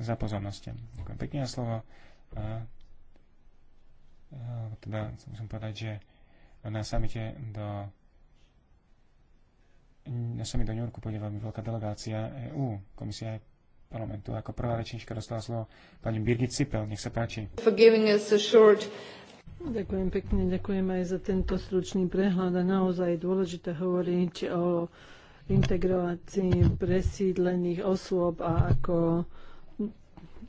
za pozornosť. Ďakujem pekne za slovo. A, a, teda musím povedať, že na samite do na samite do New Yorku pôjde veľmi veľká delegácia EÚ, komisia parlamentu. Ako prvá rečnička dostala slovo pani Birgit Cipel. Nech sa páči. Ďakujem pekne, ďakujem aj za tento stručný prehľad a naozaj je dôležité hovoriť o integrácii presídlených osôb a ako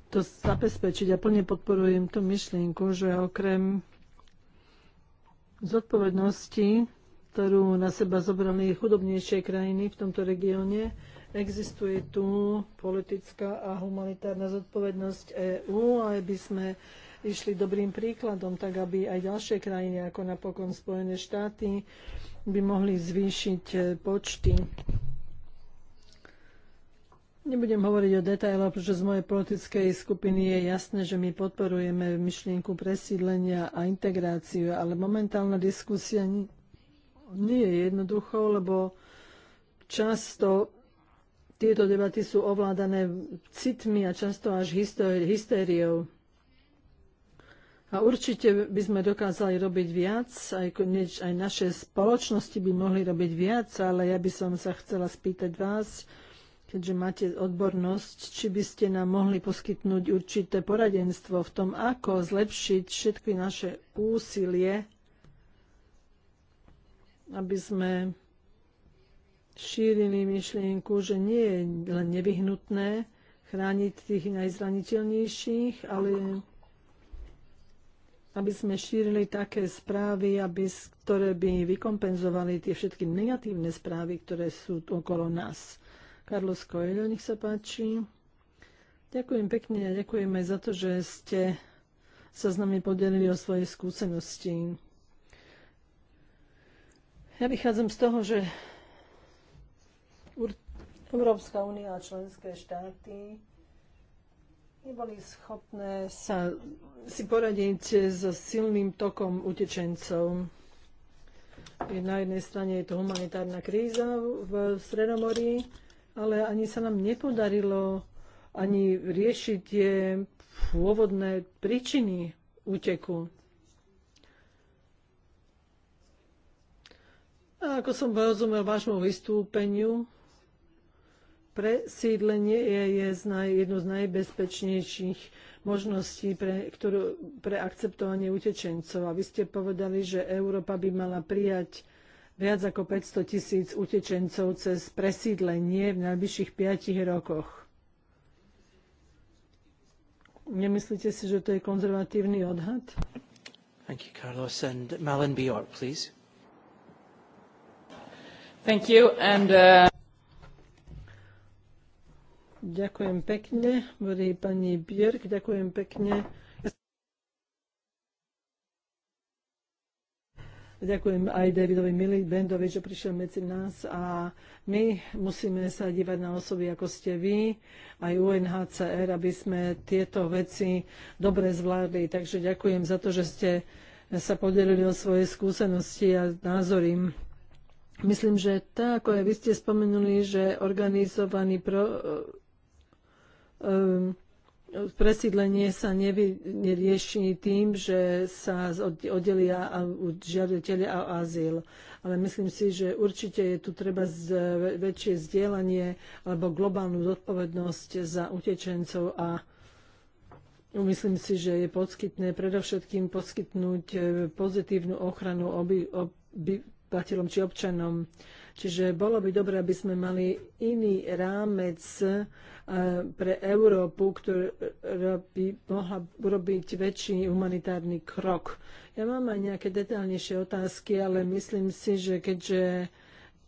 to zabezpečiť. Ja plne podporujem tú myšlienku, že okrem zodpovednosti, ktorú na seba zobrali chudobnejšie krajiny v tomto regióne, existuje tu politická a humanitárna zodpovednosť EÚ, aby sme išli dobrým príkladom, tak aby aj ďalšie krajiny, ako napokon Spojené štáty, by mohli zvýšiť počty Nebudem hovoriť o detailoch, pretože z mojej politickej skupiny je jasné, že my podporujeme myšlienku presídlenia a integráciu, ale momentálna diskusia nie je jednoduchou, lebo často tieto debaty sú ovládané citmi a často až hystériou. A určite by sme dokázali robiť viac, aj, aj naše spoločnosti by mohli robiť viac, ale ja by som sa chcela spýtať vás, keďže máte odbornosť, či by ste nám mohli poskytnúť určité poradenstvo v tom, ako zlepšiť všetky naše úsilie, aby sme šírili myšlienku, že nie je len nevyhnutné chrániť tých najzraniteľnejších, ale aby sme šírili také správy, aby, ktoré by vykompenzovali tie všetky negatívne správy, ktoré sú okolo nás. Carlos Coelho, nech sa páči. Ďakujem pekne a ďakujeme za to, že ste sa s nami podelili o svoje skúsenosti. Ja vychádzam z toho, že Európska únia a členské štáty neboli schopné sa si poradiť so silným tokom utečencov. Na jednej strane je to humanitárna kríza v Stredomorí, ale ani sa nám nepodarilo ani riešiť tie pôvodné príčiny úteku. A ako som rozumel vášmu vystúpeniu, presídlenie je, je naj, jednu z najbezpečnejších možností pre, ktorú, pre akceptovanie utečencov. A vy ste povedali, že Európa by mala prijať viac ako 500 tisíc utečencov cez presídlenie v najbližších 5 rokoch. Nemyslíte si, že to je konzervatívny odhad? Thank you, Carlos. And Malin Bjork, please. Thank you. And, uh... Ďakujem pekne, hovorí pani Bjork. Ďakujem pekne Ďakujem aj Davidovi Bendovi, že prišiel medzi nás a my musíme sa dívať na osoby, ako ste vy, aj UNHCR, aby sme tieto veci dobre zvládli. Takže ďakujem za to, že ste sa podelili o svoje skúsenosti a názory. Myslím, že tak, ako aj vy ste spomenuli, že organizovaný pro, um, presídlenie sa nerieši tým, že sa oddelia žiadateľia o azyl. Ale myslím si, že určite je tu treba väčšie zdieľanie alebo globálnu zodpovednosť za utečencov a Myslím si, že je podskytné predovšetkým poskytnúť e, pozitívnu ochranu oby, obyvateľom či občanom Čiže bolo by dobré, aby sme mali iný rámec e, pre Európu, ktorá by mohla urobiť väčší humanitárny krok. Ja mám aj nejaké detálnejšie otázky, ale myslím si, že keďže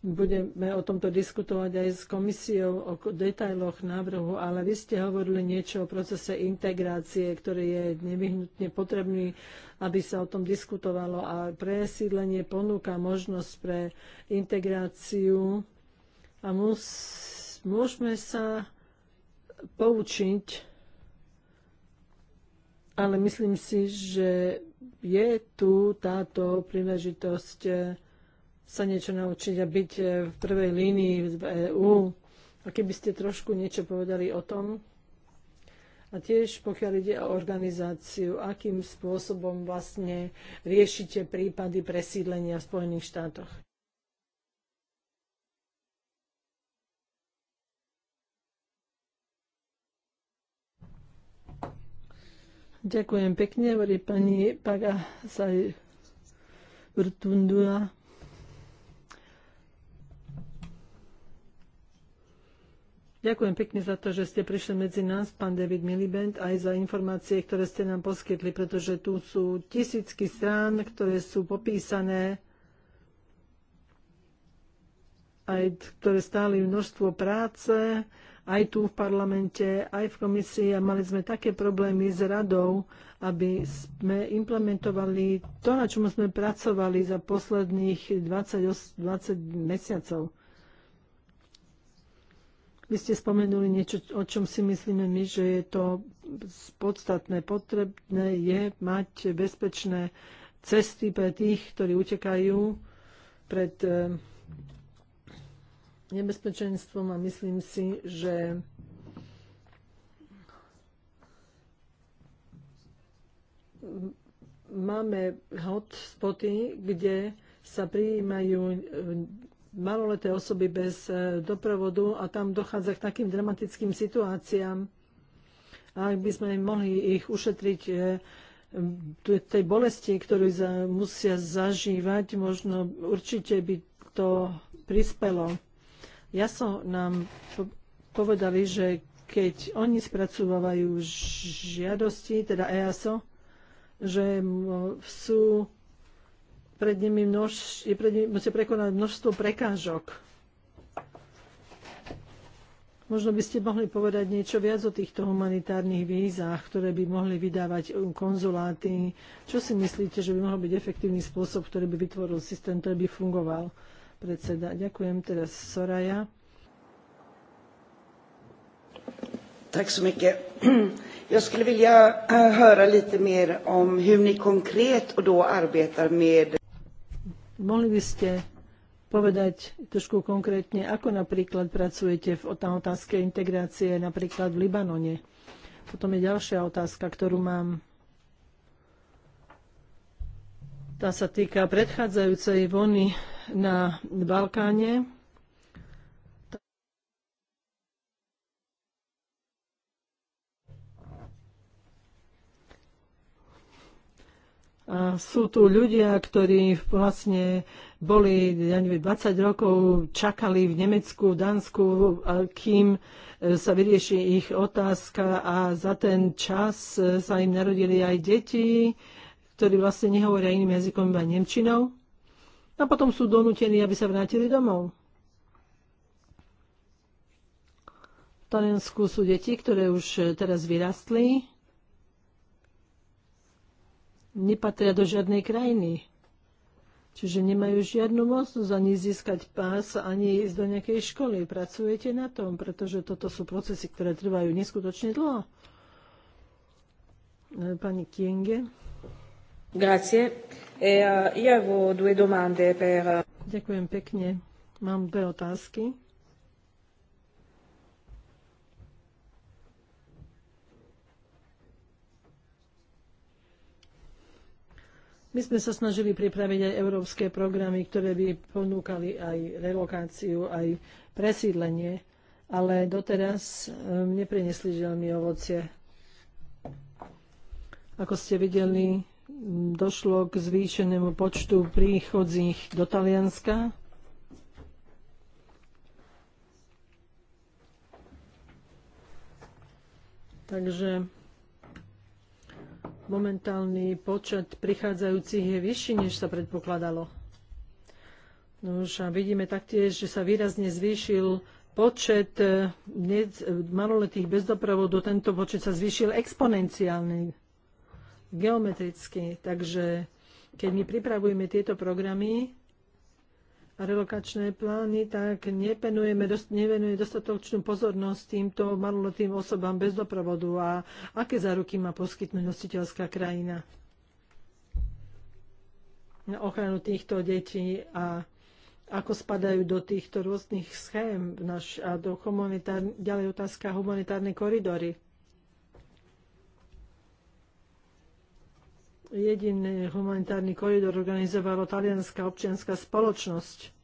budeme o tomto diskutovať aj s komisiou o detailoch návrhu, ale vy ste hovorili niečo o procese integrácie, ktorý je nevyhnutne potrebný, aby sa o tom diskutovalo a presídlenie ponúka možnosť pre integráciu a mus, môžeme sa poučiť, ale myslím si, že je tu táto príležitosť eh, sa niečo naučiť a byť e, v prvej línii v EÚ. A keby ste trošku niečo povedali o tom, a tiež pokiaľ ide o organizáciu, akým spôsobom vlastne riešite prípady presídlenia v Spojených štátoch? Ďakujem pekne, hovorí pani Paga Sajvrtundula. Ďakujem pekne za to, že ste prišli medzi nás, pán David Miliband, aj za informácie, ktoré ste nám poskytli, pretože tu sú tisícky strán, ktoré sú popísané, aj ktoré stáli množstvo práce, aj tu v parlamente, aj v komisii a mali sme také problémy s radou, aby sme implementovali to, na čom sme pracovali za posledných 20, 20 mesiacov. Vy ste spomenuli niečo, o čom si myslíme my, že je to podstatné. Potrebné je mať bezpečné cesty pre tých, ktorí utekajú pred eh, nebezpečenstvom a myslím si, že máme hotspoty, kde sa prijímajú eh, maloleté osoby bez e, doprovodu a tam dochádza k takým dramatickým situáciám. A ak by sme mohli ich ušetriť e, tej bolesti, ktorú musia zažívať, možno určite by to prispelo. Ja som nám povedali, že keď oni spracovávajú žiadosti, teda EASO, že sú pred nimi množ, je pred nimi, musia prekonať množstvo prekážok. Možno by ste mohli povedať niečo viac o týchto humanitárnych vízach, ktoré by mohli vydávať konzuláty. Čo si myslíte, že by mohol byť efektívny spôsob, ktorý by vytvoril systém, ktorý by fungoval? Predseda, ďakujem teraz Soraya. Tak så mycket. Jag skulle vilja eh, höra lite mer om hur ni konkret och då arbetar med Mohli by ste povedať trošku konkrétne, ako napríklad pracujete v otázke integrácie napríklad v Libanone? Potom je ďalšia otázka, ktorú mám. Tá sa týka predchádzajúcej vony na Balkáne A sú tu ľudia, ktorí vlastne boli ja neviem, 20 rokov, čakali v Nemecku, v Dánsku, kým e, sa vyrieši ich otázka a za ten čas e, sa im narodili aj deti, ktorí vlastne nehovoria iným jazykom, iba nemčinou. A potom sú donútení, aby sa vrátili domov. V Taliansku sú deti, ktoré už e, teraz vyrastli nepatria do žiadnej krajiny. Čiže nemajú žiadnu možnosť ani získať pás, ani ísť do nejakej školy. Pracujete na tom, pretože toto sú procesy, ktoré trvajú neskutočne dlho. E, pani Kienge. Grazie. E, uh, io avevo due domande per... Ďakujem pekne. Mám dve otázky. My sme sa snažili pripraviť aj európske programy, ktoré by ponúkali aj relokáciu, aj presídlenie, ale doteraz ehm, neprinesli žiaľmi ovocie. Ako ste videli, došlo k zvýšenému počtu príchodzích do Talianska. Takže momentálny počet prichádzajúcich je vyšší, než sa predpokladalo. No už a vidíme taktiež, že sa výrazne zvýšil počet eh, eh, maloletých bez doprovodu. Tento počet sa zvýšil exponenciálne, geometricky. Takže keď my pripravujeme tieto programy, relokačné plány, tak nepenujeme, dost, nevenuje dostatočnú pozornosť týmto malolotým osobám bez doprovodu a aké záruky má poskytnúť nositeľská krajina na ochranu týchto detí a ako spadajú do týchto rôznych schém naš, a do ďalej otázka humanitárne koridory. jediný humanitárny koridor organizovala talianská občianská spoločnosť.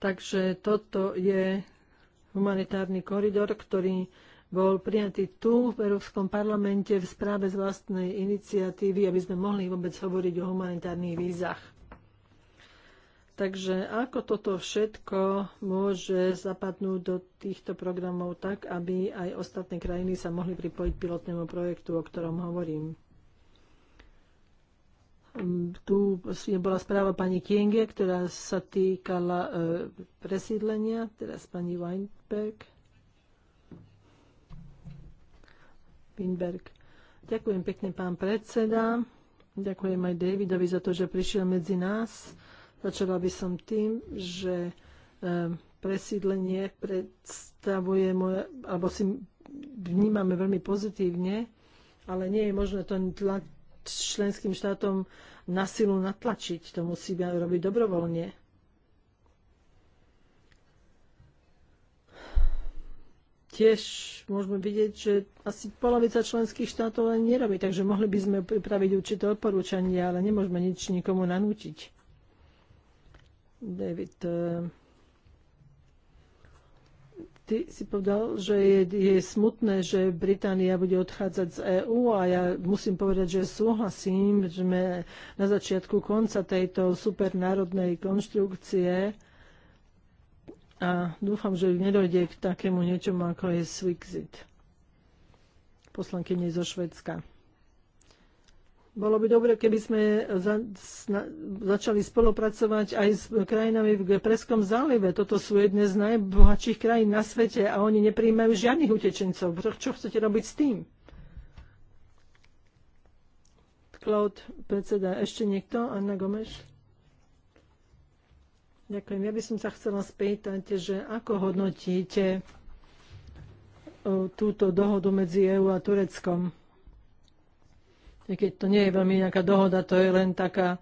Takže toto je humanitárny koridor, ktorý bol prijatý tu v Európskom parlamente v správe z vlastnej iniciatívy, aby sme mohli vôbec hovoriť o humanitárnych vízach. Takže ako toto všetko môže zapadnúť do týchto programov tak, aby aj ostatné krajiny sa mohli pripojiť pilotnému projektu, o ktorom hovorím? Hm, tu bola správa pani Kienge, ktorá sa týkala e, presídlenia, teraz pani Weinberg. Winberg. Ďakujem pekne, pán predseda. Ďakujem aj Davidovi za to, že prišiel medzi nás Začala by som tým, že ehm, presídlenie predstavuje moje, alebo si vnímame veľmi pozitívne, ale nie je možné to tlač, členským štátom na silu natlačiť. To musí robiť dobrovoľne. Tiež môžeme vidieť, že asi polovica členských štátov len nerobí, takže mohli by sme pripraviť určité odporúčania, ale nemôžeme nič nikomu nanútiť. David, eh, ty si povedal, že je, je smutné, že Británia bude odchádzať z EÚ a ja musím povedať, že súhlasím, že sme na začiatku konca tejto supernárodnej konštrukcie a dúfam, že nedojde k takému niečomu, ako je Swixit. Poslankyne zo Švedska. Bolo by dobre, keby sme za, sna, začali spolupracovať aj s krajinami v Preskom zálive. Toto sú jedne z najbohatších krajín na svete a oni nepríjmajú žiadnych utečencov. Čo chcete robiť s tým? Cloud, predseda, ešte niekto? Anna Gomeš? Ďakujem. Ja by som sa chcela spýtať, že ako hodnotíte túto dohodu medzi EÚ a Tureckom? keď to nie je veľmi nejaká dohoda, to je len taká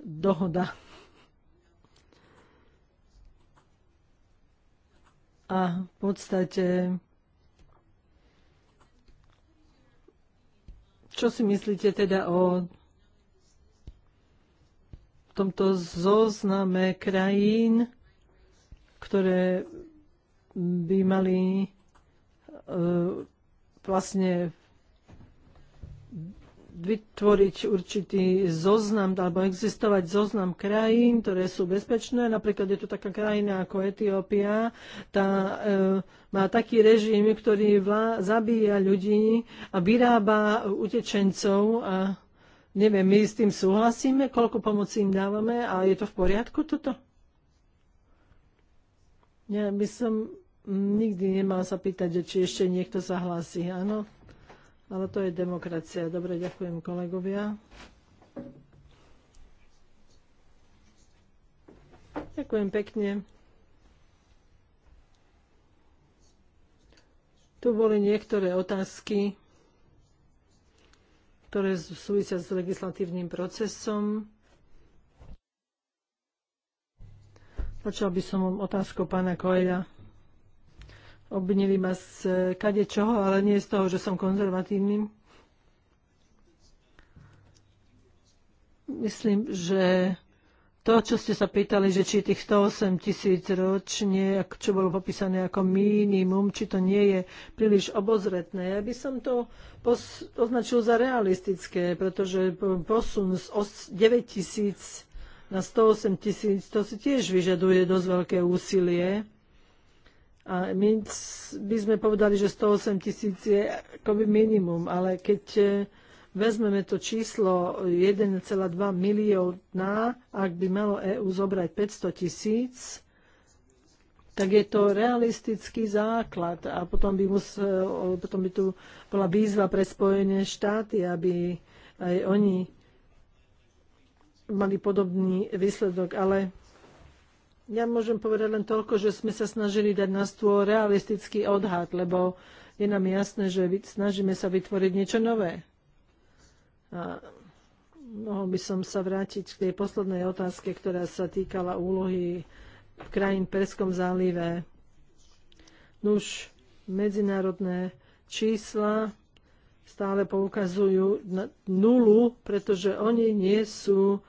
dohoda. A v podstate Čo si myslíte teda o tomto zozname krajín, ktoré by mali E, vlastne vytvoriť určitý zoznam alebo existovať zoznam krajín, ktoré sú bezpečné. Napríklad je tu taká krajina ako Etiópia, tá e, má taký režim, ktorý vlá, zabíja ľudí a vyrába utečencov a neviem, my s tým súhlasíme, koľko pomoci im dávame a je to v poriadku toto? Ja by som nikdy nemal sa pýtať, či ešte niekto sa hlási. Áno, ale to je demokracia. Dobre, ďakujem kolegovia. Ďakujem pekne. Tu boli niektoré otázky, ktoré súvisia s legislatívnym procesom. Začal by som otázku pána Koeja obnili ma z e, kadečoho, ale nie z toho, že som konzervatívnym. Myslím, že to, čo ste sa pýtali, že či tých 108 tisíc ročne, čo bolo popísané ako minimum, či to nie je príliš obozretné, ja by som to označil za realistické, pretože posun z 9 tisíc na 108 tisíc, to si tiež vyžaduje dosť veľké úsilie. A my by sme povedali, že 108 tisíc je akoby minimum, ale keď e, vezmeme to číslo 1,2 milióna, ak by malo EÚ zobrať 500 tisíc, tak je to realistický základ. A potom by, musel, potom by tu bola výzva pre Spojené štáty, aby aj oni mali podobný výsledok. Ale ja môžem povedať len toľko, že sme sa snažili dať na stôl realistický odhad, lebo je nám jasné, že snažíme sa vytvoriť niečo nové. A mohol by som sa vrátiť k tej poslednej otázke, ktorá sa týkala úlohy krajín Perskom zálive. Nuž, medzinárodné čísla stále poukazujú na nulu, pretože oni nie sú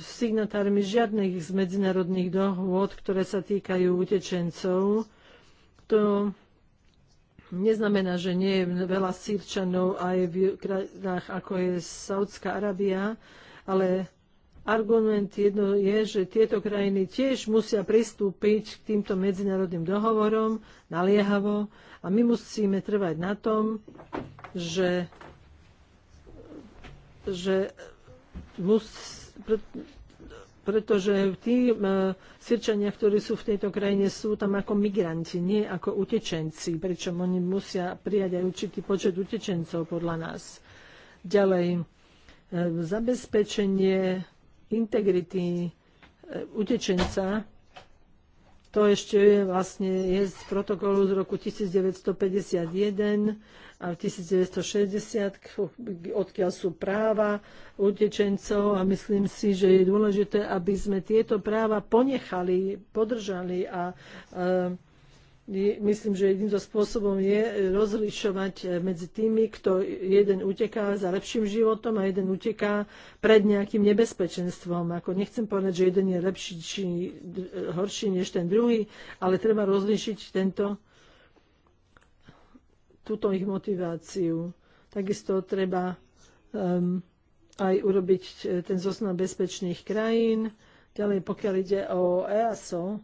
signatármi žiadnych z medzinárodných dohôd, ktoré sa týkajú utečencov. To neznamená, že nie je veľa sírčanov aj v krajinách, ako je Saudská Arábia, ale argument jedno je, že tieto krajiny tiež musia pristúpiť k týmto medzinárodným dohovorom naliehavo a my musíme trvať na tom, že, že musí pretože tí e, Sirčania, ktorí sú v tejto krajine, sú tam ako migranti, nie ako utečenci, pričom oni musia prijať aj určitý počet utečencov podľa nás. Ďalej, e, zabezpečenie integrity e, utečenca to ešte je vlastne je z protokolu z roku 1951 a 1960, odkiaľ sú práva utečencov a myslím si, že je dôležité, aby sme tieto práva ponechali, podržali a, a myslím, že jedným zo spôsobom je e, rozlišovať e, medzi tými, kto jeden uteká za lepším životom a jeden uteká pred nejakým nebezpečenstvom. Ako nechcem povedať, že jeden je lepší či horší než ten druhý, ale treba rozlišiť tento, túto ich motiváciu. Takisto treba um, aj urobiť e, ten zoznam bezpečných krajín. Ďalej, pokiaľ ide o EASO,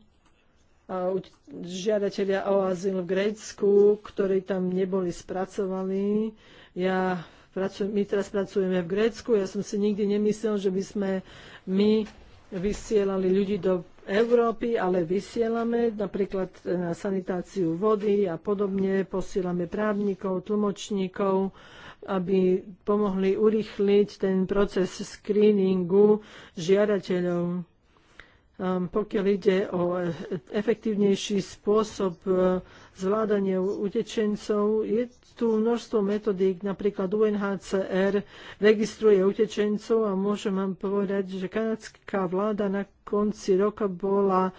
žiadateľia o azyl v Grécku, ktorí tam neboli spracovaní. Ja pracujem, my teraz pracujeme v Grécku. Ja som si nikdy nemyslel, že by sme my vysielali ľudí do Európy, ale vysielame napríklad na sanitáciu vody a podobne. Posielame právnikov, tlmočníkov, aby pomohli urýchliť ten proces screeningu žiadateľov Ehm, pokiaľ ide o e, efektívnejší spôsob e, zvládania utečencov, je tu množstvo metodík, napríklad UNHCR registruje utečencov a môžem vám povedať, že kanadská vláda na konci roka bola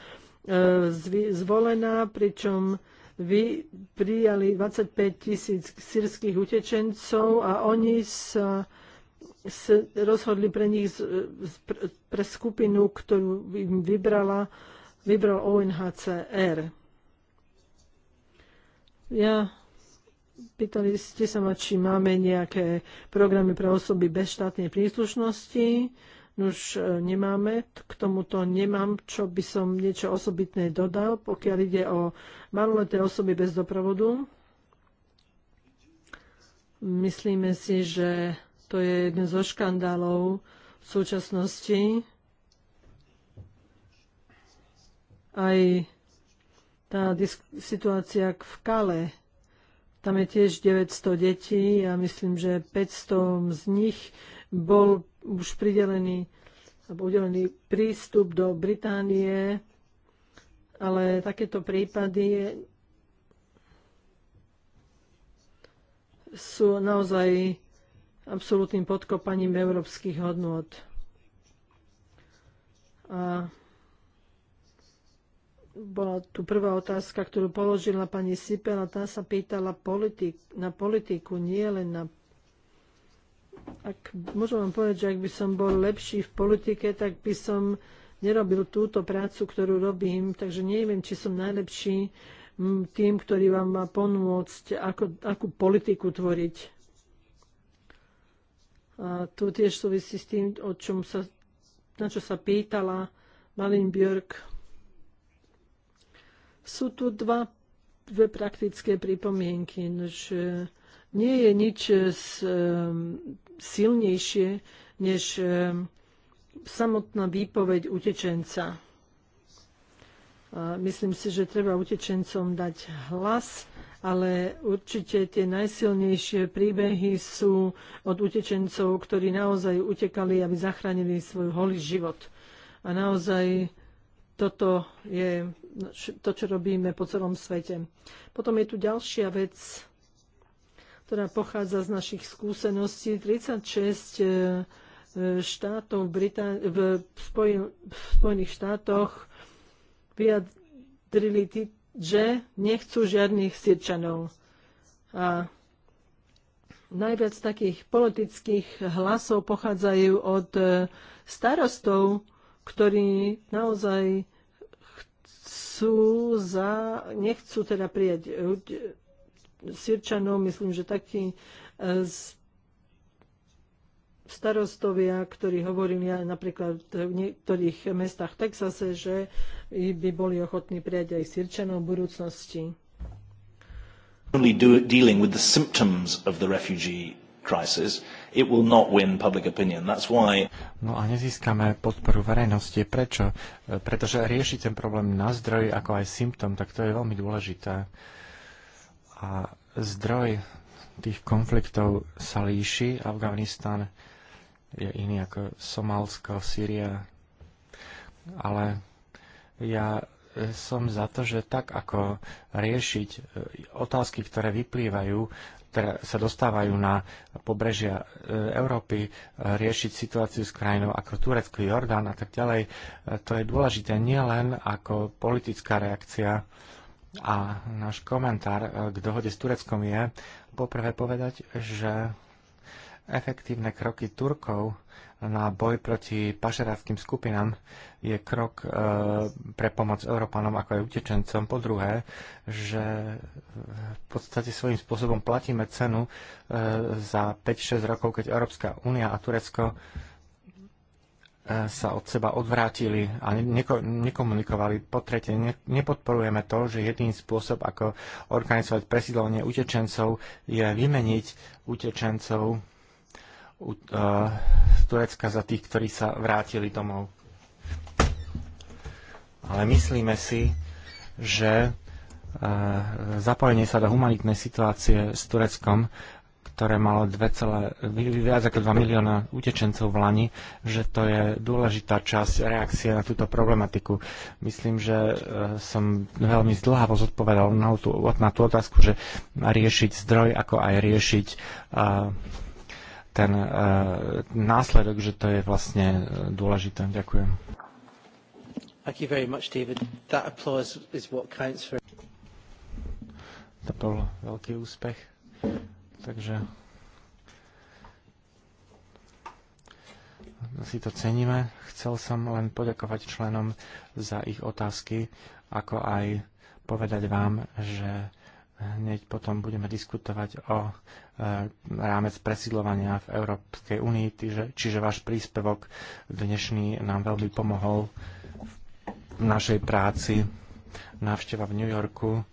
e, zvolená, pričom vy prijali 25 tisíc sírskych utečencov a oni sa rozhodli pre nich pre skupinu, ktorú im vybrala, vybral ONHCR. Ja Pýtali ste sa ma, či máme nejaké programy pre osoby bez štátnej príslušnosti. Už e, nemáme, k tomuto nemám, čo by som niečo osobitné dodal, pokiaľ ide o maloleté osoby bez doprovodu. Myslíme si, že to je jeden zo škandálov v súčasnosti. Aj tá situácia v Kale, tam je tiež 900 detí a myslím, že 500 z nich bol už pridelený alebo udelený prístup do Británie, ale takéto prípady sú naozaj absolútnym podkopaním európskych hodnôt. A bola tu prvá otázka, ktorú položila pani Sipel a tá sa pýtala politik, na politiku, nie len na ak môžem vám povedať, že ak by som bol lepší v politike, tak by som nerobil túto prácu, ktorú robím, takže neviem, či som najlepší tým, ktorý vám má pomôcť, ako, akú politiku tvoriť to tu tiež súvisí s tým, o čom sa, na čo sa pýtala Malin Björk. Sú tu dva, dve praktické pripomienky, že nie je nič e, s, e, silnejšie než e, samotná výpoveď utečenca Myslím si, že treba utečencom dať hlas, ale určite tie najsilnejšie príbehy sú od utečencov, ktorí naozaj utekali, aby zachránili svoj holý život. A naozaj toto je to, čo robíme po celom svete. Potom je tu ďalšia vec, ktorá pochádza z našich skúseností. 36 e, e, štátov v, Brita- v, Spojen- v Spojených štátoch vyjadrili, že nechcú žiadnych Sirčanov. A najviac takých politických hlasov pochádzajú od e, starostov, ktorí naozaj chcú za, nechcú teda prijať e, e, Sirčanov, myslím, že takí starostovia, ktorí hovorili aj napríklad v niektorých mestách v Texase, že by boli ochotní prijať aj Sirčanov v budúcnosti. Only do, dealing with the symptoms of the refugee crisis, it will not win public opinion. That's why... No a nezískame podporu verejnosti. Prečo? E, pretože riešiť ten problém na zdroj ako aj symptom, tak to je veľmi dôležité. A zdroj tých konfliktov sa líši. Afganistan je iný ako Somálsko, Sýria, ale ja e, som za to, že tak ako riešiť e, otázky, ktoré vyplývajú, ktoré sa dostávajú na pobrežia e, Európy, riešiť situáciu s krajinou ako Turecko, Jordán a tak ďalej, to je dôležité nielen ako politická reakcia a náš komentár k dohode s Tureckom je poprvé povedať, že efektívne kroky Turkov na boj proti pašeráckým skupinám je krok e, pre pomoc Európanom ako aj utečencom. Po druhé, že v podstate svojím spôsobom platíme cenu e, za 5-6 rokov, keď Európska únia a Turecko e, sa od seba odvrátili a neko, nekomunikovali. Po tretie, ne, nepodporujeme to, že jediný spôsob, ako organizovať presídlenie utečencov, je vymeniť utečencov z Turecka za tých, ktorí sa vrátili domov. Ale myslíme si, že e, zapojenie sa do humanitnej situácie s Tureckom, ktoré malo 2, viac ako 2 milióna utečencov v Lani, že to je dôležitá časť reakcie na túto problematiku. Myslím, že e, som veľmi zdlhavo zodpovedal na tú, na tú otázku, že riešiť zdroj, ako aj riešiť uh, ten uh, následok, že to je vlastne e, dôležité. Ďakujem. Thank you very much, David. That applause is what counts for... To bol veľký úspech. Takže si to ceníme. Chcel som len poďakovať členom za ich otázky, ako aj povedať vám, že hneď potom budeme diskutovať o Eh, rámec presídlovania v Európskej únii, čiže, váš príspevok dnešný nám veľmi pomohol v našej práci. Návšteva v New Yorku,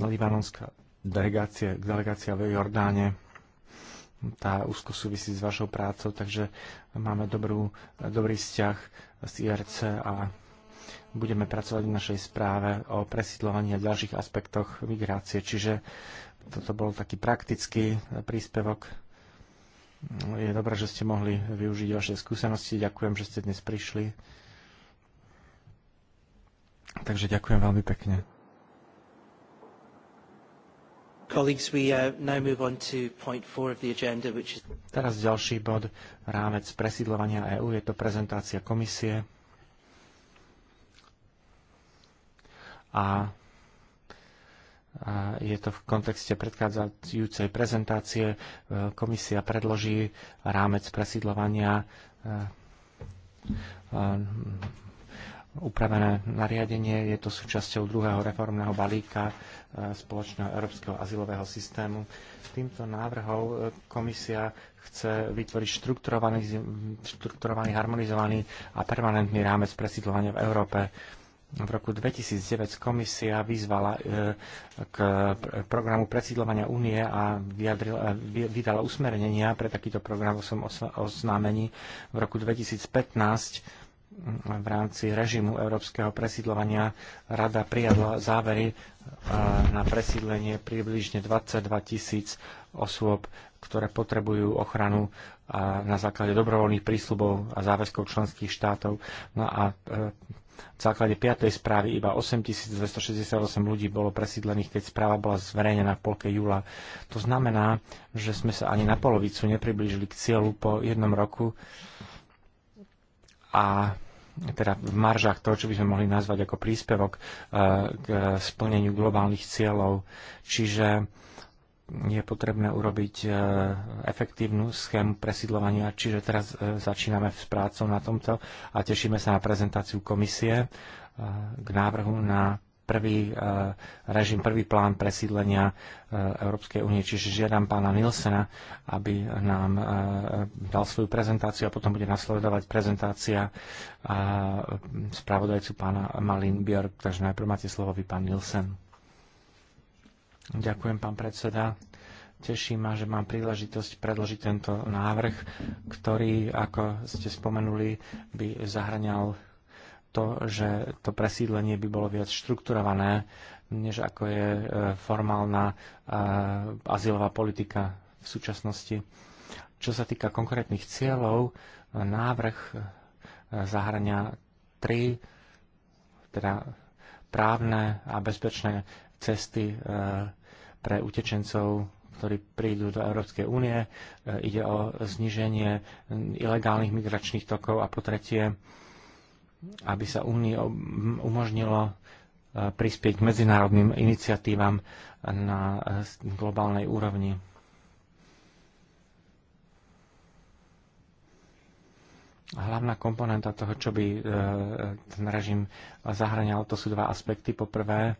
libanonská delegácia, delegácia v Jordáne, tá úzko súvisí s vašou prácou, takže máme dobrú, dobrý vzťah s IRC a budeme pracovať v našej správe o presídlovaní a ďalších aspektoch migrácie. Čiže toto bol taký praktický príspevok. Je dobré, že ste mohli využiť vaše skúsenosti. Ďakujem, že ste dnes prišli. Takže ďakujem veľmi pekne. Teraz ďalší bod, rámec presídlovania EÚ, je to prezentácia komisie. A a je to v kontexte predchádzajúcej prezentácie. E, komisia predloží rámec presídlovania e, e, upravené nariadenie. Je to súčasťou druhého reformného balíka spoločného európskeho azylového systému. Týmto návrhom komisia chce vytvoriť štrukturovaný, štrukturovaný, harmonizovaný a permanentný rámec presídlovania v Európe v roku 2009 komisia vyzvala e, k programu presídlovania únie a e, vydala usmernenia pre takýto program som oznámení v roku 2015 mm, v rámci režimu európskeho presídlovania rada prijadla závery e, na presídlenie približne 22 tisíc osôb, ktoré potrebujú ochranu na základe dobrovoľných prísľubov a záväzkov členských štátov. No a v základe 5. správy iba 8268 ľudí bolo presídlených, keď správa bola zverejnená v polke júla. To znamená, že sme sa ani na polovicu nepriblížili k cieľu po jednom roku a teda v maržách toho, čo by sme mohli nazvať ako príspevok eh, k splneniu globálnych cieľov. Čiže je potrebné urobiť e, efektívnu schému presídlovania, čiže teraz e, začíname s prácou na tomto a tešíme sa na prezentáciu komisie e, k návrhu na prvý režim, prvý plán presídlenia Európskej únie. Čiže žiadam pána Nilsena, aby nám dal svoju prezentáciu a potom bude nasledovať prezentácia spravodajcu pána Malin Björk. Takže najprv máte slovo vy, pán Nilsen. Ďakujem, pán predseda. Teší ma, že mám príležitosť predložiť tento návrh, ktorý, ako ste spomenuli, by zahraňal to, že to presídlenie by bolo viac štrukturované, než ako je e, formálna e, azylová politika v súčasnosti. Čo sa týka konkrétnych cieľov, návrh e, zahrania tri teda právne a bezpečné cesty e, pre utečencov, ktorí prídu do Európskej únie. E, ide o zniženie ilegálnych migračných tokov a po tretie, aby sa únii umožnilo e, prispieť k medzinárodným iniciatívam na globálnej úrovni. Hlavná komponenta toho, čo by ten režim zahraňal, to sú dva aspekty. Po prvé,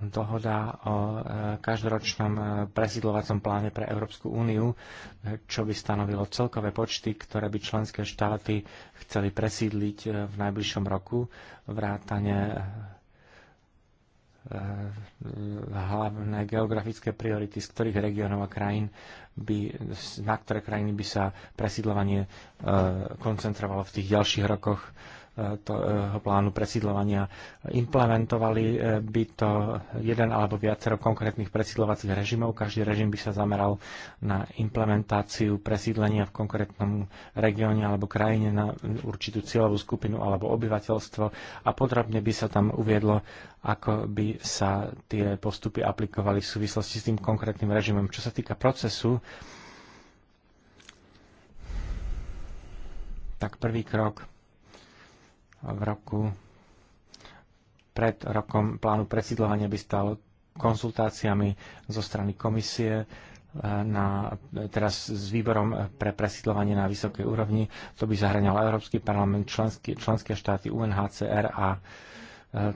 dohoda o e, každoročnom e, presídlovacom pláne pre Európsku úniu, e, čo by stanovilo celkové počty, ktoré by členské štáty chceli presídliť v najbližšom roku, vrátane hlavné geografické priority, z ktorých regiónov a krajín by, na ktoré krajiny by sa presídlovanie koncentrovalo v tých ďalších rokoch toho e, plánu presídlovania implementovali e, by to jeden alebo viacero konkrétnych presídlovacích režimov. Každý režim by sa zameral na implementáciu presídlenia v konkrétnom regióne alebo krajine na určitú cieľovú skupinu alebo obyvateľstvo a podrobne by sa tam uviedlo, ako by sa tie postupy aplikovali v súvislosti s tým konkrétnym režimom. Čo sa týka procesu, tak prvý krok v roku pred rokom plánu presidlovania by stalo konsultáciami zo strany komisie eh, na, teraz s výborom pre presidlovanie na vysokej úrovni. To by zahraňal Európsky parlament, členský, členské štáty UNHCR a eh,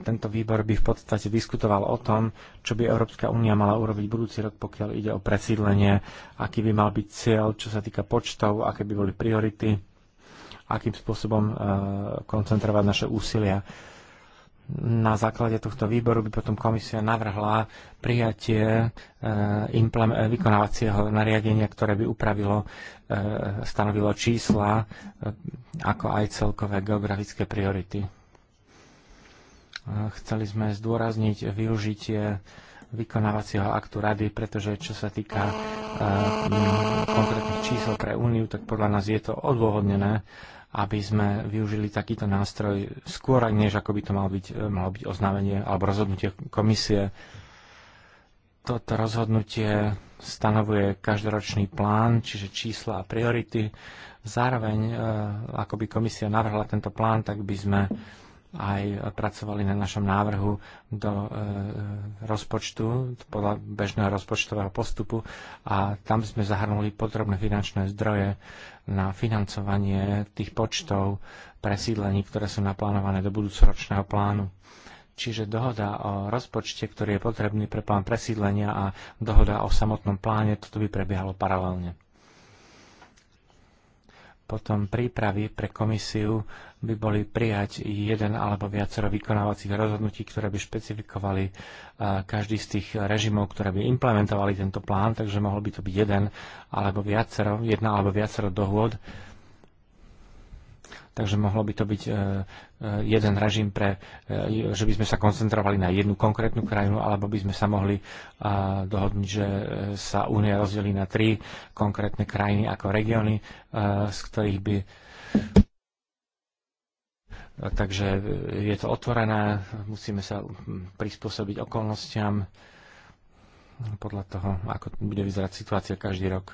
tento výbor by v podstate diskutoval o tom, čo by Európska únia mala urobiť budúci rok, pokiaľ ide o presídlenie, aký by mal byť cieľ, čo sa týka počtov, aké by boli priority akým spôsobom e, koncentrovať naše úsilia. Na základe tohto výboru by potom komisia navrhla prijatie e, e, vykonávacieho nariadenia, ktoré by upravilo, stanovilo čísla, ako aj celkové geografické priority. Chceli sme zdôrazniť využitie vykonávacieho aktu rady, pretože čo sa týka konkrétnych čísel pre úniu, tak podľa nás je to odôvodnené aby sme využili takýto nástroj skôr, než ako by to malo byť, malo byť oznámenie alebo rozhodnutie komisie. Toto rozhodnutie stanovuje každoročný plán, čiže čísla a priority. Zároveň, e, ako by komisia navrhla tento plán, tak by sme aj pracovali na našom návrhu do e, rozpočtu, podľa bežného rozpočtového postupu a tam sme zahrnuli podrobné finančné zdroje na financovanie tých počtov presídlení, ktoré sú naplánované do budúcoročného plánu. Čiže dohoda o rozpočte, ktorý je potrebný pre plán presídlenia a dohoda o samotnom pláne, toto by prebiehalo paralelne. Potom prípravy pre komisiu by boli prijať jeden alebo viacero vykonávacích rozhodnutí, ktoré by špecifikovali e, každý z tých režimov, ktoré by implementovali tento plán, takže mohol by to byť jeden alebo viacero, jedna alebo viacero dohôd. Takže mohlo by to byť e, e, jeden režim, pre, že by sme sa koncentrovali na jednu konkrétnu krajinu, alebo by sme sa mohli dohodnúť, že sa Únia rozdelí na tri konkrétne krajiny ako regióny, z ktorých by Takže e, je to otvorené, musíme sa prispôsobiť okolnostiam podľa toho, ako bude vyzerať situácia každý rok.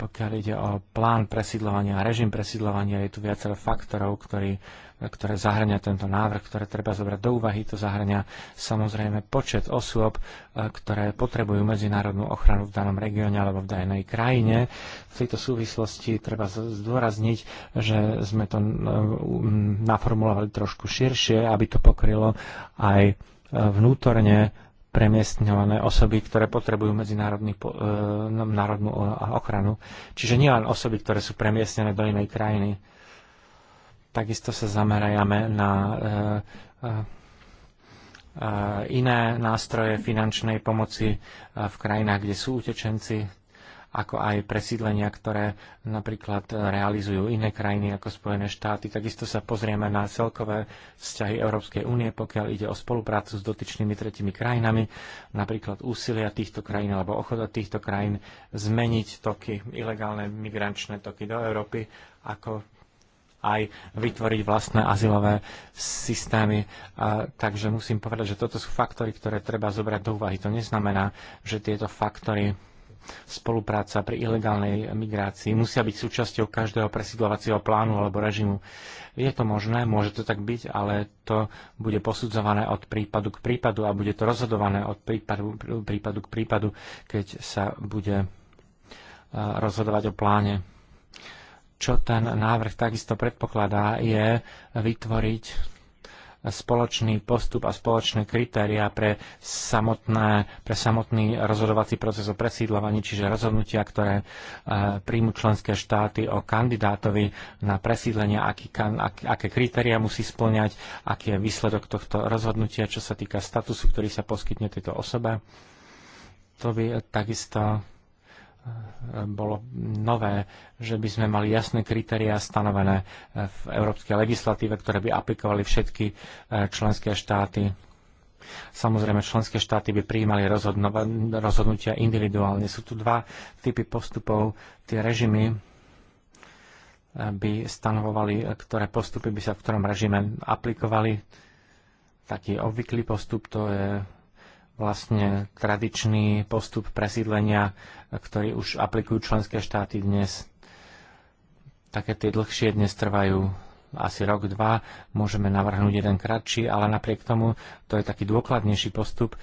Pokiaľ ide o plán presídľovania a režim presídľovania, je tu viacero faktorov, ktorý, ktoré zahrania tento návrh, ktoré treba zobrať do úvahy. To zahrania samozrejme počet osôb, e, ktoré potrebujú medzinárodnú ochranu v danom regióne alebo v danej krajine. V tejto súvislosti treba zdôrazniť, že sme to e, naformulovali trošku širšie, aby to pokrylo aj e, vnútorne premiestňované osoby, ktoré potrebujú medzinárodnú e, no, národnú ochranu. Čiže nie len osoby, ktoré sú premiestnené do inej krajiny. Takisto sa zamerajame na e, e, iné nástroje finančnej pomoci v krajinách, kde sú utečenci, ako aj presídlenia, ktoré napríklad realizujú iné krajiny ako Spojené štáty. Takisto sa pozrieme na celkové vzťahy Európskej únie, pokiaľ ide o spoluprácu s dotyčnými tretimi krajinami, napríklad úsilia týchto krajín alebo ochota týchto krajín zmeniť toky, ilegálne migrančné toky do Európy, ako aj vytvoriť vlastné azylové systémy. A, takže musím povedať, že toto sú faktory, ktoré treba zobrať do úvahy. To neznamená, že tieto faktory spolupráca pri ilegálnej migrácii musia byť súčasťou každého presidlovacieho plánu alebo režimu. Je to možné, môže to tak byť, ale to bude posudzované od prípadu k prípadu a bude to rozhodované od prípadu, prípadu k prípadu, keď sa bude e, rozhodovať o pláne. Čo ten návrh takisto predpokladá, je vytvoriť spoločný postup a spoločné kritériá pre, samotné, pre samotný rozhodovací proces o presídľovaní, čiže rozhodnutia, ktoré e, príjmu členské štáty o kandidátovi na presídlenie, aký, ak, aké kritéria musí splňať, aký je výsledok tohto rozhodnutia, čo sa týka statusu, ktorý sa poskytne tejto osobe. To by e, takisto bolo nové, že by sme mali jasné kritériá stanovené v európskej legislatíve, ktoré by aplikovali všetky e, členské štáty. Samozrejme, členské štáty by prijímali rozhodnutia individuálne. Sú tu dva typy postupov. Tie režimy e, by stanovovali, ktoré postupy by sa v ktorom režime aplikovali. Taký obvyklý postup to je vlastne tradičný postup presídlenia, ktorý už aplikujú členské štáty dnes. Také tie dlhšie dnes trvajú asi rok, dva, môžeme navrhnúť jeden kratší, ale napriek tomu to je taký dôkladnejší postup, e,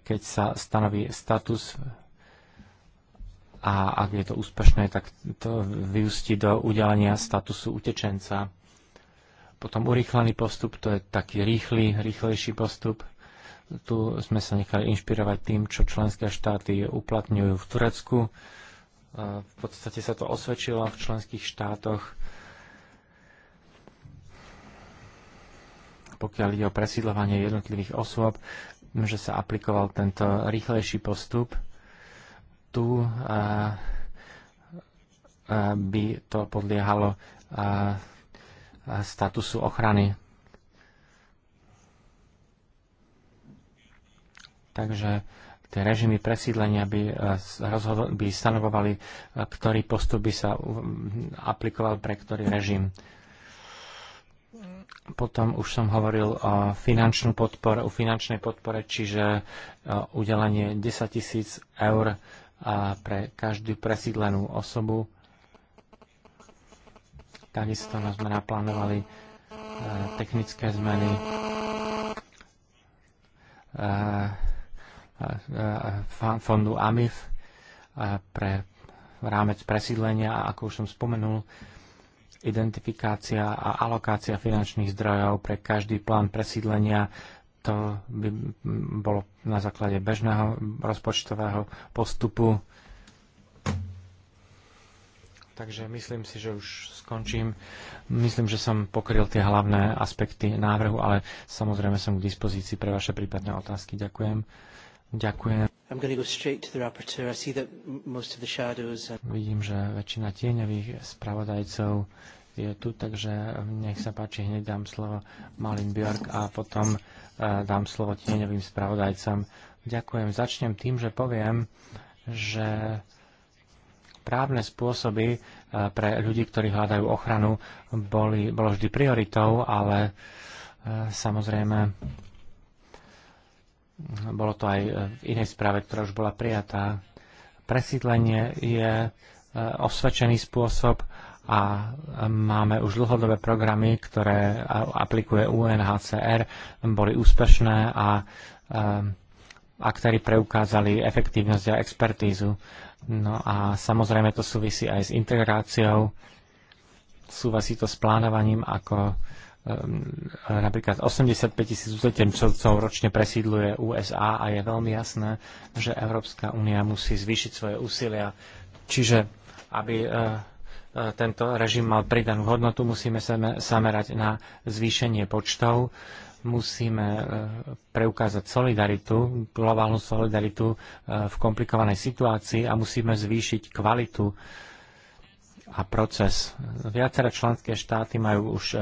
keď sa stanoví status a ak je to úspešné, tak to vyústi do udelenia statusu utečenca. Potom urýchlený postup, to je taký rýchly, rýchlejší postup. Tu sme sa nechali inšpirovať tým, čo členské štáty uplatňujú v Turecku. V podstate sa to osvedčilo v členských štátoch. Pokiaľ ide o presídľovanie jednotlivých osôb, že sa aplikoval tento rýchlejší postup, tu by to podliehalo statusu ochrany Takže tie režimy presídlenia by, e, rozhodol, by stanovovali, e, ktorý postup by sa aplikoval pre ktorý režim. Potom už som hovoril o, finančnú podpore, o finančnej podpore, čiže e, udelenie 10 tisíc eur pre každú presídlenú osobu. Takisto sme naplánovali technické zmeny fondu AMIF pre rámec presídlenia a ako už som spomenul, identifikácia a alokácia finančných zdrojov pre každý plán presídlenia to by bolo na základe bežného rozpočtového postupu. Takže myslím si, že už skončím. Myslím, že som pokryl tie hlavné aspekty návrhu, ale samozrejme som k dispozícii pre vaše prípadné otázky. Ďakujem. Ďakujem. Vidím, že väčšina tieňových spravodajcov je tu, takže nech sa páči, hneď dám slovo Malin Björk a potom eh, dám slovo tieňovým spravodajcom. Ďakujem. Začnem tým, že poviem, že právne spôsoby eh, pre ľudí, ktorí hľadajú ochranu, boli, bolo vždy prioritou, ale eh, samozrejme bolo to aj v inej správe, ktorá už bola prijatá. Presídlenie je e, osvedčený spôsob a máme už dlhodobé programy, ktoré aplikuje UNHCR, boli úspešné a e, aktéry preukázali efektívnosť a expertízu. No a samozrejme to súvisí aj s integráciou, súvisí to s plánovaním, ako Ehm, napríklad 85 tisíc utečencov ročne presídluje USA a je veľmi jasné, že Európska únia musí zvýšiť svoje úsilia. Čiže aby e, e, tento režim mal pridanú hodnotu, musíme zamerať na zvýšenie počtov, musíme e, preukázať solidaritu, globálnu solidaritu v komplikovanej situácii a musíme zvýšiť kvalitu a proces. Viaceré členské štáty majú už e,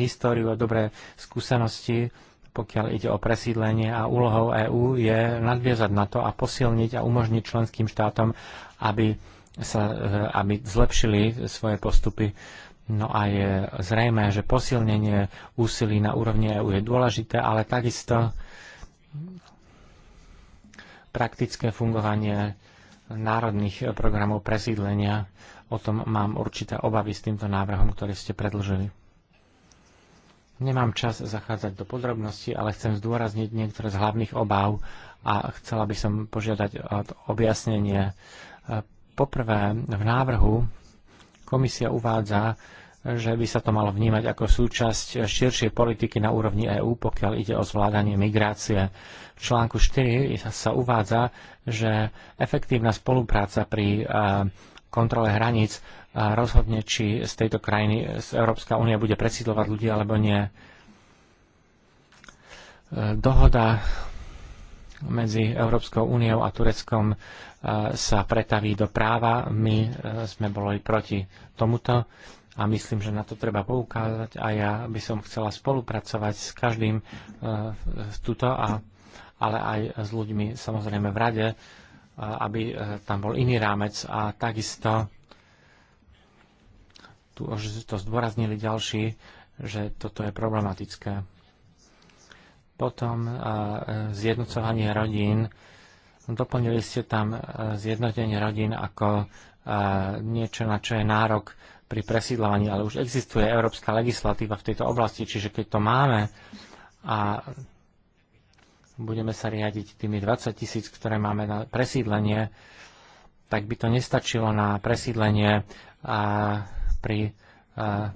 históriu a dobré skúsenosti, pokiaľ ide o presídlenie a úlohou EÚ je nadviazať na to a posilniť a umožniť členským štátom, aby, sa, e, aby zlepšili svoje postupy. No a je zrejme, že posilnenie úsilí na úrovni EÚ je dôležité, ale takisto praktické fungovanie národných programov presídlenia o tom mám určité obavy s týmto návrhom, ktorý ste predložili. Nemám čas zachádzať do podrobností, ale chcem zdôrazniť niektoré z hlavných obáv a chcela by som požiadať o objasnenie. Poprvé, v návrhu komisia uvádza, že by sa to malo vnímať ako súčasť širšej politiky na úrovni EÚ, pokiaľ ide o zvládanie migrácie. V článku 4 sa uvádza, že efektívna spolupráca pri uh, kontrole hraníc rozhodne, či z tejto krajiny z Európska únia bude presídlovať ľudí alebo nie. E, dohoda medzi Európskou úniou a Tureckom e, sa pretaví do práva. My e, sme boli proti tomuto a myslím, že na to treba poukázať a ja by som chcela spolupracovať s každým tuto, a, ale aj s ľuďmi samozrejme v rade, aby e, tam bol iný rámec a takisto tu už to zdôraznili ďalší, že toto je problematické. Potom e, e, zjednocovanie rodín. Doplnili ste tam zjednotenie rodín ako niečo, na čo je nárok pri presídľovaní, ale už existuje európska legislatíva v tejto oblasti, čiže keď to máme a budeme sa riadiť tými 20 tisíc, ktoré máme na presídlenie, tak by to nestačilo na presídlenie a pri... A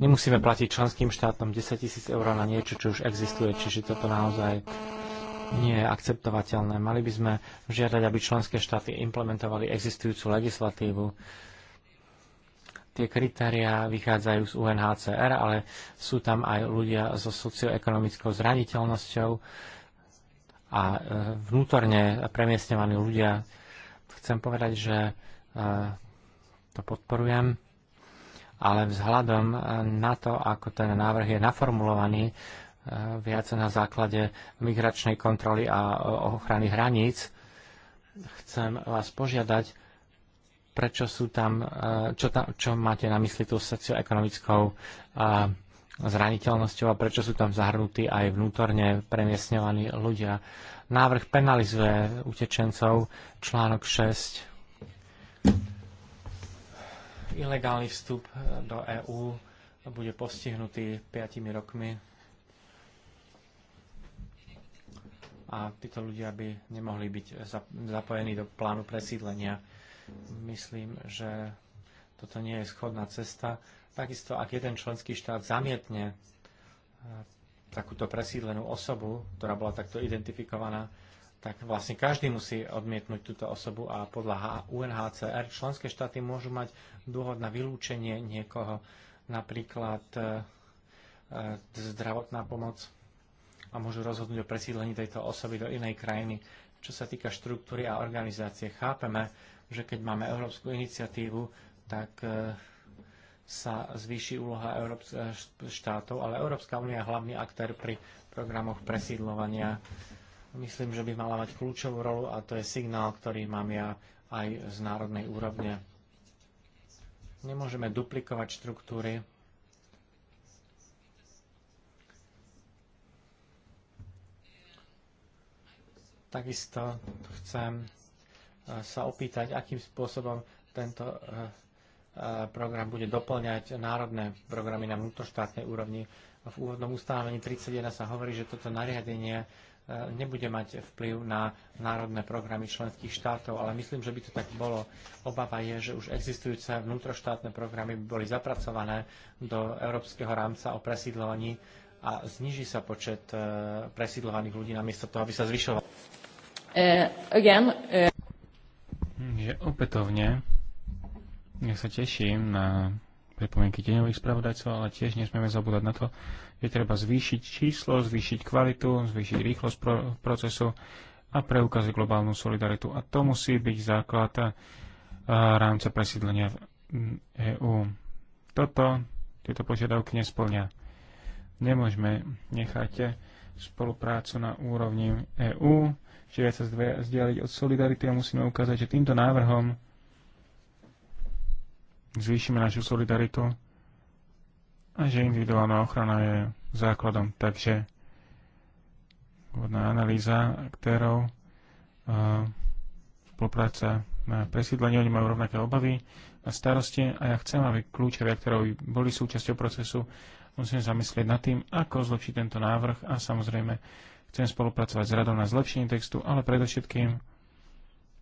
nemusíme platiť členským štátom 10 tisíc eur na niečo, čo už existuje, čiže toto naozaj nie je akceptovateľné. Mali by sme žiadať, aby členské štáty implementovali existujúcu legislatívu. Tie kritériá vychádzajú z UNHCR, ale sú tam aj ľudia so socioekonomickou zraniteľnosťou a e, vnútorne premiestňovaní ľudia. Chcem povedať, že e, to podporujem, ale vzhľadom e, na to, ako ten návrh je naformulovaný, viac na základe migračnej kontroly a ochrany hraníc, chcem vás požiadať, prečo sú tam, čo, tam, čo máte na mysli tú socioekonomickou zraniteľnosťou a prečo sú tam zahrnutí aj vnútorne premiesňovaní ľudia. Návrh penalizuje utečencov, článok 6. Ilegálny vstup do EÚ bude postihnutý 5 rokmi a títo ľudia by nemohli byť zapojení do plánu presídlenia. Myslím, že toto nie je schodná cesta Takisto, ak jeden členský štát zamietne e, takúto presídlenú osobu, ktorá bola takto identifikovaná, tak vlastne každý musí odmietnúť túto osobu a podľa UNHCR členské štáty môžu mať dôvod na vylúčenie niekoho, napríklad e, e, zdravotná pomoc a môžu rozhodnúť o presídlení tejto osoby do inej krajiny. Čo sa týka štruktúry a organizácie, chápeme, že keď máme európsku iniciatívu, tak e, sa zvýši úloha Európskych eh, štátov, ale Európska únia je hlavný aktér pri programoch presídlovania. Myslím, že by mala mať kľúčovú rolu a to je signál, ktorý mám ja aj z národnej úrovne. Nemôžeme duplikovať štruktúry. Takisto chcem eh, sa opýtať, akým spôsobom tento eh, program bude doplňať národné programy na vnútroštátnej úrovni. V úvodnom ustanovení 31 sa hovorí, že toto nariadenie e, nebude mať vplyv na národné programy členských štátov, ale myslím, že by to tak bolo. Obava je, že už existujúce vnútroštátne programy by boli zapracované do európskeho rámca o presídlovaní a zniží sa počet e, presídlovaných ľudí namiesto toho, aby sa zvyšoval. Uh, again, uh... Eh. Je opätovne ja sa teším na pripomienky deňových spravodajcov, ale tiež nesmieme zabúdať na to, že treba zvýšiť číslo, zvýšiť kvalitu, zvýšiť rýchlosť pro- procesu a preukázať globálnu solidaritu. A to musí byť základ eh, rámca presídlenia v EÚ. Toto, tieto požiadavky nesplňa. Nemôžeme nechať spoluprácu na úrovni EÚ, že viac sa zdieľať od solidarity a musíme ukázať, že týmto návrhom zvýšime našu solidaritu a že individuálna ochrana je základom. Takže vodná analýza aktérov, spolupráca na presídlenie, oni majú rovnaké obavy a starosti a ja chcem, aby kľúčovia, ktorí boli súčasťou procesu. Musím zamyslieť nad tým, ako zlepšiť tento návrh a samozrejme chcem spolupracovať s radou na zlepšení textu, ale predovšetkým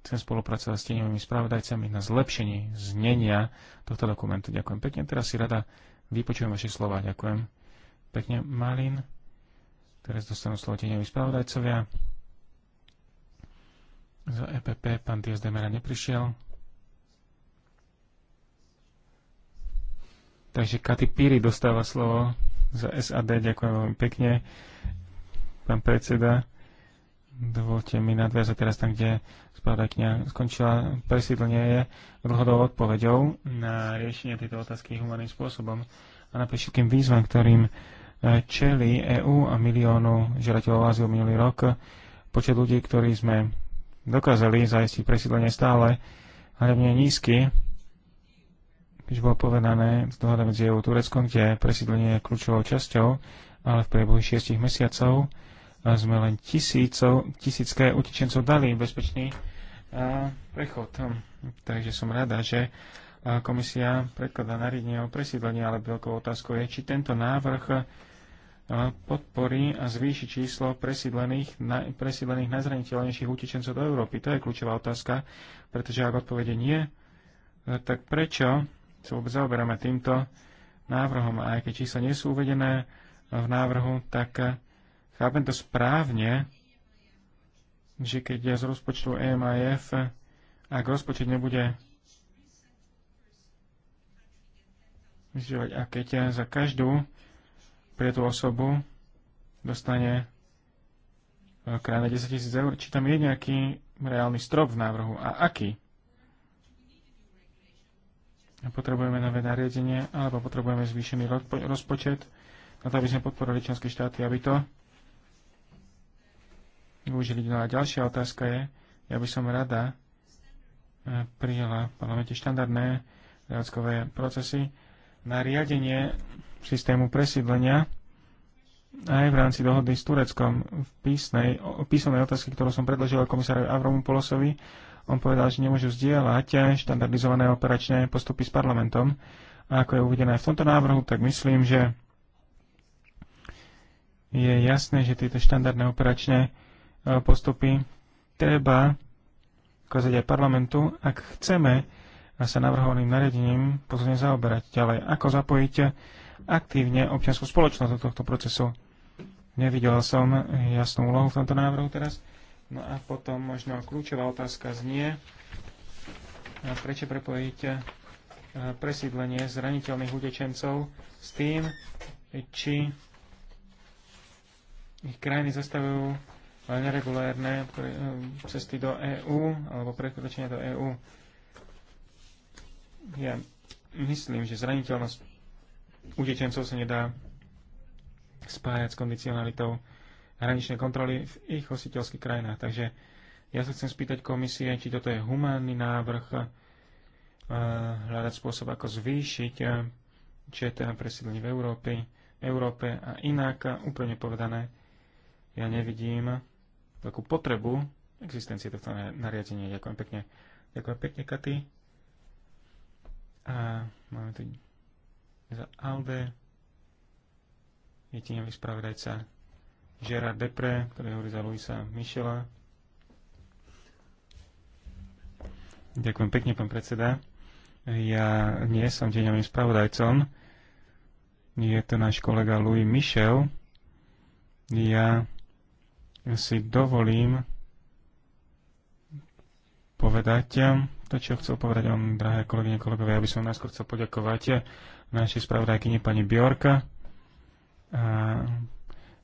chcem spolupracovať s tieňovými spravodajcami na zlepšení znenia tohto dokumentu. Ďakujem pekne. Teraz si rada vypočujem vaše slova. Ďakujem pekne, Malin. Teraz dostanú slovo tieňoví spravodajcovia. Za EPP pán Dias Demera neprišiel. Takže Katy Píry dostáva slovo za SAD. Ďakujem veľmi pekne, pán predseda. Dovolte mi nadviazať teraz tam, kde spravodajkňa skončila. Presídlenie je dlhodobou odpoveďou na riešenie tejto otázky humaným spôsobom a napriek všetkým výzvam, ktorým e, čeli EÚ a miliónu žiadateľov azyl minulý rok. Počet ľudí, ktorí sme dokázali zajistiť presídlenie stále, hlavne nízky, keď bolo povedané z dohoda medzi EU Tureckom, kde presídlenie je kľúčovou časťou, ale v priebehu 6 mesiacov sme len tisíco, tisícké utečencov dali bezpečný prechod. Hm, takže som rada, že komisia predkladá nariadenie o presídlení, ale veľkou otázkou je, či tento návrh podporí a zvýši číslo presídlených, na, presídlených najzraniteľnejších utečencov do Európy. To je kľúčová otázka, pretože ak odpovede nie, tak prečo sa vôbec zaoberáme týmto návrhom? A aj keď čísla nie sú uvedené v návrhu, tak chápem to správne, že keď ja z rozpočtu EMAF, ak rozpočet nebude a keď ja za každú pre tú osobu dostane e, krajina 10 tisíc eur, či tam je nejaký reálny strop v návrhu a aký? Potrebujeme nové nariadenie alebo potrebujeme zvýšený rozpočet na to, aby sme podporili členské štáty, aby to využili. No a ďalšia otázka je, ja by som rada eh, prijela v parlamente štandardné prevádzkové procesy na riadenie systému presídlenia aj v rámci dohody s Tureckom. V písnej, o písomnej otázke, ktorú som predložil komisárovi Avromu Polosovi, on povedal, že nemôžu zdieľať štandardizované operačné postupy s parlamentom. A ako je uvedené v tomto návrhu, tak myslím, že je jasné, že tieto štandardné operačné E, postupy. Treba ukázať aj parlamentu, ak chceme sa navrhovaným nariadením pozorne zaoberať ďalej. Ako zapojiť aktívne občianskú spoločnosť do tohto procesu? Nevidel som jasnú úlohu v tomto návrhu teraz. No a potom možno kľúčová otázka znie, e, prečo prepojiť e, presídlenie zraniteľných utečencov s tým, či ich krajiny zastavujú neregulérne eh, cesty do EÚ alebo prekročenia do EÚ. Ja myslím, že zraniteľnosť u detencov sa nedá spájať s kondicionalitou hraničnej kontroly v ich hostiteľských krajinách. Takže ja sa chcem spýtať komisie, či toto je humánny návrh eh, hľadať spôsob, ako zvýšiť eh, ČTA presídlenie v Európe, Európe a inak, úplne povedané, ja nevidím veľkú potrebu existencie tohto nariadenia. Ďakujem pekne. Ďakujem pekne, Katy. A máme tu za Alde jedinový spravodajca Gerard Depre, ktorý hovorí za Luisa Michela. Ďakujem pekne, pán predseda. Ja nie som deňovým spravodajcom. Je to náš kolega Louis Michel. Ja ja si dovolím povedať eh, to, čo chcel povedať vám, drahé kolegyne, kolegovia. Ja by som najskôr chcel poďakovať eh, našej spravodajkyni pani Bjorka. A,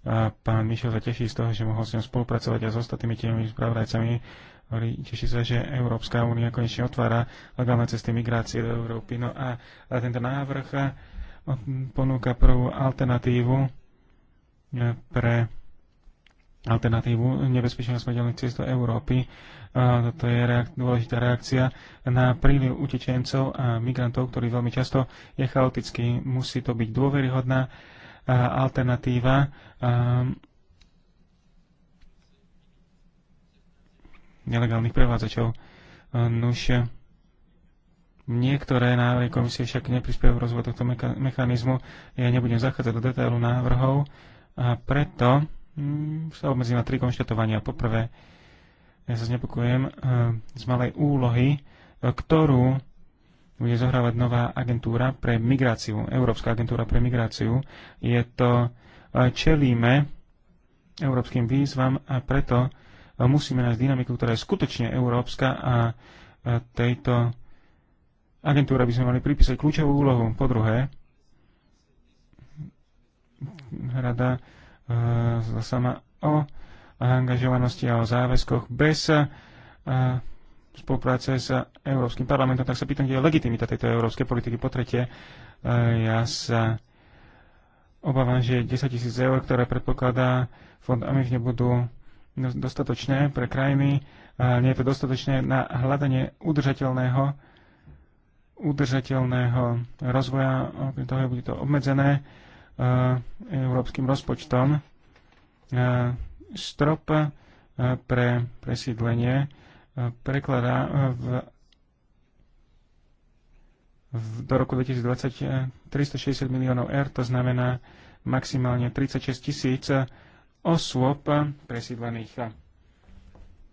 a pán Mišel sa teší z toho, že mohol s ňou spolupracovať a s ostatnými tými spravodajcami. Teší sa, že Európska únia konečne otvára legálne cesty migrácie do Európy. No a, a tento návrh eh, ponúka prvú alternatívu pre alternatívu nebezpečného smrteľných ciest do Európy. A toto je reak- dôležitá reakcia na príliv utečencov a migrantov, ktorí veľmi často je chaotický. Musí to byť dôveryhodná alternatíva. nelegálnych prevádzačov. Nuž, niektoré návrhy komisie však neprispievajú v tohto mechanizmu. Ja nebudem zachádzať do detailu návrhov a preto mm, sa obmedzím na tri konštatovania. Poprvé, ja sa znepokojujem eh, z malej úlohy, eh, ktorú bude zohrávať nová agentúra pre migráciu, Európska agentúra pre migráciu. Je to, eh, čelíme európskym výzvam a preto musíme nájsť dynamiku, ktorá je skutočne európska a tejto agentúre by sme mali pripísať kľúčovú úlohu. Po druhé, rada sama o angažovanosti a o záväzkoch bez spolupráce s Európskym parlamentom, tak sa pýtam, kde je legitimita tejto európskej politiky. Po tretie, ja sa obávam, že 10 tisíc eur, ktoré predpokladá fond AMIF, nebudú dostatočné pre krajiny. Nie je to dostatočné na hľadanie udržateľného udržateľného rozvoja. Okrem toho bude to obmedzené európskym rozpočtom strop pre presídlenie prekladá v, v, do roku 2020 360 miliónov eur, to znamená maximálne 36 tisíc osôb presídlených.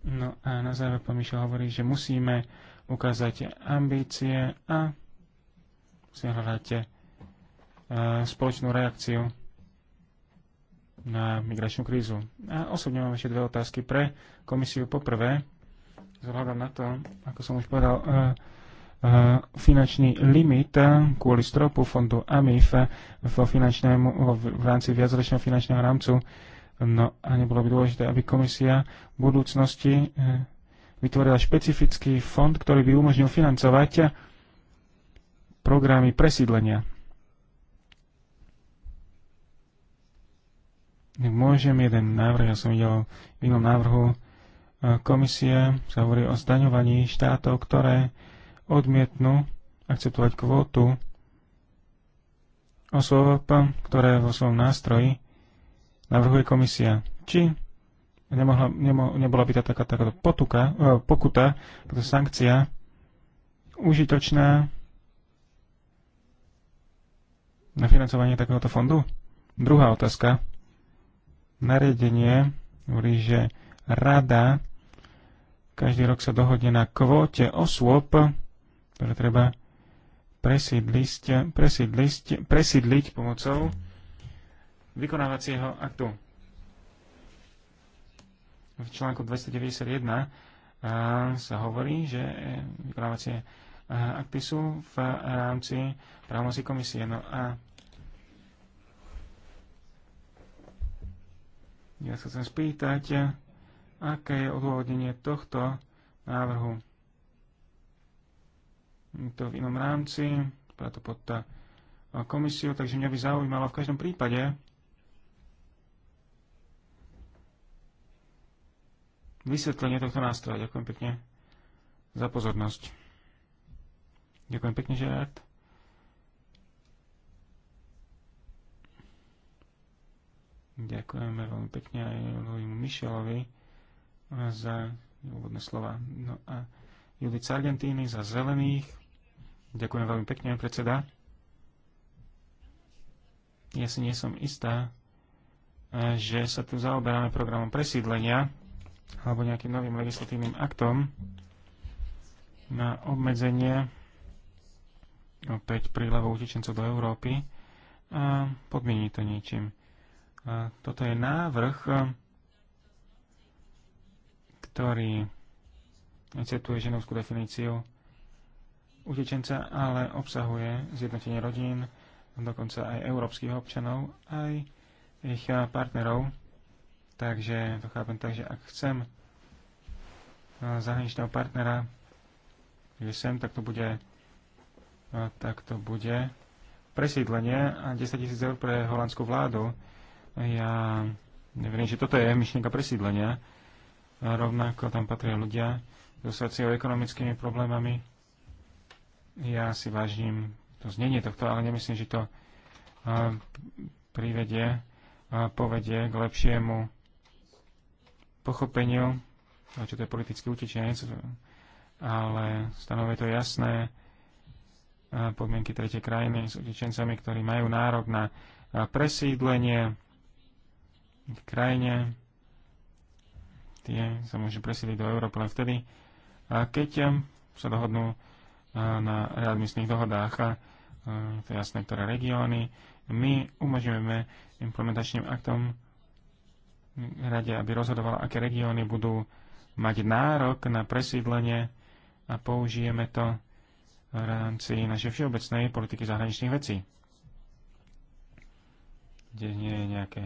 No a na záver pán Mišel hovorí, že musíme ukázať ambície a si hľadať E, spoločnú reakciu na migračnú krízu. A osobne mám ešte dve otázky pre komisiu. Poprvé, vzhľadom na to, ako som už povedal, e, e, finančný limit kvôli stropu fondu AMIF vo, finančnému, v rámci viacročného finančného rámcu. No a nebolo by dôležité, aby komisia v budúcnosti vytvorila špecifický fond, ktorý by umožnil financovať programy presídlenia. Môžem jeden návrh, ja som videl v inom návrhu e, komisie, sa hovorí o zdaňovaní štátov, ktoré odmietnú akceptovať kvótu osôb, ktoré vo svojom nástroji navrhuje komisia. Či nemohla, nemo, nebola by tá taká, takáto potuka, e, pokuta, takáto sankcia užitočná na financovanie takéhoto fondu? Druhá otázka nariadenie hovorí, že rada každý rok sa dohodne na kvóte osôb, ktoré treba presídliť, presídliť, presídliť pomocou vykonávacieho aktu. V článku 291 sa hovorí, že e, vykonávacie akty sú v rámci právomocí komisie. No a Ja sa chcem spýtať, aké je odôvodnenie tohto návrhu. Je to v inom rámci, to pod eh, komisiu, takže mňa by zaujímalo v každom prípade, vysvetlenie tohto nástroja. Ďakujem pekne za pozornosť. Ďakujem pekne, Gerard. Ďakujeme veľmi pekne aj Lovimu Mišelovi za úvodné slova. No a Judith Argentíny za zelených. Ďakujem veľmi pekne, predseda. Ja si nie som istá, že sa tu zaoberáme programom presídlenia alebo nejakým novým legislatívnym aktom na obmedzenie opäť prílevu utečencov do Európy a podmiení to niečím. Toto je návrh, e, ktorý akceptuje ženovskú definíciu utečenca, ale obsahuje zjednotenie rodín, dokonca aj európskych občanov, aj ich partnerov. Takže to chápem tak, že ak chcem e, zahraničného partnera, že sem, tak to bude e, tak to bude presídlenie a 10 tisíc eur pre holandskú vládu. Ja neverím, že toto je myšlienka presídlenia. A rovnako tam patria ľudia so socioekonomickými problémami. Ja si vážim to znenie tohto, ale nemyslím, že to privedie a povedie k lepšiemu pochopeniu, čo to je politický utečenec, ale stanovuje to jasné podmienky tretej krajiny s utečencami, ktorí majú nárok na presídlenie, v krajine, tie sa môžu presiliť do Európy len vtedy, a keď eh, sa dohodnú eh, na readmisných dohodách, a eh, to je jasné, ktoré regióny, my umožňujeme implementačným aktom rade, aby rozhodovala, aké regióny budú mať nárok na presídlenie a použijeme to v rámci našej všeobecnej politiky zahraničných vecí. Kde nie je nejaké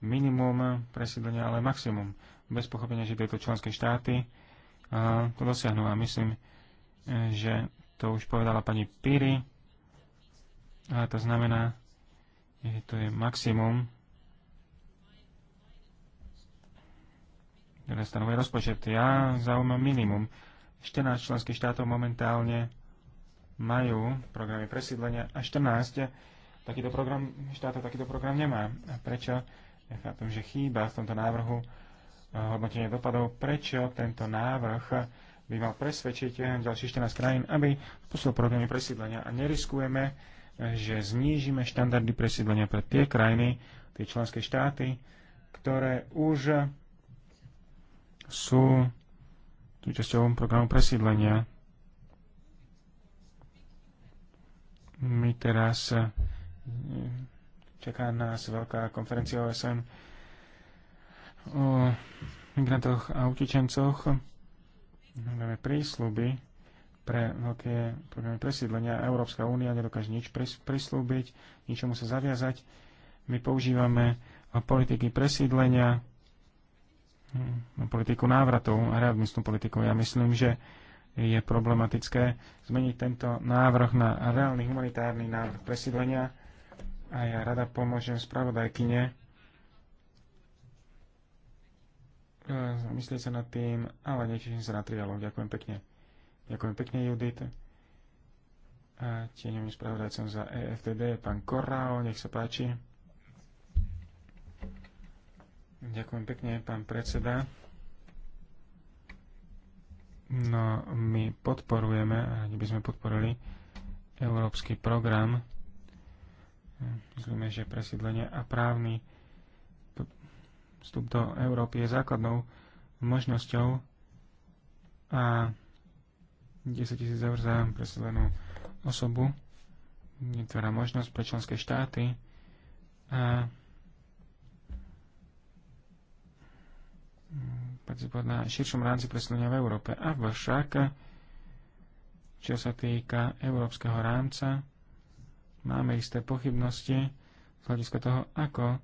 minimum presídlenia, ale maximum. Bez pochopenia, že tieto členské štáty to dosiahnu. A myslím, e, že to už povedala pani Piri. A to znamená, že to je maximum, ktoré teda stanovuje rozpočet. Ja zaujímam minimum. 14 členských štátov momentálne majú programy presídlenia a 14 takýto program, štátov takýto program nemá. A prečo? Ja chápem, že chýba v tomto návrhu eh, hodnotenie dopadov, prečo tento návrh by mal presvedčiť eh, ďalších 14 krajín, aby spustilo programy presídlenia a neriskujeme, eh, že znížime štandardy presídlenia pre tie krajiny, tie členské štáty, ktoré už sú súčasťou programu presídlenia. My teraz Čaká nás veľká konferencia OSN o migrantoch a utečencoch. Máme prísľuby pre veľké programy presídlenia. Európska únia nedokáže nič prislúbiť, ničomu sa zaviazať. My používame politiky presídlenia, hm, politiku návratov a readmisnú politiku. Ja myslím, že je problematické zmeniť tento návrh na reálny humanitárny návrh presídlenia a ja rada pomôžem spravodajkyne e, zamyslieť sa nad tým, ale neteším sa na trialog. Ďakujem pekne. Ďakujem pekne, Judith. A tieňovým spravodajcom za EFTD pán Korrao, nech sa páči. Ďakujem pekne, pán predseda. No, my podporujeme, a by sme podporili, európsky program Myslíme, že presídlenie a právny vstup do Európy je základnou možnosťou a 10 tisíc eur za presídlenú osobu vytvára možnosť pre členské štáty a participovať na širšom rámci presídlenia v Európe. Avšak, čo sa týka európskeho rámca, máme isté pochybnosti z hľadiska toho, ako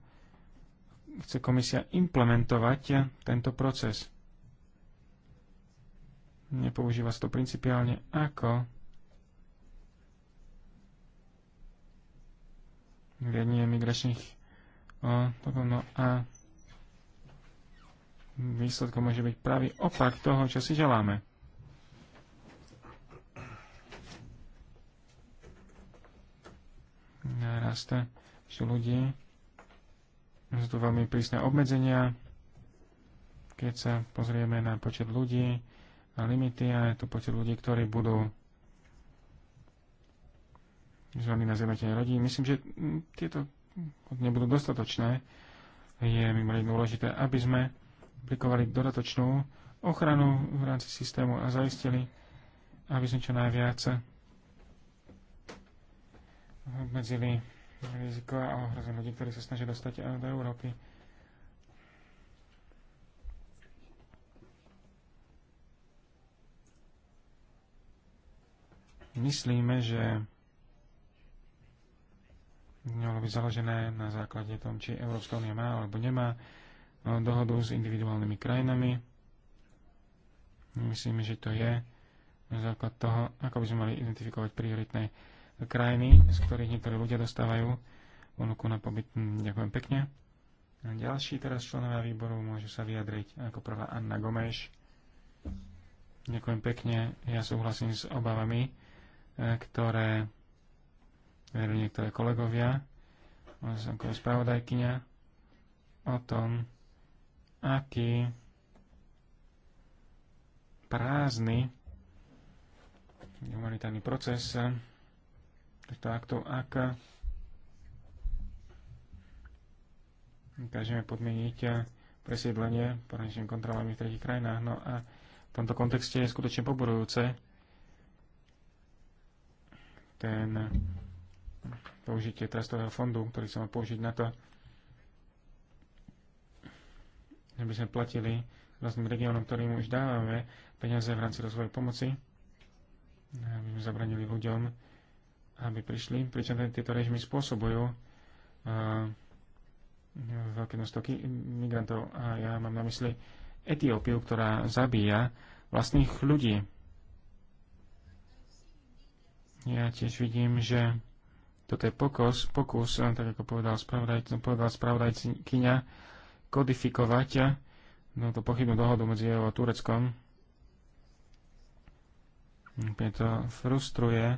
chce komisia implementovať tento proces. Nepoužíva sa to principiálne ako riadenie migračných o, no a výsledkom môže byť pravý opak toho, čo si želáme. rast sú ľudia. Sú tu veľmi prísne obmedzenia, keď sa pozrieme na počet ľudí, na limity a je tu počet ľudí, ktorí budú zvaní na zjednotenie rodí. Myslím, že tieto nebudú dostatočné. Je mimoriadne dôležité, aby sme aplikovali dodatočnú ochranu v rámci systému a zaistili, aby sme čo najviac obmedzili riziko a ohrozuje ľudí, ktorí sa snažia dostať eh, do Európy. Myslíme, že bolo by založené na základe tom, či Európska únia má alebo nemá eh, dohodu s individuálnymi krajinami. Myslíme, že to je základ toho, ako by sme mali identifikovať prioritné krajiny, z ktorých niektorí ľudia dostávajú ponuku na pobyt. Hm, ďakujem pekne. Ďalší teraz členovia výboru môže sa vyjadriť ako prvá Anna Gomeš. Ďakujem pekne. Ja súhlasím s obavami, e, ktoré verili niektoré kolegovia, ako spravodajkyňa, o tom, aký prázdny humanitárny proces tak to, ak ukážeme podmieniť eh, presiedlenie porančnými kontrolami v tretich krajinách. No a v tomto kontexte je skutočne poborujúce ten použitie trestového fondu, ktorý sa má použiť na to, aby sme platili rôznym regiónom, ktorým už dávame peniaze v rámci rozvoja pomoci, aby sme zabranili ľuďom aby prišli, pričom tieto režimy spôsobujú e, veľké množstvo migrantov. A ja mám na mysli Etiópiu, ktorá zabíja vlastných ľudí. Ja tiež vidím, že toto je pokus, pokus, e, tak ako povedal, spravodaj, povedal spravodajkyňa, kodifikovať e, no, to pochybnú dohodu medzi EU a Tureckom. Mne to frustruje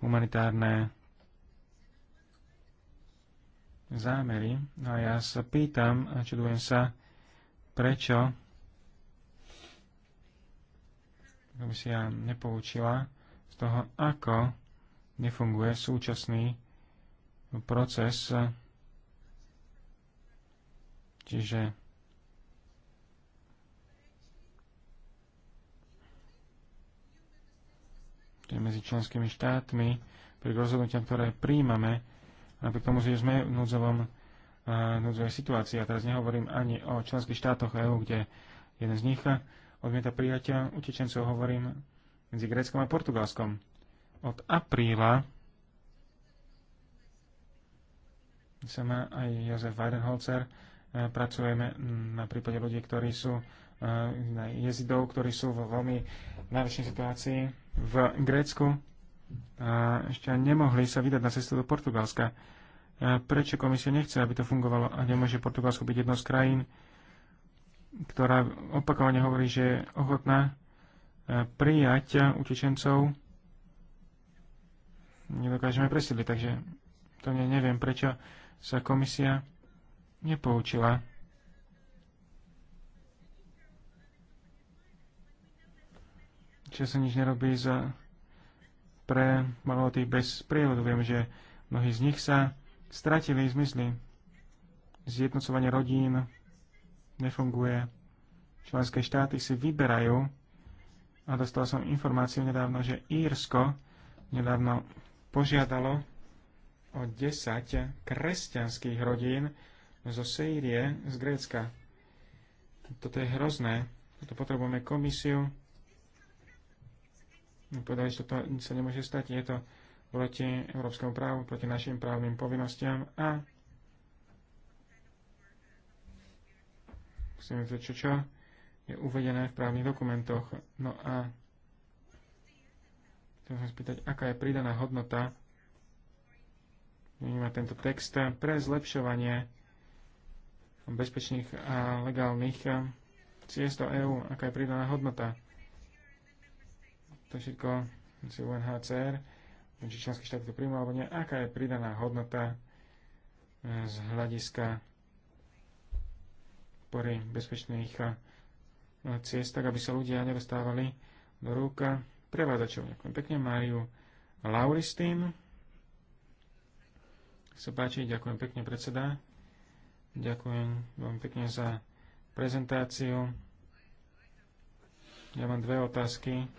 humanitárne zámery. No a ja sa pýtam a čudujem sa, prečo komisia nepoučila z toho, ako nefunguje súčasný proces. Čiže medzi členskými štátmi pri rozhodnutiach, ktoré príjmame, napriek tomu, že sme v núdzovom, núdzovej situácii. A teraz nehovorím ani o členských štátoch EÚ, kde jeden z nich odmieta prijatia utečencov, hovorím medzi Gréckom a Portugalskom. Od apríla sa má aj Jozef Weidenholzer, pracujeme na prípade ľudí, ktorí sú jezidov, ktorí sú vo veľmi náročnej situácii v Grécku a ešte nemohli sa vydať na cestu do Portugalska. Prečo komisia nechce, aby to fungovalo a nemôže Portugalsko byť jednou z krajín, ktorá opakovane hovorí, že je ochotná prijať utečencov, nedokážeme presiedliť, Takže to ne, neviem, prečo sa komisia nepoučila že sa nič nerobí za, pre malotých bez prievodu. Viem, že mnohí z nich sa stratili zmysly. Zjednocovanie rodín nefunguje. Členské štáty si vyberajú a dostal som informáciu nedávno, že Írsko nedávno požiadalo o 10 kresťanských rodín zo Sýrie, z Grécka. Toto je hrozné. Toto potrebujeme komisiu, No, povedali, že to sa nemôže stať. Je to proti európskemu právu, proti našim právnym povinnostiam a musíme vedieť, čo, čo je uvedené v právnych dokumentoch. No a chcem sa spýtať, aká je pridaná hodnota vníma tento text pre zlepšovanie bezpečných a legálnych ciest do EÚ, aká je pridaná hodnota to všetko UNHCR, či členský štát to príjma, alebo nie, aká je pridaná hodnota e, z hľadiska pory bezpečných e, ciest, tak aby sa ľudia nedostávali do rúka prevádzačov. Ďakujem pekne, Máriu Lauristín. Sa páči, ďakujem pekne, predseda. Ďakujem veľmi pekne za prezentáciu. Ja mám dve otázky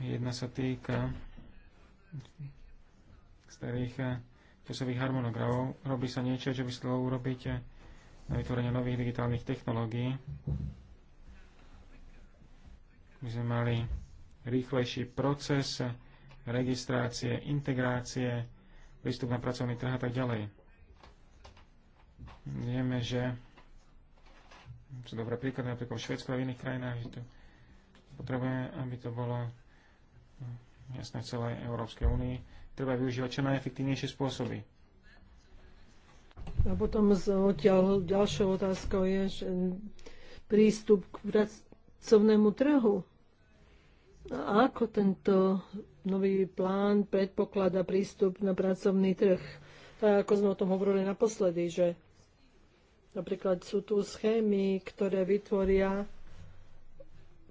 Jedna sa týka starých eh, časových harmonogramov. Robí sa niečo, čo by sa dalo urobiť eh, na vytvorenie nových digitálnych technológií. My sme mali rýchlejší proces eh, registrácie, integrácie, prístup na pracovný trh a tak ďalej. Vieme, že sú dobré príklady napríklad v Švedsku a v iných krajinách, že to potrebujeme, aby to bolo jasné v celej Európskej únii, treba využívať čo najefektívnejšie spôsoby. A potom odtiaľ ďalšou otázkou je že prístup k pracovnému trhu. A ako tento nový plán predpokladá prístup na pracovný trh? Tak ako sme o tom hovorili naposledy, že napríklad sú tu schémy, ktoré vytvoria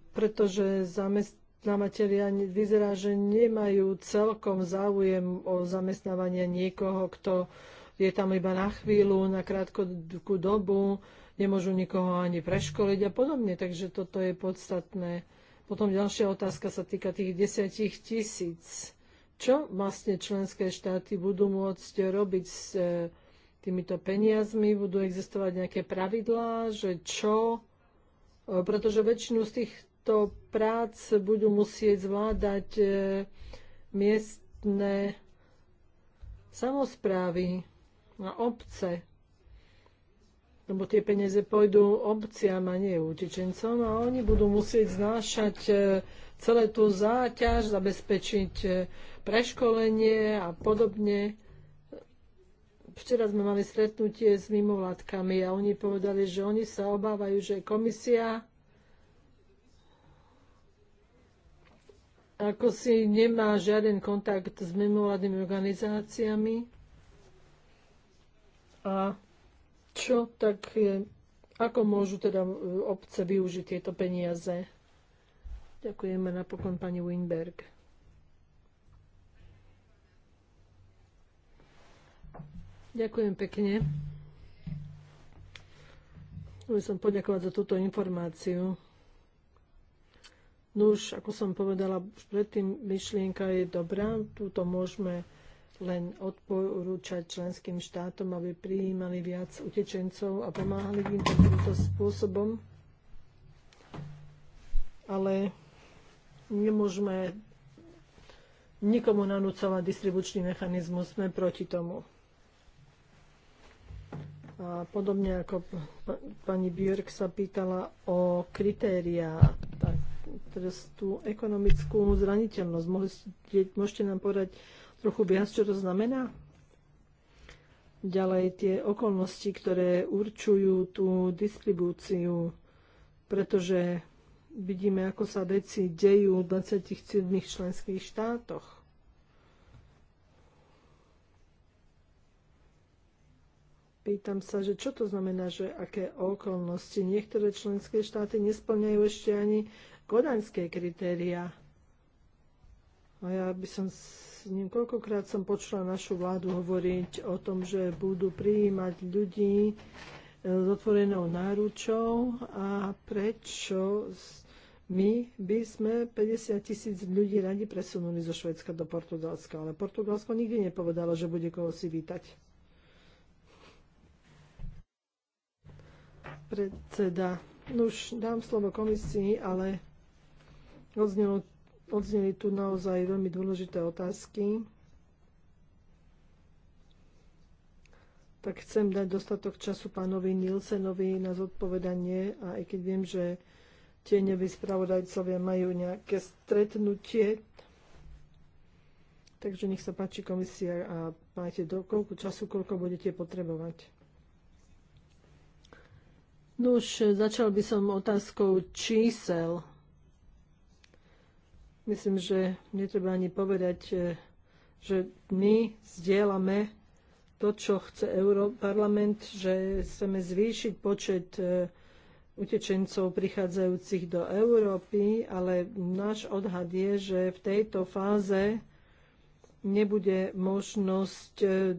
pretože zamest- zamestnávateľia vyzerá, že nemajú celkom záujem o zamestnávanie niekoho, kto je tam iba na chvíľu, na krátku dobu, nemôžu nikoho ani preškoliť a podobne, takže toto je podstatné. Potom ďalšia otázka sa týka tých desiatich tisíc. Čo vlastne členské štáty budú môcť robiť s e, týmito peniazmi? Budú existovať nejaké pravidlá, že čo? E, pretože väčšinu z tých miesto prác budú musieť zvládať e, miestne samozprávy a obce. Lebo tie peniaze pôjdu obciam a nie utečencom a oni budú musieť znášať e, celé tú záťaž, zabezpečiť e, preškolenie a podobne. Včera sme mali stretnutie s mimovládkami a oni povedali, že oni sa obávajú, že komisia ako si nemá žiaden kontakt s mimovládnymi organizáciami. A čo tak je, ako môžu teda e, obce využiť tieto peniaze? Ďakujeme napokon pani Winberg. Ďakujem pekne. Chcem som poďakovať za túto informáciu. No už, ako som povedala, už predtým myšlienka je dobrá. tuto môžeme len odporúčať členským štátom, aby prijímali viac utečencov a pomáhali im takýmto spôsobom. Ale nemôžeme nikomu nanúcovať distribučný mechanizmus. Sme proti tomu. A podobne ako pani Björk sa pýtala o kritériách teraz tú ekonomickú zraniteľnosť. Môžete, môžete nám povedať trochu viac, čo to znamená? Ďalej tie okolnosti, ktoré určujú tú distribúciu, pretože vidíme, ako sa veci dejú v 27 členských štátoch. Pýtam sa, že čo to znamená, že aké okolnosti. Niektoré členské štáty nesplňajú ešte ani kodaňské kritéria. A ja by som s ním koľkokrát som počula našu vládu hovoriť o tom, že budú prijímať ľudí e, s otvorenou náručou a prečo my by sme 50 tisíc ľudí radi presunuli zo Švedska do Portugalska, ale Portugalsko nikdy nepovedalo, že bude koho si vítať. Predseda, no už dám slovo komisii, ale Odznelo, odzneli tu naozaj veľmi dôležité otázky. Tak chcem dať dostatok času pánovi Nielsenovi na zodpovedanie a aj keď viem, že tieňoví spravodajcovia majú nejaké stretnutie, Takže nech sa páči komisia a máte do koľko času, koľko budete potrebovať. No už začal by som otázkou čísel. Myslím, že netreba ani povedať, e, že my zdieľame to, čo chce Európarlament, že chceme zvýšiť počet e, utečencov prichádzajúcich do Európy, ale náš odhad je, že v tejto fáze nebude možnosť e,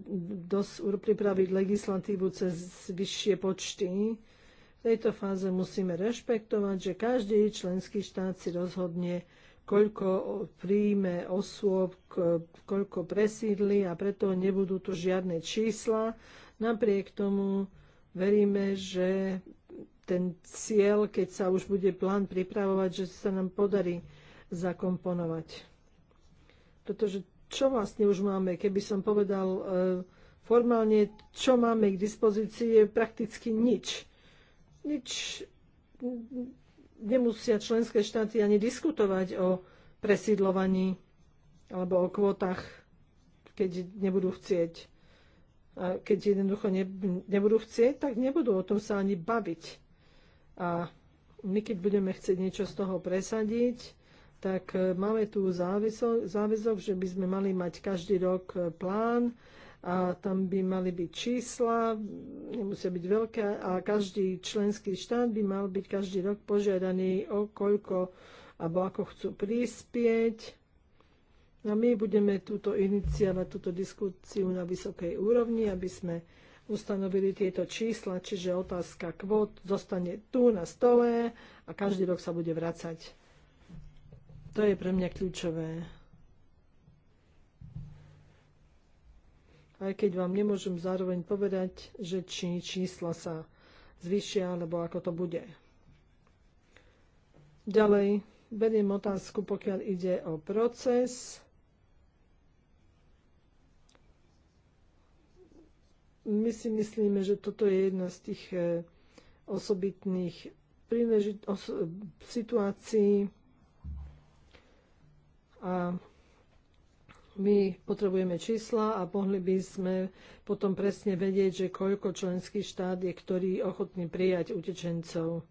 dosť pripraviť legislatívu cez vyššie počty. V tejto fáze musíme rešpektovať, že každý členský štát si rozhodne, koľko príjme osôb, koľko presídli a preto nebudú tu žiadne čísla. Napriek tomu veríme, že ten cieľ, keď sa už bude plán pripravovať, že sa nám podarí zakomponovať. Pretože čo vlastne už máme? Keby som povedal e, formálne, čo máme k dispozícii, je prakticky nič. Nič nemusia členské štáty ani diskutovať o presídlovaní alebo o kvótach, keď nebudú chcieť. A keď jednoducho nebudú chcieť, tak nebudú o tom sa ani baviť. A my keď budeme chcieť niečo z toho presadiť, tak e, máme tu záväzok že by sme mali mať každý rok e, plán, a tam by mali byť čísla, nemusia byť veľké a každý členský štát by mal byť každý rok požiadaný o koľko alebo ako chcú prispieť. A my budeme túto iniciovať, túto diskusiu na vysokej úrovni, aby sme ustanovili tieto čísla, čiže otázka kvót zostane tu na stole a každý rok sa bude vracať. To je pre mňa kľúčové. aj keď vám nemôžem zároveň povedať, že či čísla sa zvyšia, alebo ako to bude. Ďalej, beriem otázku, pokiaľ ide o proces. My si myslíme, že toto je jedna z tých e, osobitných príležit- os- e, situácií a my potrebujeme čísla a mohli by sme potom presne vedieť, že koľko členský štát je ktorý ochotný prijať utečencov.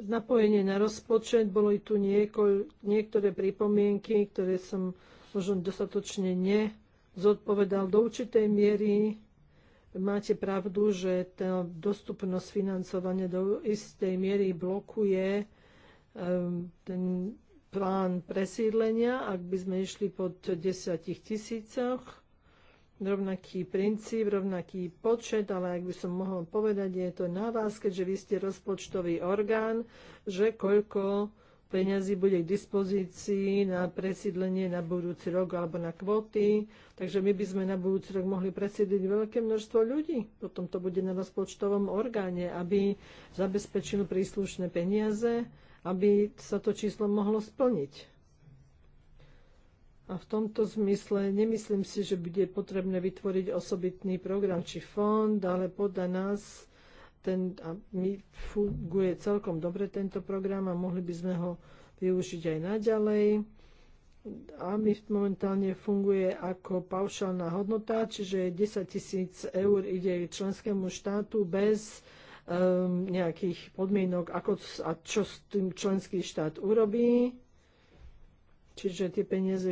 Napojenie na rozpočet, boli tu niekoľ, niektoré pripomienky, ktoré som možno dostatočne nezodpovedal. Do určitej miery máte pravdu, že tá dostupnosť financovania do istej miery blokuje um, ten plán presídlenia, ak by sme išli pod 10 tisícoch, rovnaký princíp, rovnaký počet, ale ak by som mohol povedať, je to na vás, keďže vy ste rozpočtový orgán, že koľko peňazí bude k dispozícii na presídlenie na budúci rok alebo na kvóty. Takže my by sme na budúci rok mohli presídliť veľké množstvo ľudí. Potom to bude na rozpočtovom orgáne, aby zabezpečil príslušné peniaze aby sa to číslo mohlo splniť. A v tomto zmysle nemyslím si, že bude potrebné vytvoriť osobitný program či fond, ale podľa nás ten, a my funguje celkom dobre tento program a mohli by sme ho využiť aj naďalej. A my momentálne funguje ako paušálna hodnota, čiže 10 tisíc eur ide členskému štátu bez um, nejakých podmienok, ako a čo s tým členský štát urobí. Čiže tie peniaze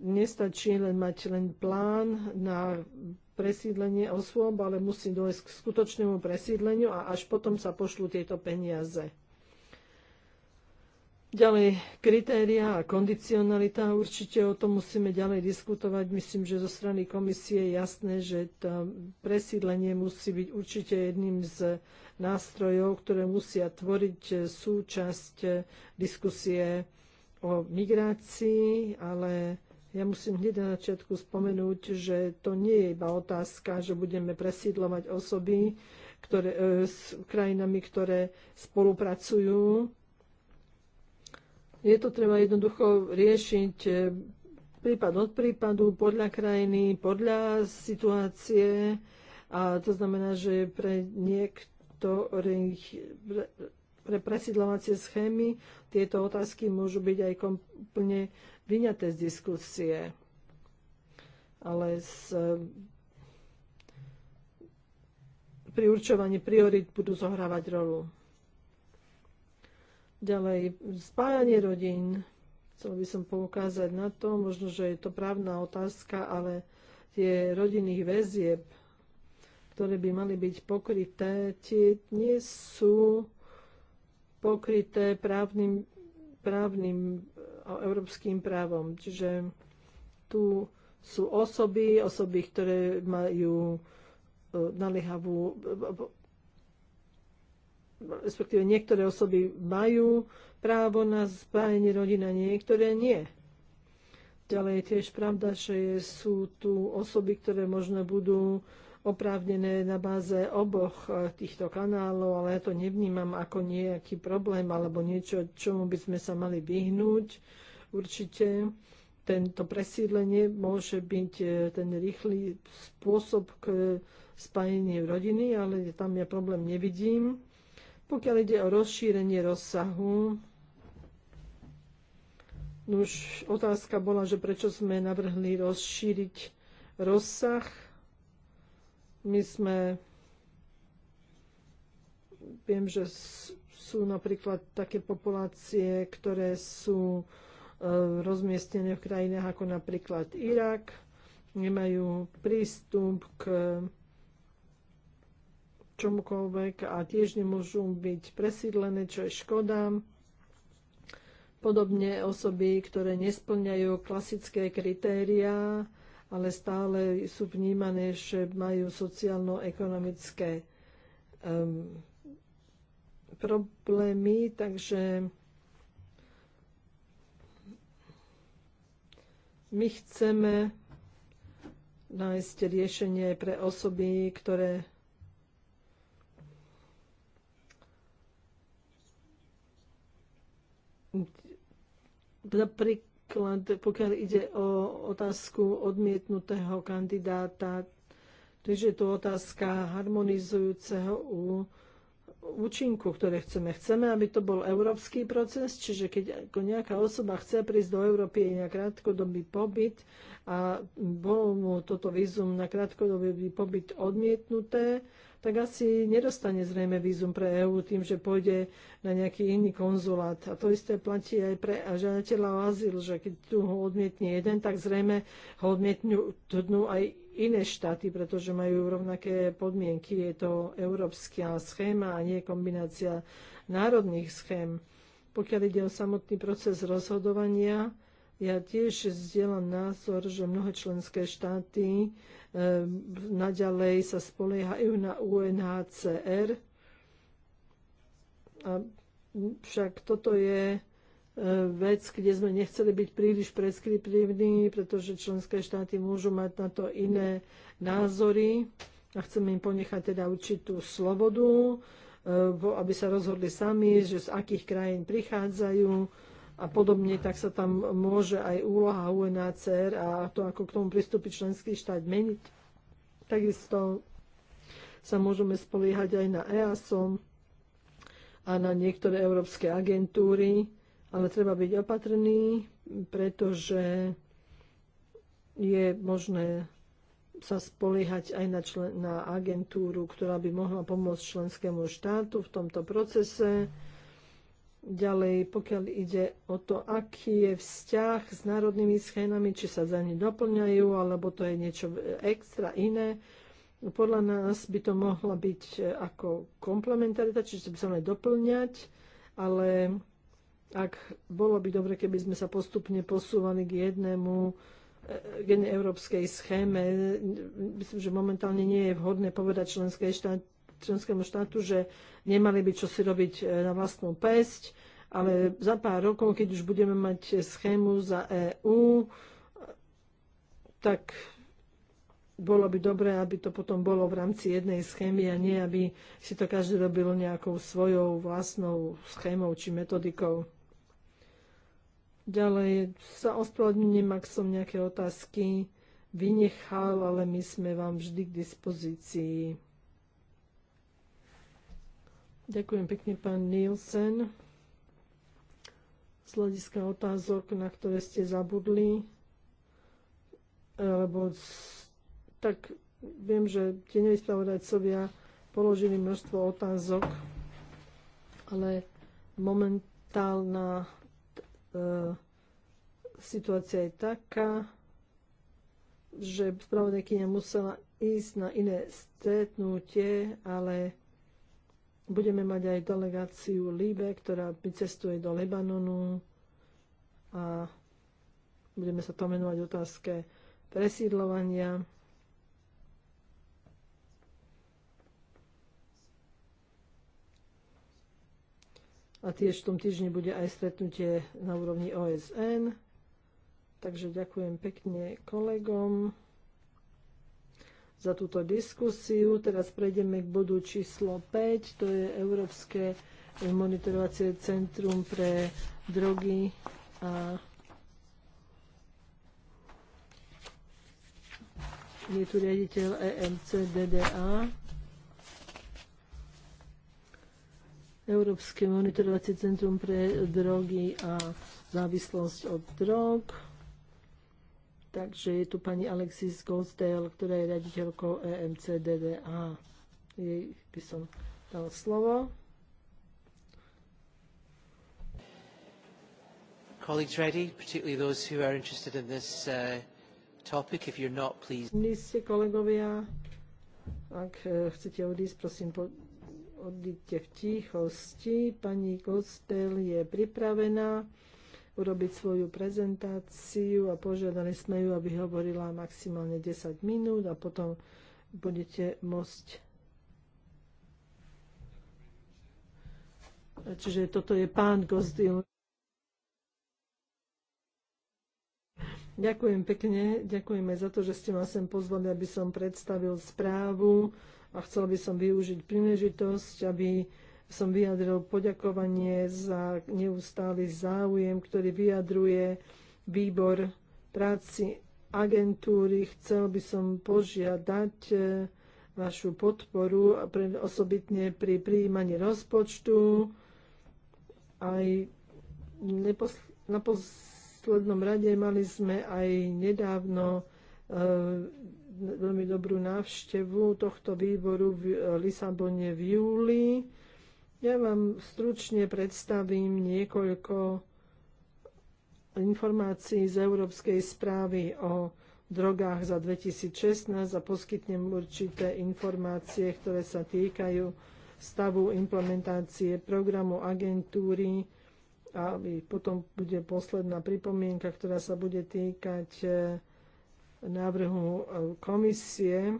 nestačí len mať len plán na presídlenie osôb, ale musí dojsť k skutočnému presídleniu a až potom sa pošlú tieto peniaze. Ďalej, kritéria a kondicionalita, určite o tom musíme ďalej diskutovať. Myslím, že zo strany komisie je jasné, že to presídlenie musí byť určite jedným z nástrojov, ktoré musia tvoriť súčasť diskusie o migrácii, ale ja musím hneď na začiatku spomenúť, že to nie je iba otázka, že budeme presídlovať osoby ktoré, e, s krajinami, ktoré spolupracujú je to treba jednoducho riešiť e, prípad od prípadu, podľa krajiny, podľa situácie. A to znamená, že pre niektorých pre, pre presídlovacie schémy tieto otázky môžu byť aj úplne vyňaté z diskusie. Ale s, e, pri určovaní priorit budú zohrávať rolu. Ďalej, spájanie rodín. Chcel by som poukázať na to, možno, že je to právna otázka, ale tie rodinných väzieb, ktoré by mali byť pokryté, tie nie sú pokryté právnym, právnym európskym právom. Čiže tu sú osoby, osoby, ktoré majú e, naliehavú e, respektíve niektoré osoby majú právo na spájanie rodina, niektoré nie. Ďalej je tiež pravda, že sú tu osoby, ktoré možno budú oprávnené na báze oboch eh, týchto kanálov, ale ja to nevnímam ako nejaký problém alebo niečo, čomu by sme sa mali vyhnúť. Určite tento presídlenie môže byť eh, ten rýchly spôsob k spájeniu rodiny, ale tam ja problém nevidím. Pokiaľ ide o rozšírenie rozsahu, no už otázka bola, že prečo sme navrhli rozšíriť rozsah. My sme, viem, že sú napríklad také populácie, ktoré sú e, rozmiestnené v krajinách ako napríklad Irak, nemajú prístup k čomukoľvek a tiež nemôžu byť presídlené, čo je škoda. Podobne osoby, ktoré nesplňajú klasické kritériá, ale stále sú vnímané, že majú sociálno-ekonomické um, problémy, takže my chceme nájsť riešenie pre osoby, ktoré Napríklad, pokiaľ ide o otázku odmietnutého kandidáta, to je to otázka harmonizujúceho u účinku, ktoré chceme. Chceme, aby to bol európsky proces, čiže keď ako nejaká osoba chce prísť do Európy na krátkodobý pobyt a bolo mu toto vízum na krátkodobý pobyt odmietnuté, tak asi nedostane zrejme vízum pre EÚ tým, že pôjde na nejaký iný konzulát. A to isté platí aj pre žiadateľa o azyl, že keď tu ho odmietne jeden, tak zrejme ho odmietnú aj iné štáty, pretože majú rovnaké podmienky. Je to európska schéma a nie kombinácia národných schém. Pokiaľ ide o samotný proces rozhodovania, ja tiež zdieľam názor, že mnohé členské štáty e, naďalej sa spoliehajú na UNHCR. A však toto je E, vec, kde sme nechceli byť príliš preskriptívni, pretože členské štáty môžu mať na to iné názory a chceme im ponechať teda určitú slobodu, e, aby sa rozhodli sami, že z akých krajín prichádzajú a podobne, tak sa tam môže aj úloha UNHCR a to, ako k tomu pristúpi členský štát, meniť. Takisto sa môžeme spoliehať aj na EASO a na niektoré európske agentúry, ale treba byť opatrný, pretože je možné sa spoliehať aj na, člen, na agentúru, ktorá by mohla pomôcť členskému štátu v tomto procese. Ďalej, pokiaľ ide o to, aký je vzťah s národnými schénami, či sa za ne doplňajú, alebo to je niečo extra iné, podľa nás by to mohla byť ako komplementarita, čiže by sa mali doplňať, ale ak bolo by dobre, keby sme sa postupne posúvali k jednému e, k jednej európskej schéme. Myslím, že momentálne nie je vhodné povedať štát, členskému štátu, že nemali by čo si robiť e, na vlastnú pesť, ale za pár rokov, keď už budeme mať schému za EÚ, tak bolo by dobré, aby to potom bolo v rámci jednej schémy a nie, aby si to každý robil nejakou svojou vlastnou schémou či metodikou. Ďalej sa ospravedlňujem, ak som nejaké otázky vynechal, ale my sme vám vždy k dispozícii. Ďakujem pekne, pán Nielsen. Z hľadiska otázok, na ktoré ste zabudli, lebo tak viem, že tie nevyspravodajcovia položili množstvo otázok, ale momentálna E, situácia je taká, že spravodajkynia musela ísť na iné stretnutie, ale budeme mať aj delegáciu Líbe, ktorá cestuje do Lebanonu a budeme sa tomenovať otázke presídlovania. A tiež v tom týždni bude aj stretnutie na úrovni OSN. Takže ďakujem pekne kolegom za túto diskusiu. Teraz prejdeme k bodu číslo 5. To je Európske monitorovacie centrum pre drogy a je tu riaditeľ EMC DDA. Európske monitorovacie centrum pre drogy a závislosť od drog. Takže je tu pani Alexis Gosdale, ktorá je raditeľkou EMC DDA. Jej by som dal slovo. Colleagues ready, particularly those who are interested in this uh, topic, if you're not, please. Ste kolegovia, ak eh, chcete odísť, prosím, po- odíďte v tichosti. Pani Kostel je pripravená urobiť svoju prezentáciu a požiadali sme ju, aby hovorila maximálne 10 minút a potom budete môcť Čiže toto je pán kostel. Ďakujem pekne, ďakujeme za to, že ste ma sem pozvali, aby som predstavil správu a chcela by som využiť príležitosť, aby som vyjadril poďakovanie za neustály záujem, ktorý vyjadruje výbor práci agentúry. Chcel by som požiadať e, vašu podporu, osobitne pri prijímaní rozpočtu, aj na poslednom rade mali sme aj nedávno Eh, veľmi dobrú návštevu tohto výboru v Lisabone v júli. Ja vám stručne predstavím niekoľko informácií z Európskej správy o drogách za 2016 a poskytnem určité informácie, ktoré sa týkajú stavu implementácie programu agentúry a potom bude posledná pripomienka, ktorá sa bude týkať eh, návrhu e, komisie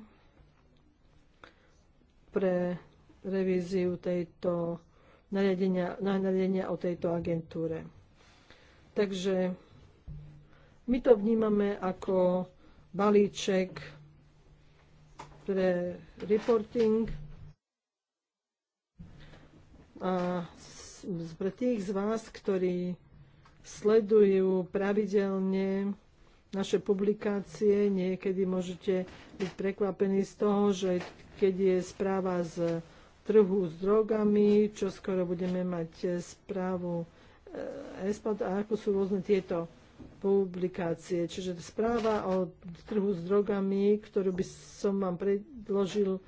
pre revíziu tejto nariadenia, nariadenia o tejto agentúre. Takže my to vnímame ako balíček pre reporting a pre tých z vás, ktorí sledujú pravidelne naše publikácie. Niekedy môžete byť prekvapení z toho, že keď je správa z trhu s drogami, čo skoro budeme mať eh, správu eh, ESPAD a ako sú rôzne tieto publikácie. Čiže správa o trhu s drogami, ktorú by som vám predložil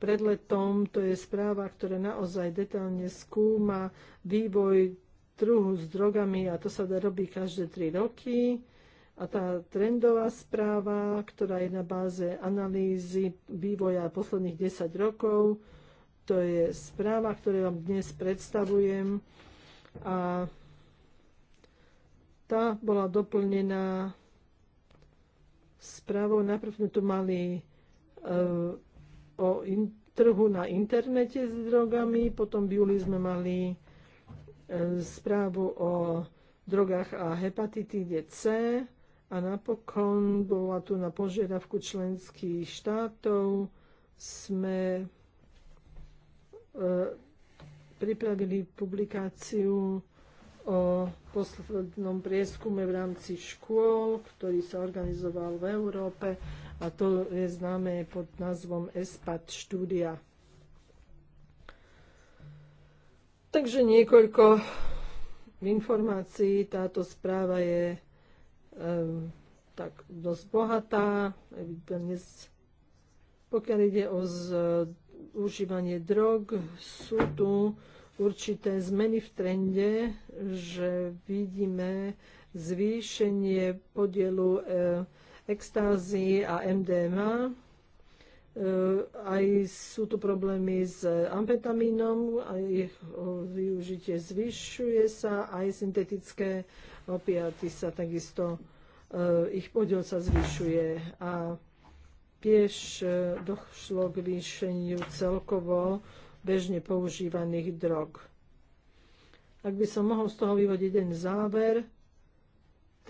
pred letom, to je správa, ktorá naozaj detálne skúma vývoj trhu s drogami a to sa robí každé 3 roky. A tá trendová správa, ktorá je na báze analýzy vývoja posledných 10 rokov, to je správa, ktorú vám dnes predstavujem. A tá bola doplnená správou. Najprv sme tu mali uh, o in, trhu na internete s drogami, potom v júli sme mali uh, správu o drogách a hepatitíde C a napokon bola tu na požiadavku členských štátov sme e, pripravili publikáciu o poslednom prieskume v rámci škôl, ktorý sa organizoval v Európe a to je známe pod názvom ESPAD štúdia. Takže niekoľko informácií. Táto správa je tak dosť bohatá. Dnes, pokiaľ ide o užívanie drog, sú tu určité zmeny v trende, že vidíme zvýšenie podielu e, extázy a MDMA. E, aj sú tu problémy s amfetamínom, aj jeho využitie zvyšuje sa, aj syntetické opiaty sa takisto, e, ich podiel sa zvyšuje a tiež e, došlo k vyšeniu celkovo bežne používaných drog. Ak by som mohol z toho vyvodiť jeden záver,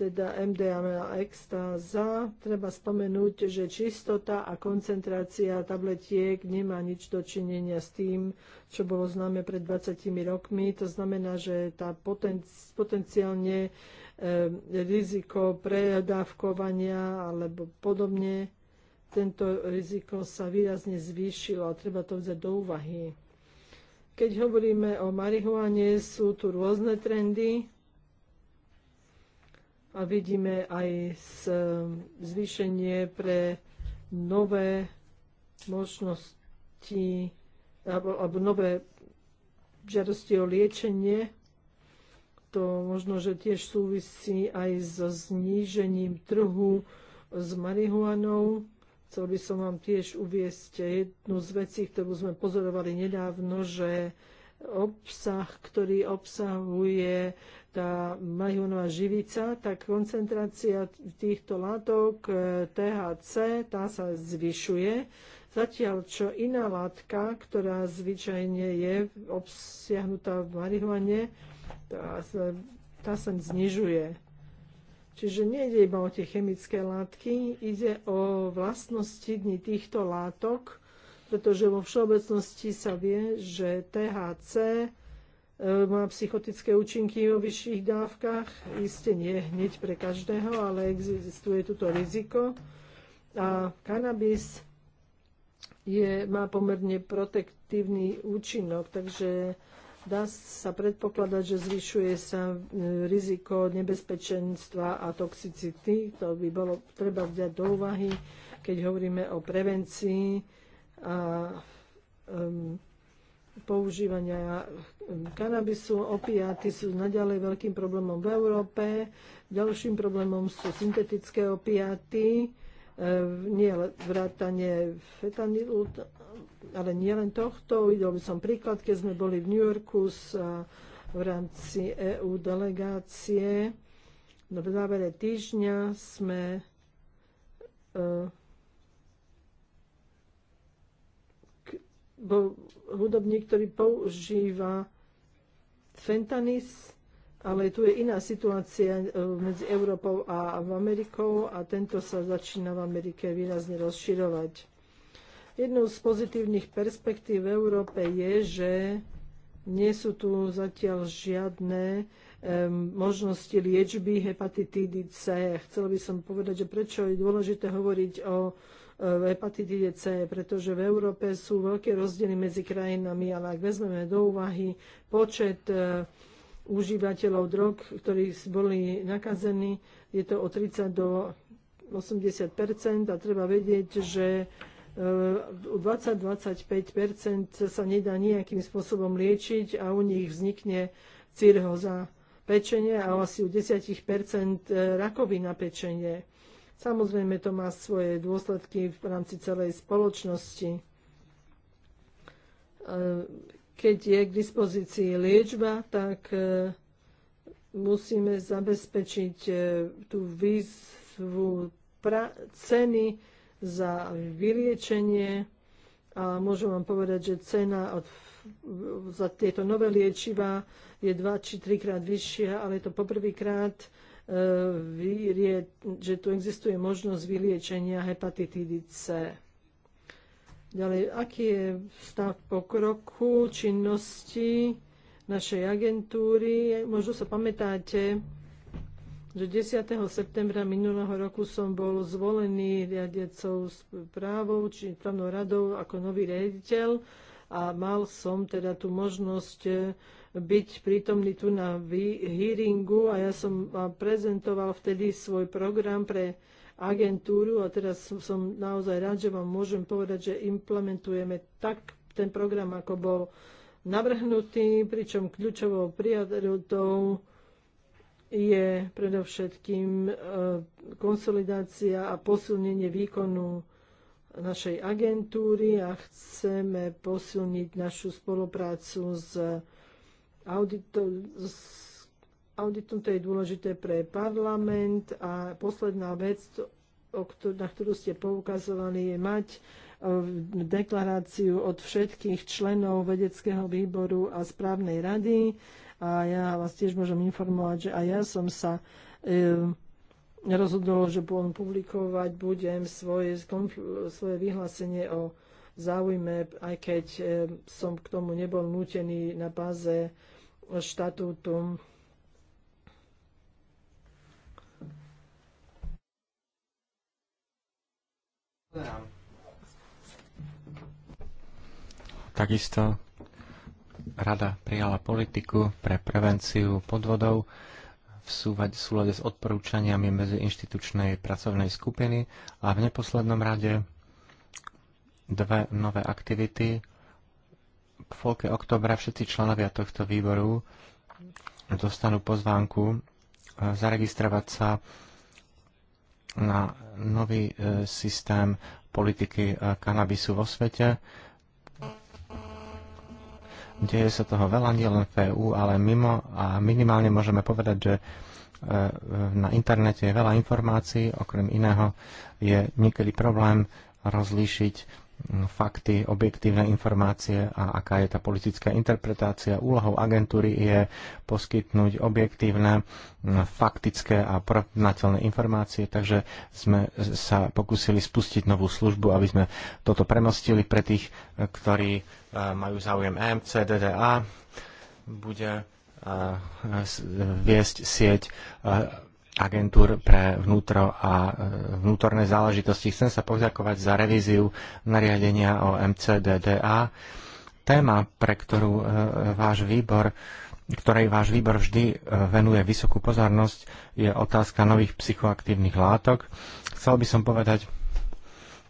teda MDMA extáza. Treba spomenúť, že čistota a koncentrácia tabletiek nemá nič dočinenia s tým, čo bolo známe pred 20 rokmi. To znamená, že tá potenci potenciálne e, riziko predávkovania alebo podobne, tento riziko sa výrazne zvýšilo a treba to vziať do úvahy. Keď hovoríme o marihuane, sú tu rôzne trendy a vidíme aj eh, zvýšenie pre nové možnosti alebo, alebo nové žiadosti o liečenie. To možno, že tiež súvisí aj so znížením trhu s marihuanou. Chcel by som vám tiež uviesť jednu z vecí, ktorú sme pozorovali nedávno, že obsah, ktorý obsahuje tá mahionová živica, tak koncentrácia týchto látok e, THC tá sa zvyšuje, zatiaľ čo iná látka, ktorá zvyčajne je obsiahnutá v marihuane, tá sa, tá sa znižuje. Čiže nejde iba o tie chemické látky, ide o vlastnosti dní týchto látok, pretože vo všeobecnosti sa vie, že THC E, má psychotické účinky o vyšších dávkach. Isté nie hneď pre každého, ale existuje toto riziko. A kanabis je, má pomerne protektívny účinok, takže dá sa predpokladať, že zvyšuje sa e, riziko nebezpečenstva a toxicity. To by bolo treba vziať do úvahy, keď hovoríme o prevencii. A, um, používania hm, kanabisu. Opiáty sú naďalej veľkým problémom v Európe. Ďalším problémom sú syntetické opiáty, eh, nie vrátanie fetanilu, ale nie len tohto. Videl by som príklad, keď sme boli v New Yorku s, eh, v rámci EU delegácie. V závere týždňa sme uh, bol hudobník, ktorý používa fentanis, ale tu je iná situácia e, medzi Európou a Amerikou a tento sa začína v Amerike výrazne rozširovať. Jednou z pozitívnych perspektív v Európe je, že nie sú tu zatiaľ žiadne um, možnosti liečby hepatitídy C. Chcela by som povedať, že prečo je dôležité hovoriť o hepatitide C, pretože v Európe sú veľké rozdiely medzi krajinami, ale ak vezmeme do úvahy počet e, užívateľov drog, ktorí boli nakazení, je to o 30 do 80 a treba vedieť, že 20-25 e, sa nedá nejakým spôsobom liečiť a u nich vznikne cirhoza pečenie a asi u 10 e, rakovina pečenie. Samozrejme, to má svoje dôsledky v rámci celej spoločnosti. E, keď je k dispozícii liečba, tak e, musíme zabezpečiť e, tú výzvu ceny za vyliečenie. A môžem vám povedať, že cena od za tieto nové liečiva je dva či trikrát vyššia, ale je to poprvýkrát, vyrie, že tu existuje možnosť vyliečenia hepatitidy C. Ďalej, aký je stav pokroku činnosti našej agentúry? Možno sa pamätáte, že 10. septembra minulého roku som bol zvolený riadiacou správou, či právnou radou ako nový riaditeľ a mal som teda tú možnosť byť prítomný tu na hearingu a ja som prezentoval vtedy svoj program pre agentúru a teraz som naozaj rád, že vám môžem povedať, že implementujeme tak ten program, ako bol navrhnutý, pričom kľúčovou priadrotou je predovšetkým e, konsolidácia a posilnenie výkonu našej agentúry a chceme posilniť našu spoluprácu s auditom to je dôležité pre parlament a posledná vec, na ktorú ste poukazovali, je mať e, deklaráciu od všetkých členov vedeckého výboru a správnej rady. A ja vás tiež môžem informovať, že aj ja som sa e, rozhodol, že budem publikovať budem svoje, svoje vyhlásenie o záujme, aj keď e, som k tomu nebol nútený na báze štatútu. Takisto rada prijala politiku pre prevenciu podvodov v súlade s odporúčaniami medzi inštitučnej pracovnej skupiny a v neposlednom rade dve nové aktivity polke oktobra všetci členovia tohto výboru dostanú pozvánku e, zaregistrovať sa na nový e, systém politiky e, kanabisu vo svete. Deje sa toho veľa, nielen v EU, ale mimo a minimálne môžeme povedať, že na internete je veľa informácií, okrem iného je niekedy problém rozlíšiť Mm, fakty, objektívne informácie a aká je tá politická interpretácia. Úlohou agentúry je poskytnúť objektívne, mm, faktické a porovnateľné informácie, takže sme sa pokúsili spustiť novú službu, aby sme toto premostili pre tých, eh, ktorí eh, majú záujem EMC, DDA. Bude eh, viesť sieť agentúr pre vnútro a e, vnútorné záležitosti. Chcem sa poďakovať za revíziu nariadenia o MCDDA. Téma, pre ktorú e, váš výbor ktorej váš výbor vždy e, venuje vysokú pozornosť, je otázka nových psychoaktívnych látok. Chcel by som povedať,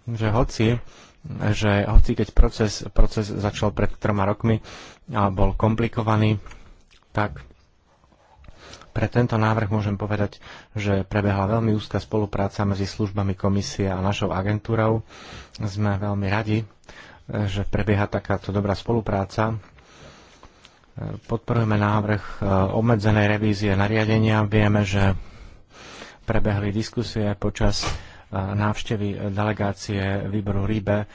že hoci že hoci keď proces, proces začal pred troma rokmi a bol komplikovaný, tak pre tento návrh môžem povedať, že prebehla veľmi úzka spolupráca medzi službami komisie a našou agentúrou. Sme veľmi radi, že prebieha takáto dobrá spolupráca. Podporujeme návrh e, obmedzenej revízie nariadenia. Vieme, že prebehli diskusie počas návštevy delegácie výboru RIBE eh,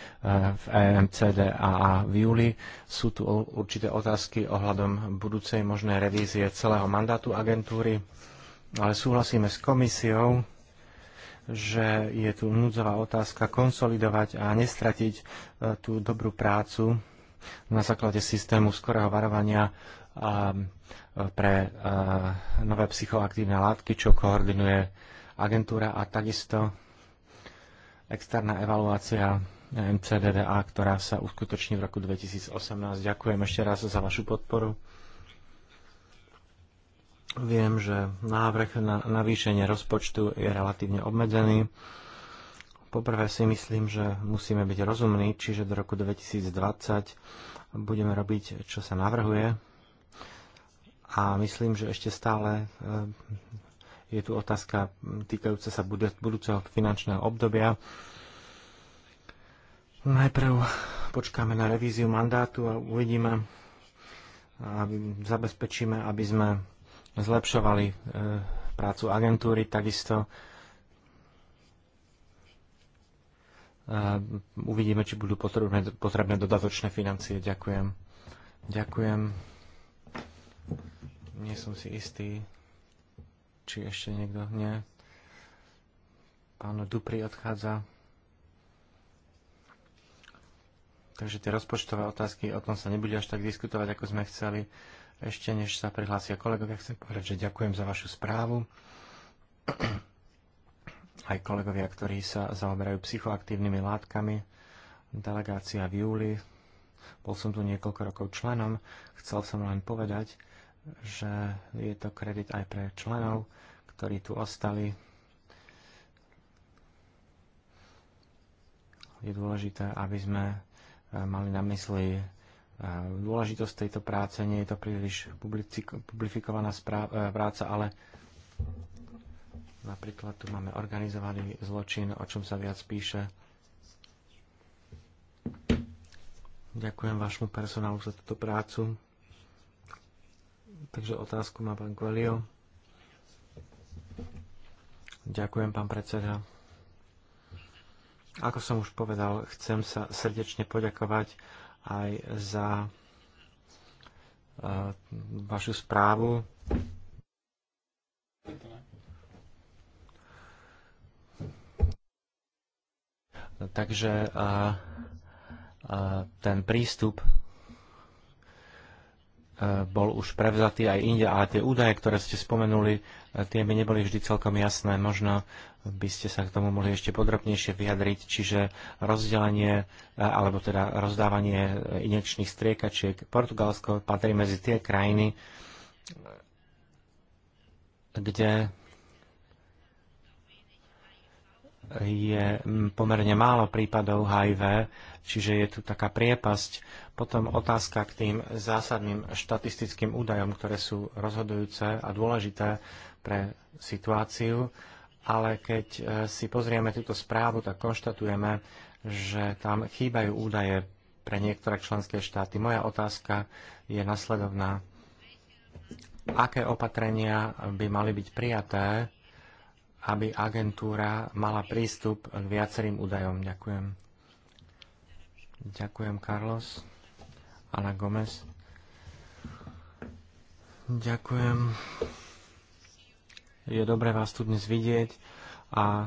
v e a v júli. Sú tu určité otázky ohľadom budúcej možnej revízie celého mandátu agentúry, ale súhlasíme s komisiou, že je tu núdzová otázka konsolidovať a nestratiť eh, tú dobrú prácu na základe systému skorého varovania ehm, pre eh, nové psychoaktívne látky, čo koordinuje agentúra a takisto externá evaluácia eh, MCDDA, ktorá sa uskutoční v roku 2018. Ďakujem ešte raz za vašu podporu. Viem, že návrh na navýšenie rozpočtu je relatívne obmedzený. Poprvé si myslím, že musíme byť rozumní, čiže do roku 2020 budeme robiť, čo sa navrhuje. A myslím, že ešte stále eh, je tu otázka týkajúca sa budúceho finančného obdobia. Najprv počkáme na revíziu mandátu a uvidíme, a zabezpečíme, aby sme zlepšovali e, prácu agentúry, takisto e, uvidíme, či budú potrebné, potrebné dodatočné financie. Ďakujem. Ďakujem. Nie som si istý, či ešte niekto? Nie. Pán Dupri odchádza. Takže tie rozpočtové otázky, o tom sa nebude až tak diskutovať, ako sme chceli. Ešte než sa prihlásia kolegovia, chcem povedať, že ďakujem za vašu správu. Aj kolegovia, ktorí sa zaoberajú psychoaktívnymi látkami. Delegácia v júli. Bol som tu niekoľko rokov členom. Chcel som len povedať, že je to kredit aj pre členov, ktorí tu ostali. Je dôležité, aby sme e, mali na mysli e, dôležitosť tejto práce. Nie je to príliš publifikovaná e, práca, ale napríklad tu máme organizovaný zločin, o čom sa viac píše. Ďakujem vášmu personálu za túto prácu. Takže otázku má pán Kvelio. Ďakujem, pán predseda. Ako som už povedal, chcem sa srdečne poďakovať aj za e, vašu správu. Takže uh, uh, ten prístup Eh, bol už prevzatý aj inde, ale tie údaje, ktoré ste spomenuli, eh, tie mi neboli vždy celkom jasné. Možno by ste sa k tomu mohli ešte podrobnejšie vyjadriť, čiže rozdelenie eh, alebo teda rozdávanie inekčných striekačiek. Portugalsko patrí medzi tie krajiny, kde je pomerne málo prípadov HIV, čiže je tu taká priepasť. Potom otázka k tým zásadným štatistickým údajom, ktoré sú rozhodujúce a dôležité pre situáciu, ale keď e, si pozrieme túto správu, tak konštatujeme, že tam chýbajú údaje pre niektoré členské štáty. Moja otázka je nasledovná. Aké opatrenia by mali byť prijaté, aby agentúra mala prístup k viacerým údajom. Ďakujem. Ďakujem, Carlos. Ana Gomez. Ďakujem. Je dobré vás tu dnes vidieť a e,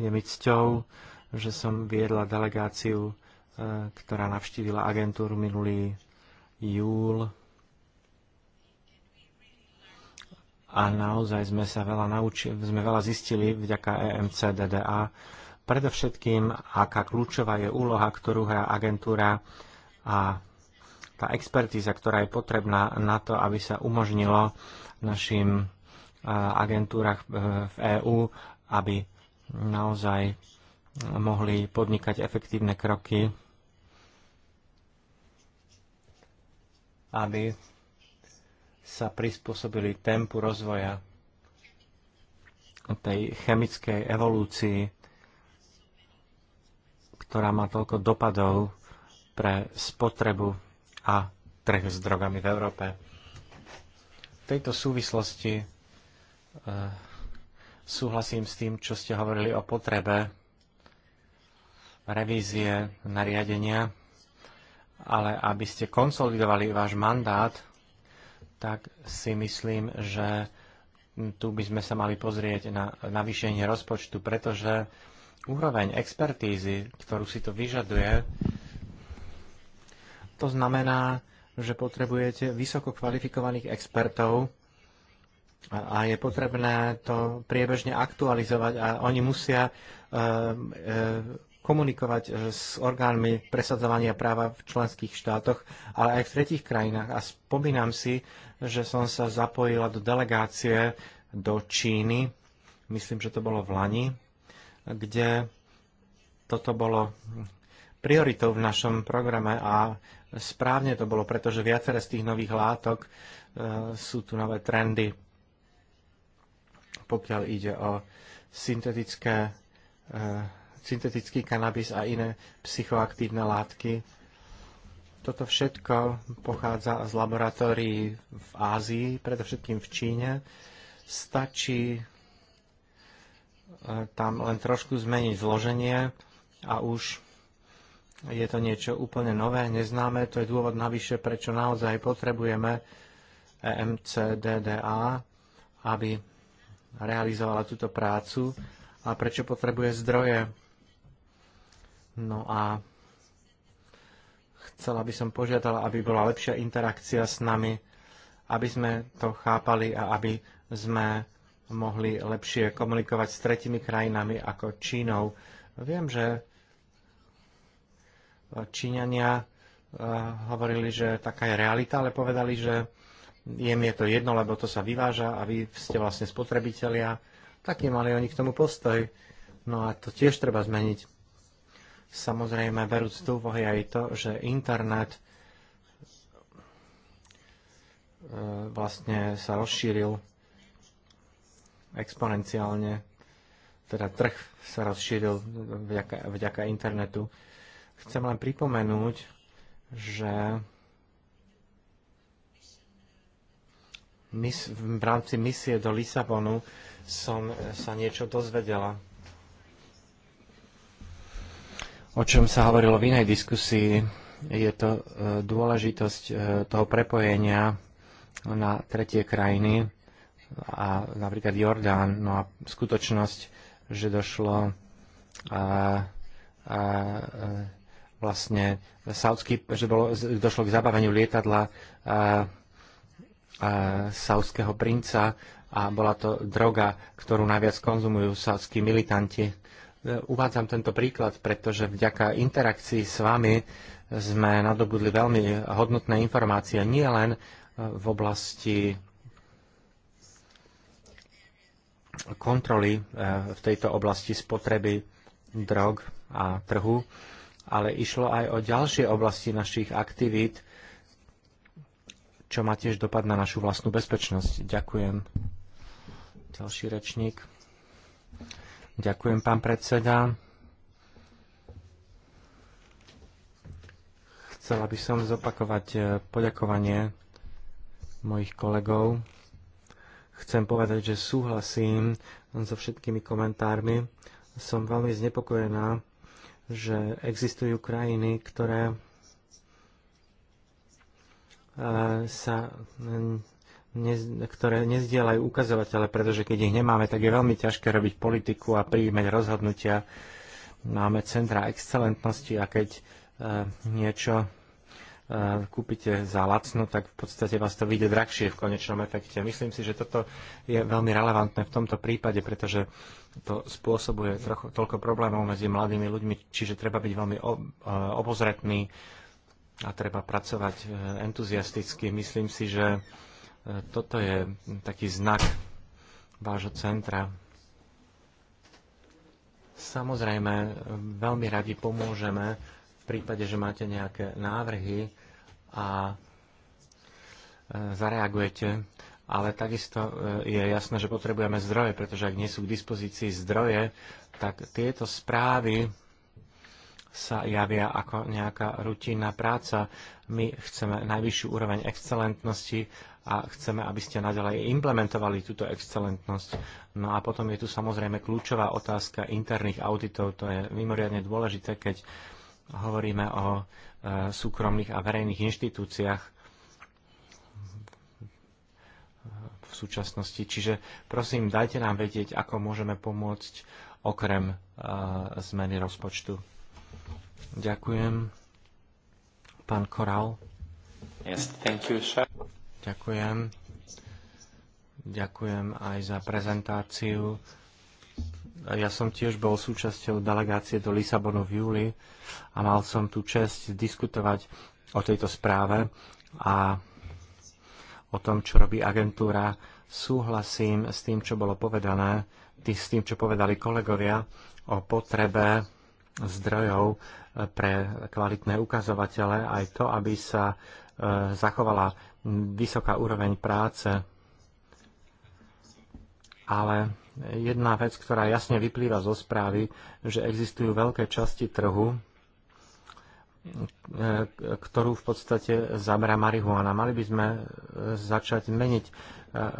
je mi cťou, že som viedla delegáciu, e, ktorá navštívila agentúru minulý júl a naozaj sme sa veľa nauči- sme veľa zistili vďaka EMC DDA Predovšetkým, aká kľúčová je úloha, ktorú hrá agentúra a tá expertíza, ktorá je potrebná na to, aby sa umožnilo našim e, agentúrach e, v EÚ, aby naozaj mohli podnikať efektívne kroky, aby sa prispôsobili tempu rozvoja tej chemickej evolúcii, ktorá má toľko dopadov pre spotrebu a trh s drogami v Európe. V tejto súvislosti e, súhlasím s tým, čo ste hovorili o potrebe revízie nariadenia, ale aby ste konsolidovali váš mandát tak si myslím, že tu by sme sa mali pozrieť na navýšenie rozpočtu, pretože úroveň expertízy, ktorú si to vyžaduje, to znamená, že potrebujete vysoko kvalifikovaných expertov a je potrebné to priebežne aktualizovať a oni musia e, e, komunikovať e, s orgánmi presadzovania práva v členských štátoch, ale aj v tretich krajinách. A spomínam si že som sa zapojila do delegácie do Číny, myslím, že to bolo v Lani, kde toto bolo prioritou v našom programe a správne to bolo, pretože viaceré z tých nových látok e, sú tu nové trendy, pokiaľ ide o syntetické, e, syntetický kanabis a iné psychoaktívne látky toto všetko pochádza z laboratórií v Ázii, predovšetkým v Číne. Stačí e, tam len trošku zmeniť zloženie a už je to niečo úplne nové, neznáme. To je dôvod navyše, prečo naozaj potrebujeme EMCDDA, aby realizovala túto prácu a prečo potrebuje zdroje. No a Chcela by som požiadala, aby bola lepšia interakcia s nami, aby sme to chápali a aby sme mohli lepšie komunikovať s tretimi krajinami ako Čínou. Viem, že Číňania eh, hovorili, že taká je realita, ale povedali, že jem je to jedno, lebo to sa vyváža a vy ste vlastne spotrebitelia. Taký mali oni k tomu postoj. No a to tiež treba zmeniť. Samozrejme, berúc do úvahy aj to, že internet e, vlastne sa rozšíril exponenciálne, teda trh sa rozšíril vďaka, vďaka internetu. Chcem len pripomenúť, že mis, v rámci misie do Lisabonu som sa niečo dozvedela. o čom sa hovorilo v inej diskusii. Je to e, dôležitosť e, toho prepojenia na tretie krajiny a napríklad Jordán, no a skutočnosť, že došlo a, e, a, vlastne saudský, že bolo, došlo k zabaveniu lietadla a, a, saudského princa a bola to droga, ktorú najviac konzumujú saudskí militanti E, uvádzam tento príklad, pretože vďaka interakcii s vami sme nadobudli veľmi hodnotné informácie nie len e, v oblasti kontroly e, v tejto oblasti spotreby drog a trhu, ale išlo aj o ďalšie oblasti našich aktivít, čo má tiež dopad na našu vlastnú bezpečnosť. Ďakujem. Ďalší rečník. Ďakujem, pán predseda. Chcela by som zopakovať e, poďakovanie mojich kolegov. Chcem povedať, že súhlasím so všetkými komentármi. Som veľmi znepokojená, že existujú krajiny, ktoré e, sa ktoré nezdielajú ukazovatele, pretože keď ich nemáme, tak je veľmi ťažké robiť politiku a prijímať rozhodnutia. Máme centra excelentnosti a keď e, niečo e, kúpite za lacno, tak v podstate vás to vyjde drahšie v konečnom efekte. Myslím si, že toto je veľmi relevantné v tomto prípade, pretože to spôsobuje trochu, toľko problémov medzi mladými ľuďmi, čiže treba byť veľmi e, obozretný a treba pracovať entuziasticky. Myslím si, že toto je taký znak vášho centra. Samozrejme, veľmi radi pomôžeme v prípade, že máte nejaké návrhy a e, zareagujete, ale takisto e, je jasné, že potrebujeme zdroje, pretože ak nie sú k dispozícii zdroje, tak tieto správy sa javia ako nejaká rutinná práca. My chceme najvyššiu úroveň excelentnosti a chceme, aby ste naďalej implementovali túto excelentnosť. No a potom je tu samozrejme kľúčová otázka interných auditov. To je mimoriadne dôležité, keď hovoríme o e, súkromných a verejných inštitúciách v súčasnosti. Čiže prosím, dajte nám vedieť, ako môžeme pomôcť okrem e, zmeny rozpočtu. Ďakujem. Pán Korál. Yes, thank you, sir. Ďakujem. Ďakujem aj za prezentáciu. Ja som tiež bol súčasťou delegácie do Lisabonu v júli a mal som tu čest diskutovať o tejto správe a o tom, čo robí agentúra. Súhlasím s tým, čo bolo povedané, s tým, čo povedali kolegovia o potrebe zdrojov eh, pre kvalitné ukazovatele, aj to, aby sa eh, zachovala vysoká úroveň práce. Ale jedna vec, ktorá jasne vyplýva zo správy, že existujú veľké časti trhu, e, ktorú v podstate zabra marihuana. Mali by sme e, začať meniť e,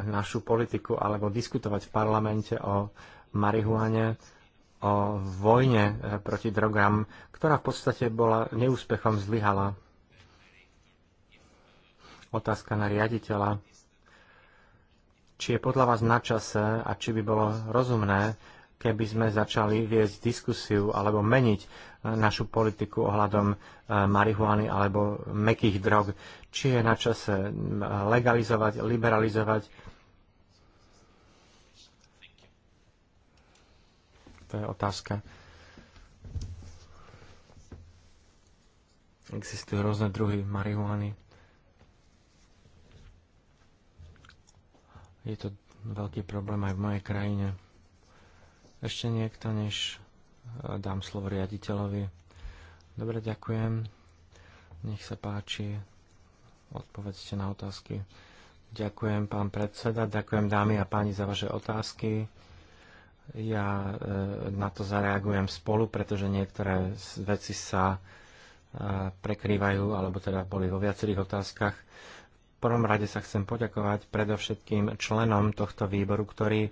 našu politiku alebo diskutovať v parlamente o marihuane, o vojne proti drogám, ktorá v podstate bola neúspechom zlyhala. Otázka na riaditeľa. Či je podľa vás na čase a či by bolo rozumné, keby sme začali viesť diskusiu alebo meniť e, našu politiku ohľadom e, marihuany alebo mekých drog. Či je na čase legalizovať, liberalizovať. To je otázka. Existujú rôzne druhy marihuany. Je to veľký problém aj v mojej krajine. Ešte niekto, než eh, dám slovo riaditeľovi. Dobre, ďakujem. Nech sa páči. Odpovedzte na otázky. Ďakujem, pán predseda. Ďakujem, dámy a páni, za vaše otázky. Ja eh, na to zareagujem spolu, pretože niektoré veci sa eh, prekrývajú, alebo teda boli vo viacerých otázkach prvom rade sa chcem poďakovať predovšetkým členom tohto výboru, ktorí e,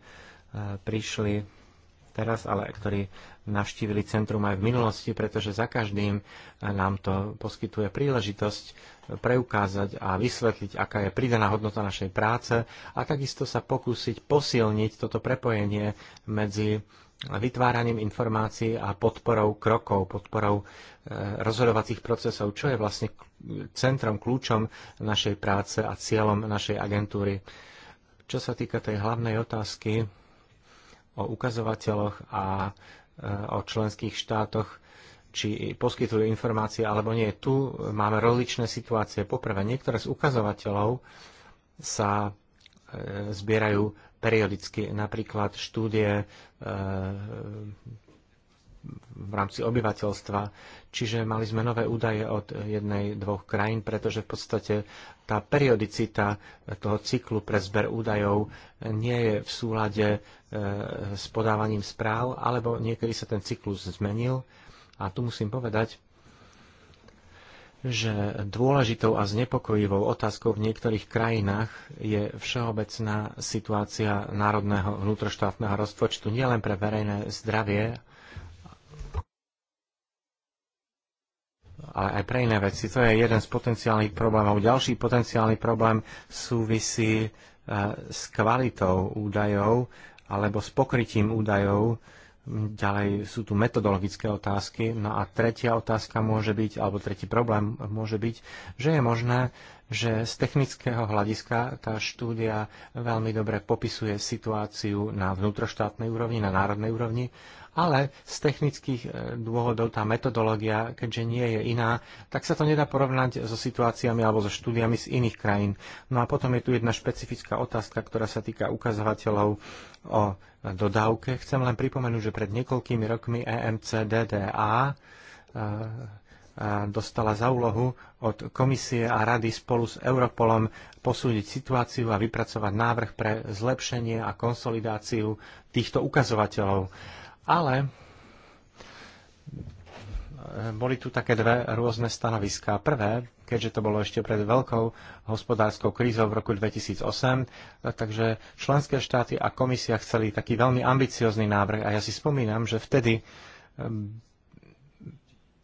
prišli teraz, ale ktorí navštívili centrum aj v minulosti, pretože za každým e, nám to poskytuje príležitosť preukázať a vysvetliť, aká je pridaná hodnota našej práce a takisto sa pokúsiť posilniť toto prepojenie medzi vytváraním informácií a podporou krokov, podporou e, rozhodovacích procesov, čo je vlastne centrom, kľúčom našej práce a cieľom našej agentúry. Čo sa týka tej hlavnej otázky o ukazovateľoch a e, o členských štátoch, či poskytujú informácie alebo nie. Tu máme rozličné situácie. Poprvé, niektoré z ukazovateľov sa e, zbierajú periodicky, napríklad štúdie e, v rámci obyvateľstva. Čiže mali sme nové údaje od jednej, dvoch krajín, pretože v podstate tá periodicita toho cyklu pre zber údajov nie je v súlade e, s podávaním správ, alebo niekedy sa ten cyklus zmenil. A tu musím povedať, že dôležitou a znepokojivou otázkou v niektorých krajinách je všeobecná situácia národného vnútroštátneho rozpočtu nielen pre verejné zdravie, ale aj pre iné veci. To je jeden z potenciálnych problémov. Ďalší potenciálny problém súvisí eh, s kvalitou údajov alebo s pokrytím údajov Ďalej sú tu metodologické otázky. No a tretia otázka môže byť, alebo tretí problém môže byť, že je možné že z technického hľadiska tá štúdia veľmi dobre popisuje situáciu na vnútroštátnej úrovni, na národnej úrovni, ale z technických e, dôvodov tá metodológia, keďže nie je iná, tak sa to nedá porovnať so situáciami alebo so štúdiami z iných krajín. No a potom je tu jedna špecifická otázka, ktorá sa týka ukazovateľov o dodávke. Chcem len pripomenúť, že pred niekoľkými rokmi EMCDDA e, dostala za úlohu od komisie a rady spolu s Europolom posúdiť situáciu a vypracovať návrh pre zlepšenie a konsolidáciu týchto ukazovateľov. Ale e, boli tu také dve rôzne stanoviská. Prvé, keďže to bolo ešte pred veľkou hospodárskou krízou v roku 2008, e, takže členské štáty a komisia chceli taký veľmi ambiciózny návrh a ja si spomínam, že vtedy e,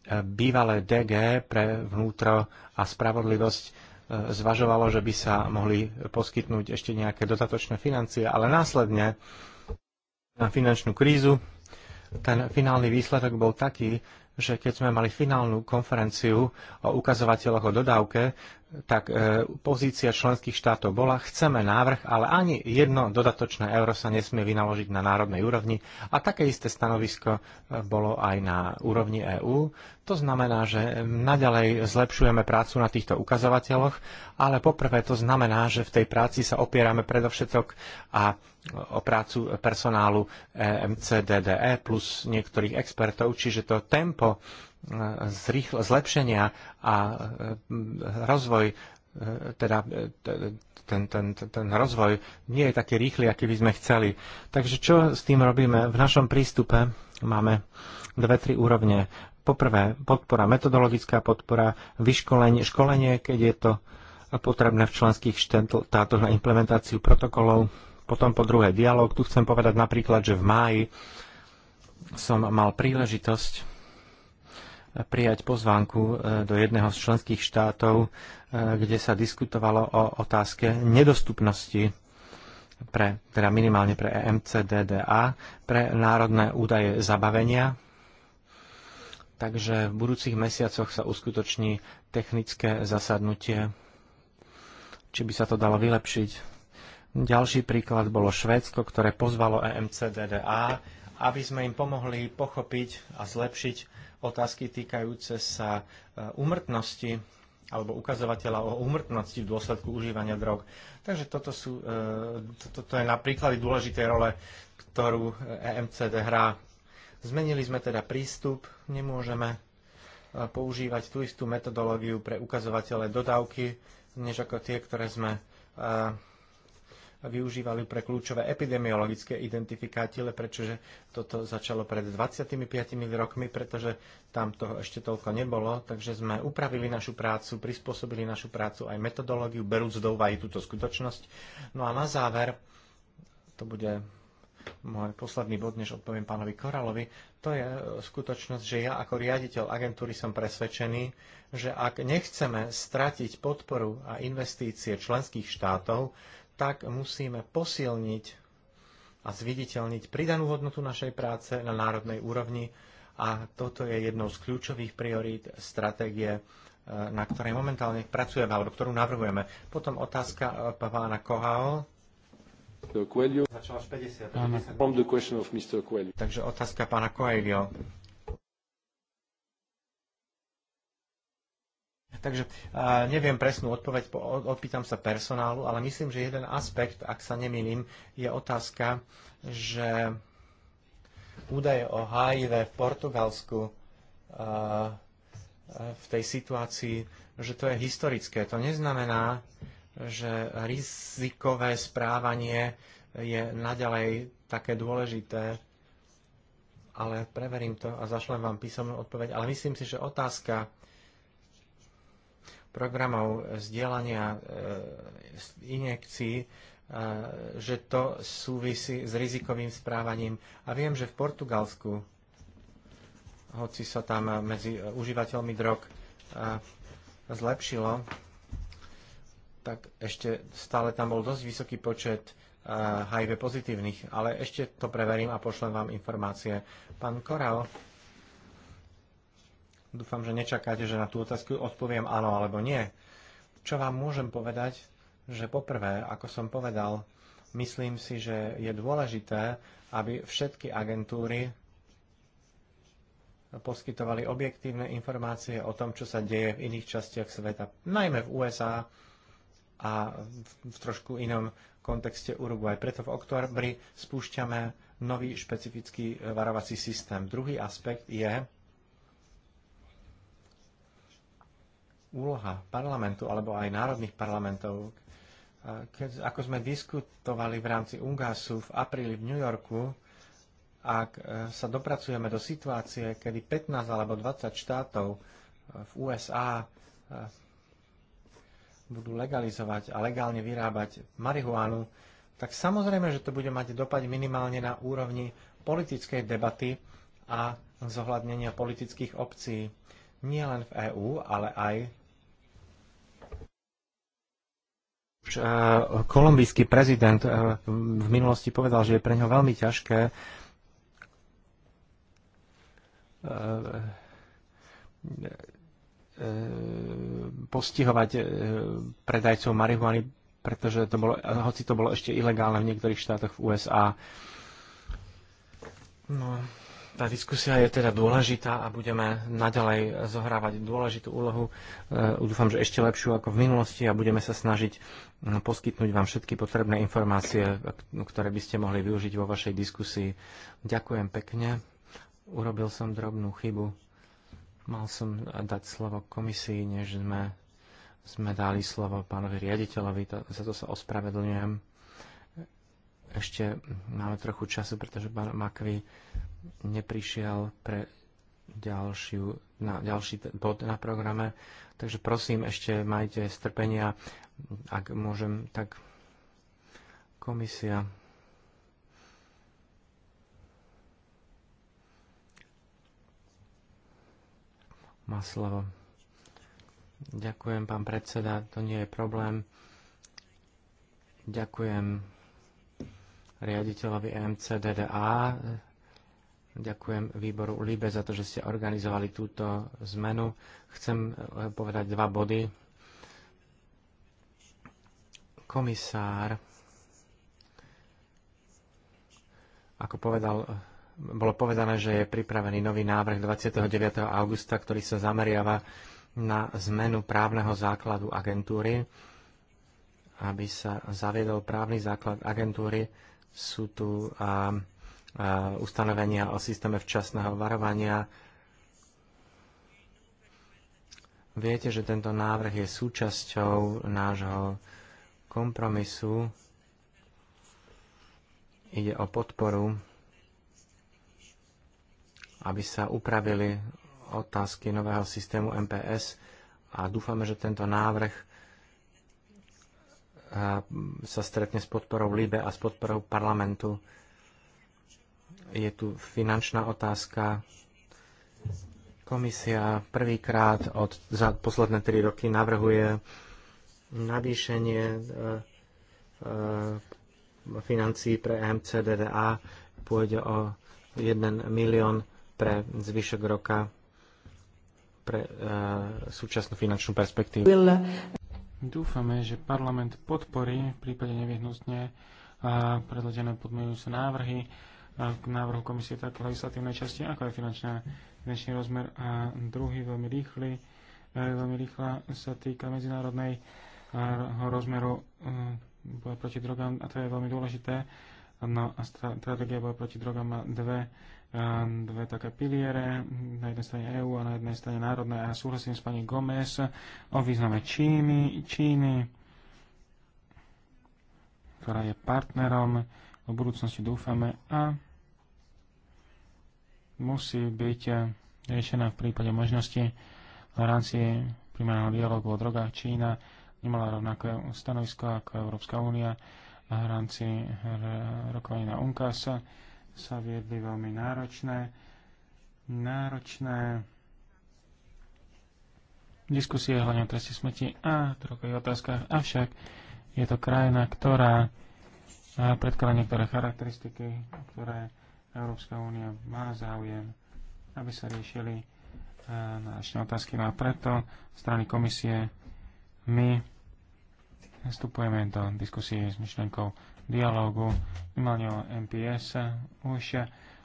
E, bývalé DG pre vnútro a spravodlivosť e, zvažovalo, že by sa mohli poskytnúť ešte nejaké dodatočné financie, ale následne na finančnú krízu ten finálny výsledok bol taký, že keď sme mali finálnu konferenciu o ukazovateľoch o dodávke, tak e, pozícia členských štátov bola, chceme návrh, ale ani jedno dodatočné euro sa nesmie vynaložiť na národnej úrovni a také isté stanovisko e, bolo aj na úrovni EÚ. To znamená, že naďalej zlepšujeme prácu na týchto ukazovateľoch, ale poprvé to znamená, že v tej práci sa opierame predovšetok a o prácu personálu MCDDE e plus niektorých expertov, čiže to tempo zlepšenia a e, rozvoj e, teda e, ten, ten, ten rozvoj nie je taký rýchly, aký by sme chceli. Takže čo s tým robíme? V našom prístupe máme dve, tri úrovne. Poprvé, podpora, metodologická podpora, vyškolenie, školenie, keď je to potrebné v členských štátoch na implementáciu protokolov. Potom po druhé, dialog. Tu chcem povedať napríklad, že v máji som mal príležitosť prijať pozvánku e, do jedného z členských štátov, e, kde sa diskutovalo o otázke nedostupnosti pre, teda minimálne pre EMC DDA, pre národné údaje zabavenia. Takže v budúcich mesiacoch sa uskutoční technické zasadnutie, či by sa to dalo vylepšiť. Ďalší príklad bolo Švédsko, ktoré pozvalo EMC DDA, aby sme im pomohli pochopiť a zlepšiť otázky týkajúce sa umrtnosti e, alebo ukazovateľa o úmrtnosti v dôsledku užívania drog. Takže toto, sú, e, to je napríklad dôležité role, ktorú EMCD e hrá. Zmenili sme teda prístup, nemôžeme používať tú istú metodológiu pre ukazovatele dodávky, než ako tie, ktoré sme využívali pre kľúčové epidemiologické identifikátile, pretože toto začalo pred 25 rokmi, pretože tam toho ešte toľko nebolo, takže sme upravili našu prácu, prispôsobili našu prácu aj metodológiu, berúc do úvahy túto skutočnosť. No a na záver, to bude môj posledný bod, než odpoviem pánovi Koralovi, to je skutočnosť, že ja ako riaditeľ agentúry som presvedčený, že ak nechceme stratiť podporu a investície členských štátov, tak musíme posilniť a zviditeľniť pridanú hodnotu našej práce na národnej úrovni a toto je jednou z kľúčových priorít stratégie, e, na ktorej momentálne pracujeme alebo ktorú navrhujeme. Potom otázka e, pána Kohao. Coelho. Začala 50. 50. Takže otázka pána Coelho. Takže neviem presnú odpoveď, odpýtam sa personálu, ale myslím, že jeden aspekt, ak sa nemýlim, je otázka, že údaje o HIV v Portugalsku v tej situácii, že to je historické. To neznamená, že rizikové správanie je naďalej také dôležité, ale preverím to a zašlem vám písomnú odpoveď. Ale myslím si, že otázka programov zdieľania e, injekcií, e, že to súvisí s rizikovým správaním. A viem, že v Portugalsku, hoci sa tam medzi užívateľmi drog e, zlepšilo, tak ešte stále tam bol dosť vysoký počet HIV pozitívnych, ale ešte to preverím a pošlem vám informácie. Pán Koral, Dúfam, že nečakáte, že na tú otázku odpoviem áno alebo nie. Čo vám môžem povedať, že poprvé, ako som povedal, myslím si, že je dôležité, aby všetky agentúry poskytovali objektívne informácie o tom, čo sa deje v iných častiach sveta, najmä v USA a v trošku inom kontexte Uruguay. Preto v oktobri spúšťame nový špecifický varovací systém. Druhý aspekt je, úloha parlamentu alebo aj národných parlamentov. Keď, ako sme diskutovali v rámci UNGASu v apríli v New Yorku, ak e, sa dopracujeme do situácie, kedy 15 alebo 20 štátov e, v USA e, budú legalizovať a legálne vyrábať marihuánu, tak samozrejme, že to bude mať dopad minimálne na úrovni politickej debaty a zohľadnenia politických obcí nielen v EÚ, ale aj Už kolumbijský prezident v minulosti povedal, že je pre ňo veľmi ťažké postihovať e, predajcov marihuany, pretože to bolo, hoci to bolo ešte ilegálne v niektorých štátoch v USA. No, tá diskusia je teda dôležitá a budeme naďalej zohrávať dôležitú úlohu. E, dúfam, že ešte lepšiu ako v minulosti a budeme sa snažiť poskytnúť vám všetky potrebné informácie, ktoré by ste mohli využiť vo vašej diskusii. Ďakujem pekne. Urobil som drobnú chybu. Mal som dať slovo komisii, než sme, sme dali slovo pánovi riaditeľovi. To, za to sa ospravedlňujem. Ešte máme trochu času, pretože pán Makvi neprišiel pre ďalšiu na ďalší bod na programe. Takže prosím, ešte majte strpenia, ak môžem, tak komisia. Má slovo. Ďakujem, pán predseda, to nie je problém. Ďakujem riaditeľovi MCDDA Ďakujem výboru Libe za to, že ste organizovali túto zmenu. Chcem eh, povedať dva body. Komisár, ako povedal, eh, bolo povedané, že je pripravený nový návrh 29. augusta, ktorý sa zameriava na zmenu právneho základu agentúry, aby sa zaviedol právny základ agentúry. Sú tu uh, ustanovenia o systéme včasného varovania. Viete, že tento návrh je súčasťou nášho kompromisu. Ide o podporu, aby sa upravili otázky nového systému MPS a dúfame, že tento návrh sa stretne s podporou LIBE a s podporou parlamentu je tu finančná otázka. Komisia prvýkrát od, za posledné tri roky navrhuje navýšenie e, e, financí pre MCDDA. Pôjde o 1 milión pre zvyšok roka pre uh, súčasnú finančnú perspektívu. Dúfame, že parlament podporí v prípade nevyhnutne predložené podmienujúce návrhy k návrhu komisie tak legislatívnej časti, ako aj finančná, finančný rozmer. A druhý veľmi rýchly, e, veľmi rýchla sa týka medzinárodnej e, rozmeru e, boja proti drogám a to je veľmi dôležité. No a stratégia boja proti drogám má dve, dve také piliere, na jednej strane EÚ a na jednej strane národné. A súhlasím s pani Gomez o význame Číny, Číny ktorá je partnerom do budúcnosti dúfame a musí byť eh, riešená v prípade možnosti v rámci primárneho dialogu o drogách Čína nemala rovnaké stanovisko ako Európska únia a v rámci rokovania na UNCAS sa viedli veľmi náročné náročné diskusie hlavne o treste smrti a drogých otázkach, avšak je to krajina, ktorá predkladá niektoré charakteristiky, ktoré Európska únia má záujem, aby sa riešili e, náročné otázky. No a preto strany komisie my vstupujeme do diskusie s myšlenkou dialógu, minimálne o MPS, už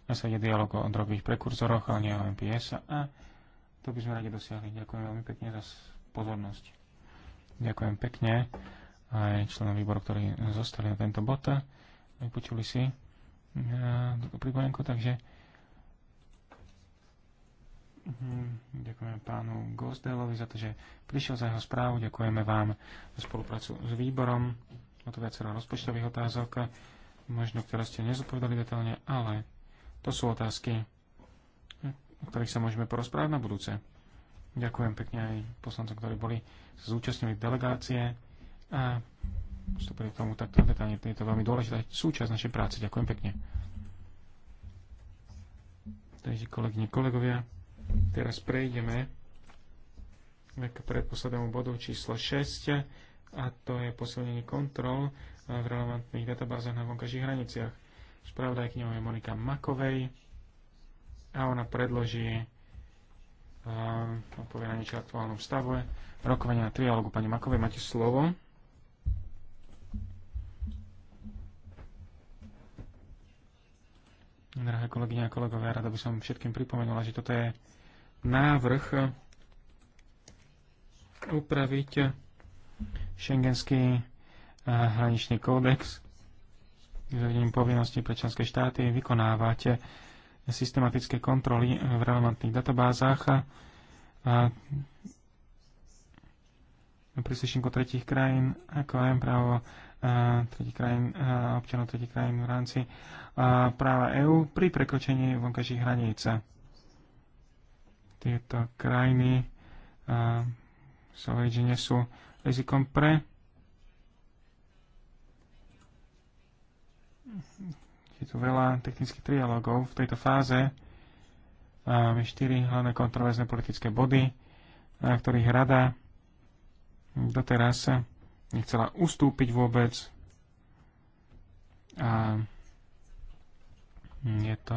na svete dialógu o drogových prekurzoroch, ale nie o MPS a to by sme radi dosiahli. Ďakujem veľmi pekne za pozornosť. Ďakujem pekne aj členom výboru, ktorí zostali na tento bod, vypočuli si eh, túto pripomienku, takže hm, Ďakujeme pánu Gosdelovi za to, že prišiel za jeho správu. Ďakujeme vám za spoluprácu s výborom. O to viacero rozpočtových otázok, možno ktoré ste nezodpovedali detálne, ale to sú otázky, o ktorých sa môžeme porozprávať na budúce. Ďakujem pekne aj poslancom, ktorí boli zúčastnili delegácie a vstúpili k tomu takto detaľne. Je to veľmi dôležitá súčasť našej práce. Ďakujem pekne. Takže kolegyne, kolegovia, teraz prejdeme k predposlednému bodu číslo 6 a to je posilnenie kontrol v relevantných databázach na vonkajších hraniciach. Spravodajkňou je Monika Makovej a ona predloží uh, ehm, povie na niečo aktuálnom stave rokovania na trialogu. Pani Makovej, máte slovo. Drahé kolegyne a kolegovia, rada by som všetkým pripomenula, že toto je návrh upraviť šengenský eh, hraničný kódex vedením povinnosti pre členské štáty vykonávať eh, systematické kontroly v relevantných databázach a príslušníkov tretich krajín, ako aj právo E, tretí krajín, e, občanov tretí krajín v rámci e, práva EÚ pri prekročení vonkajších hraníc. Tieto krajiny sa že nie sú rizikom pre je tu veľa technických trialogov v tejto fáze. Máme štyri hlavné kontroverzné politické body, na ktorých rada doteraz nechcela ustúpiť vôbec. A je to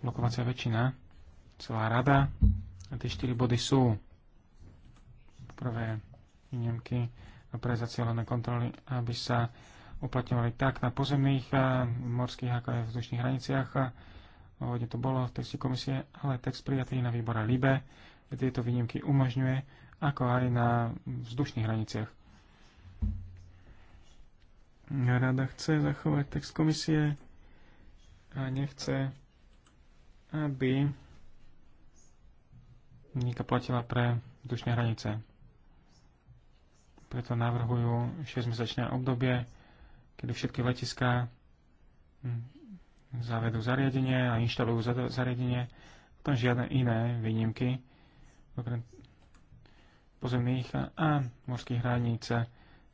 blokovacia väčšina, celá rada. A tie 4 body sú prvé výnimky pre zacielené kontroly, aby sa uplatňovali tak na pozemných, morských, ako aj v vzdušných hraniciach. Hodne to bolo v texte komisie, ale text prijatý na výbore LIBE, tieto výnimky umožňuje, ako aj na vzdušných hraniciach. Rada chce zachovať text komisie a nechce, aby Nika platila pre vzdušné hranice. Preto navrhujú 6-mesačné obdobie, kedy všetky letiská hm, zavedú zariadenie a inštalujú zariadenie, potom žiadne iné výnimky okrem pozemných a morských hraníc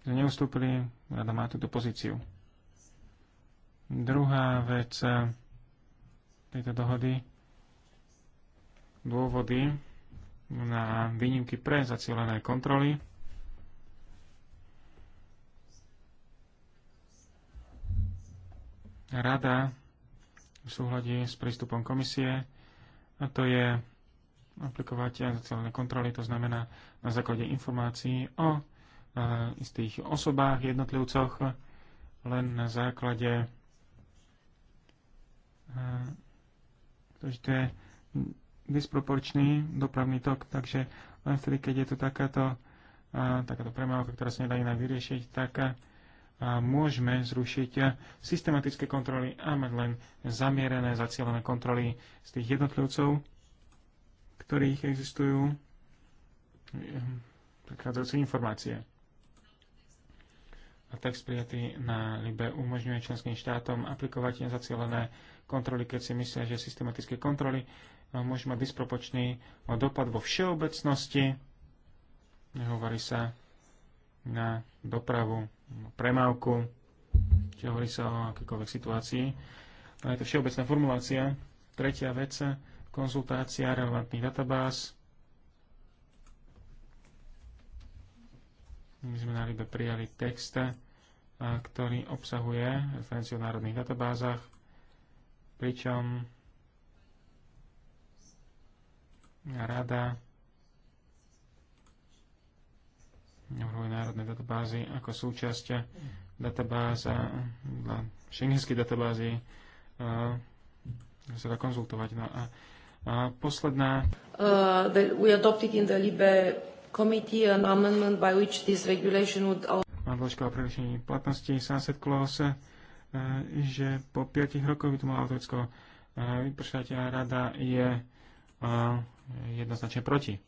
že neustúpili, rada má túto pozíciu. Druhá vec eh, tejto dohody, dôvody na výnimky pre zacielené kontroly. Rada v súhľadí s prístupom komisie, a to je aplikovať zacielené kontroly, to znamená na základe informácií o istých osobách, jednotlivcoch, len na základe pretože to je disproporčný dopravný tok, takže len vtedy, keď je tu takáto, takáto premávka, ktorá sa nedá inak vyriešiť, tak môžeme zrušiť systematické kontroly a mať len zamierené, zacielené kontroly z tých jednotlivcov, ktorých existujú ehm, prechádzajúce informácie text prijatý na Libe umožňuje členským štátom aplikovať nezacielené kontroly, keď si myslia, že systematické kontroly eh, môžu mať dispropočný eh, dopad vo všeobecnosti. Hovorí sa na dopravu, premávku, či hovorí sa o akýkoľvek situácii. No, je to všeobecná formulácia. Tretia vec, konzultácia relevantných databáz. My sme na Libe prijali text ktorý obsahuje referenciu v národných databázach, pričom rada navrhuje národné databázy ako súčasť databáza, šengenskej databázy sa dá konzultovať. No a, a posledná... Uh, we adopted in the LIBE committee an amendment by which this regulation would dĺžka o prerušení platnosti Sunset Clause, eh, že po 5 rokoch by to mala Turecko eh, vypršať a rada je eh, jednoznačne proti.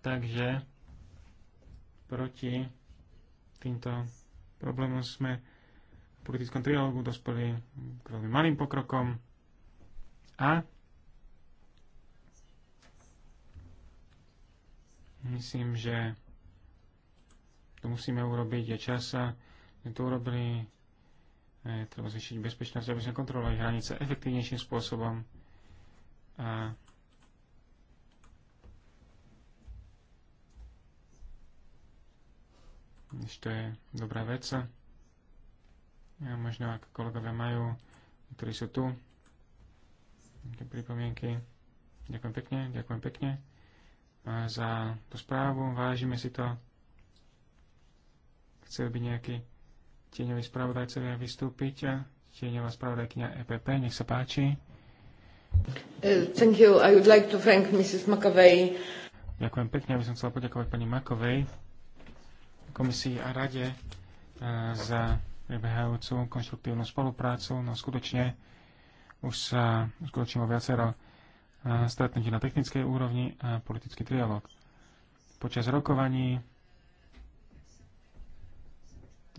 Takže proti týmto problémom sme v politickom trialógu dospeli k veľmi malým pokrokom a myslím, že to musíme urobiť, je čas, sme to urobili, e, treba zvýšiť bezpečnosť, aby sme kontrolovali hranice efektívnejším spôsobom. A to je dobrá vec. A možno ak kolegovia majú, ktorí sú tu, nejaké pripomienky. Ďakujem pekne, ďakujem pekne e, za tú správu, vážime si to. Chceli by nejaký tieňový spravodajcovia vystúpiť a tieňová spravodajkňa EPP, nech sa páči. Uh, thank you. I would like to thank Mrs. McAvey. Ďakujem pekne, aby som chcela poďakovať pani Makovej, komisii a rade uh, za prebehajúcu konštruktívnu spoluprácu. No skutočne už sa vo viacero uh, stretnutí na technickej úrovni a politický trialog. Počas rokovaní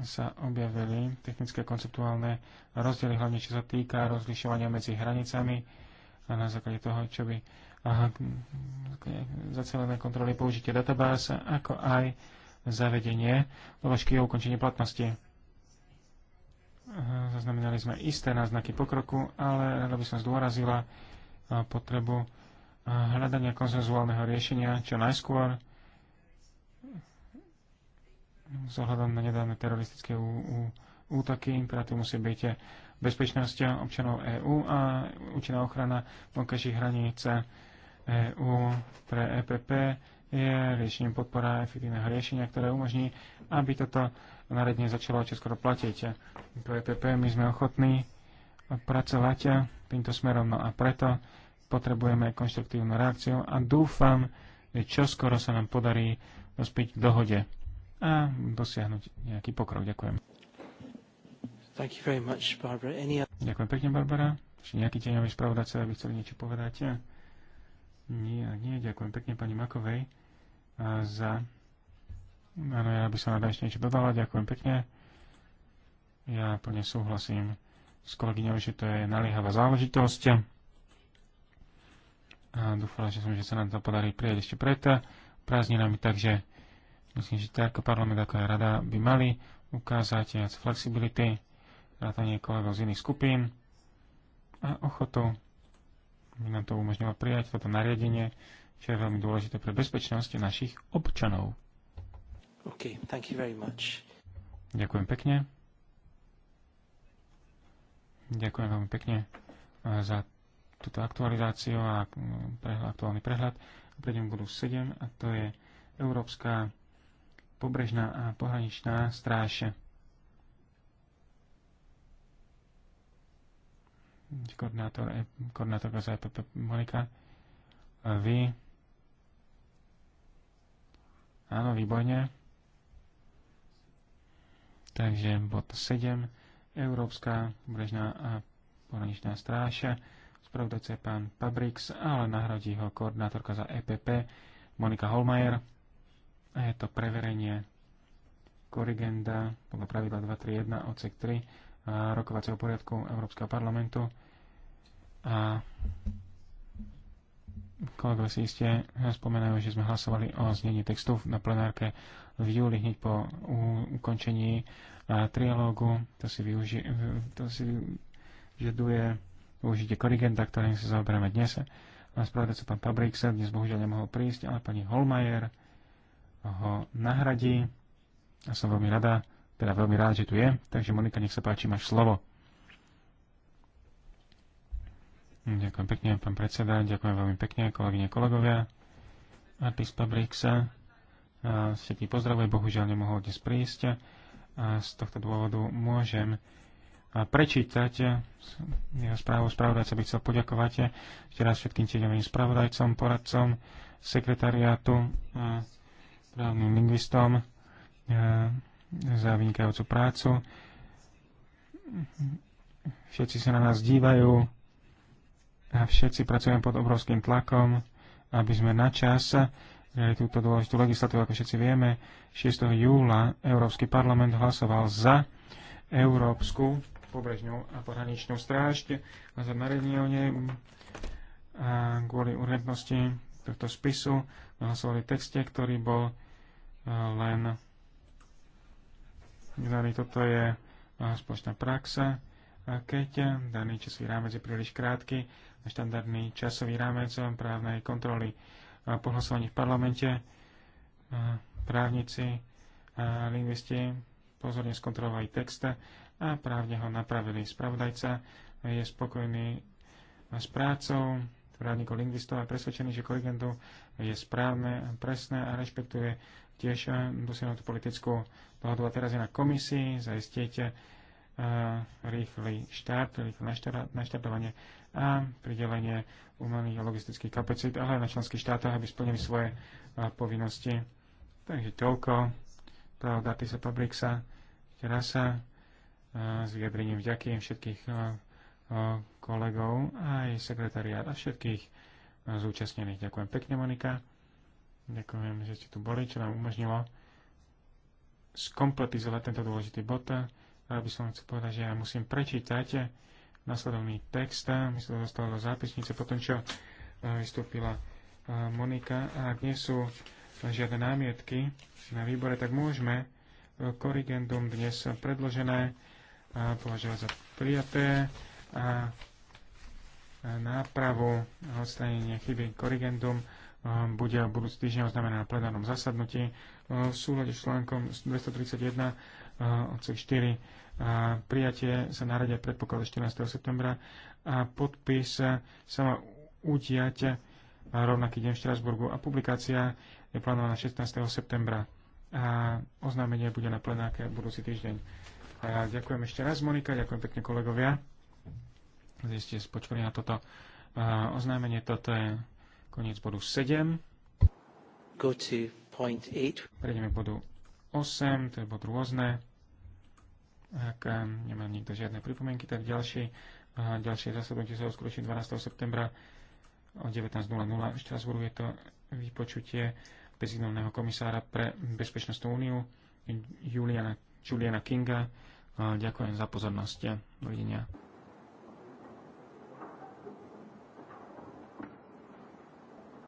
sa objavili technické a konceptuálne rozdiely, hlavne čo sa týka rozlišovania medzi hranicami a na základe toho, čo by zacelené kontroly použitie databáz, ako aj zavedenie doložky o ukončení platnosti. Zaznamenali sme isté náznaky pokroku, ale rada by som zdôrazila potrebu hľadania konsenzuálneho riešenia čo najskôr s ohľadom na nedávne teroristické útoky, preto teda musí byť bezpečnosť občanov EÚ a účinná ochrana vonkajších hraníc EÚ pre EPP je riešením podpora efektívneho riešenia, ktoré umožní, aby toto naredne začalo čoskoro platiť. Pre EPP my sme ochotní pracovať týmto smerom, no a preto potrebujeme konštruktívnu reakciu a dúfam, že čoskoro sa nám podarí dospiť k dohode a dosiahnuť nejaký pokrok. Ďakujem. Thank you very much, Barbara. Any... Ďakujem pekne, Barbara. Ešte nejaký tieňový spravodajca, aby chceli niečo povedať? Nie, nie. Ďakujem pekne pani Makovej za... Áno, ja by som rada ešte niečo dodala. Ďakujem pekne. Ja plne súhlasím s kolegyňou, že to je naliehavá záležitosť. A dúfam, že, som, že sa nám to podarí prijať ešte pred prázdninami, takže Myslím, že tak parlament ako aj rada by mali ukázať viac flexibility, vrátanie kolegov z iných skupín a ochotu by nám to umožnilo prijať toto nariadenie, čo je veľmi dôležité pre bezpečnosť našich občanov. Okay, thank you very much. Ďakujem pekne. Ďakujem veľmi pekne e, za túto aktualizáciu a prehľad aktuálny prehľad. Prejdem k bodu 7 a to je Európska pobrežná a pohraničná stráž. Koordinátor, e- koordinátorka za EPP Monika, vy. Áno, výborne. Takže bod 7. Európska brežná a pohraničná stráša Spravodajca je pán Pabrix, ale nahradí ho koordinátorka za EPP Monika Holmajer a je to preverenie korigenda podľa pravidla 231 odsek 3 rokovacieho poriadku Európskeho parlamentu a kolegovia si iste spomenajú, že sme hlasovali o znení textu na plenárke v júli hneď po ukončení trialógu. To si, využi- to si vyžaduje využitie korigenda, ktorým sa zaoberáme dnes. A sa pán Pabrik dnes bohužiaľ nemohol prísť, ale pani Holmajer ho nahradí. A som veľmi rada, teda veľmi rád, že tu je. Takže Monika, nech sa páči, máš slovo. Ďakujem pekne, pán predseda, ďakujem veľmi pekne, kolegyne, kolegovia. Artis Pabriksa Všetký pozdravuje, bohužiaľ nemohol dnes prísť. A z tohto dôvodu môžem prečítať jeho správu. Spravodajca by chcel poďakovať ešte raz všetkým tieňovým spravodajcom, poradcom, sekretariátu. A právnym lingvistom e, za vynikajúcu prácu. Všetci sa na nás dívajú a všetci pracujeme pod obrovským tlakom, aby sme na čas aj túto dôležitú legislatívu, ako všetci vieme, 6. júla Európsky parlament hlasoval za Európsku pobrežnú a pohraničnú stráž a za nariadenie o nej a kvôli urgentnosti tohto spisu hlasovali texte, ktorý bol len Zdarí, toto je eh, spoločná praxa. Keď daný časový rámec je príliš krátky, štandardný časový rámec právnej kontroly eh, po hlasovaní v parlamente, eh, právnici a lingvisti pozorne skontrolovali text a právne ho napravili. Spravodajca je spokojný s prácou právnikov lingvistov a presvedčený, že korigendu je správne, presné a rešpektuje tiež dosiahnuť eh, politickú dohodu. A teraz je na komisii zaistiť eh, rýchly štart, rýchle naštartovanie a pridelenie umelých a logistických kapacít, ale aj na členských štátoch, aby splnili svoje eh, povinnosti. Takže toľko. Pravda Tisa publixa. Teraz sa s vyjadrením vďaky všetkých kolegov, aj sekretariát a všetkých zúčastnených. Ďakujem pekne, Monika. Ďakujem, že ste tu boli, čo nám umožnilo skompletizovať tento dôležitý bod. Ale by som chcel povedať, že ja musím prečítať nasledovný text. My sa to dostalo do zápisnice potom, čo e, vystúpila e, Monika. A ak nie sú žiadne námietky na výbore, tak môžeme e, korrigendum dnes predložené považovať za prijaté a nápravu a odstranenie chyby korrigendum Ehm, bude v budúci týždeň oznamená na plenárnom zasadnutí ehm, v súhľade s článkom 231 od 4 prijatie sa na predpoklad 14. septembra a podpis sa má udiať ehm, rovnaký deň v Štrasburgu a publikácia je plánovaná 16. septembra a oznámenie bude na plenáke v budúci týždeň. A ďakujem ešte raz Monika, ďakujem pekne kolegovia, že ste spočuli na toto oznámenie. Toto je Koniec bodu 7. Go to point 8. Prejdeme k bodu 8, to je bod rôzne. Ak eh, nemá nikto žiadne pripomienky, tak ďalšie, eh, ďalšie zasadnutie sa uskutoční 12. septembra o 19.00 v Štrasburgu. Je to vypočutie bezignovného komisára pre bezpečnosť úniu Juliana, Juliana Kinga. Eh, ďakujem za pozornosť. Dovidenia.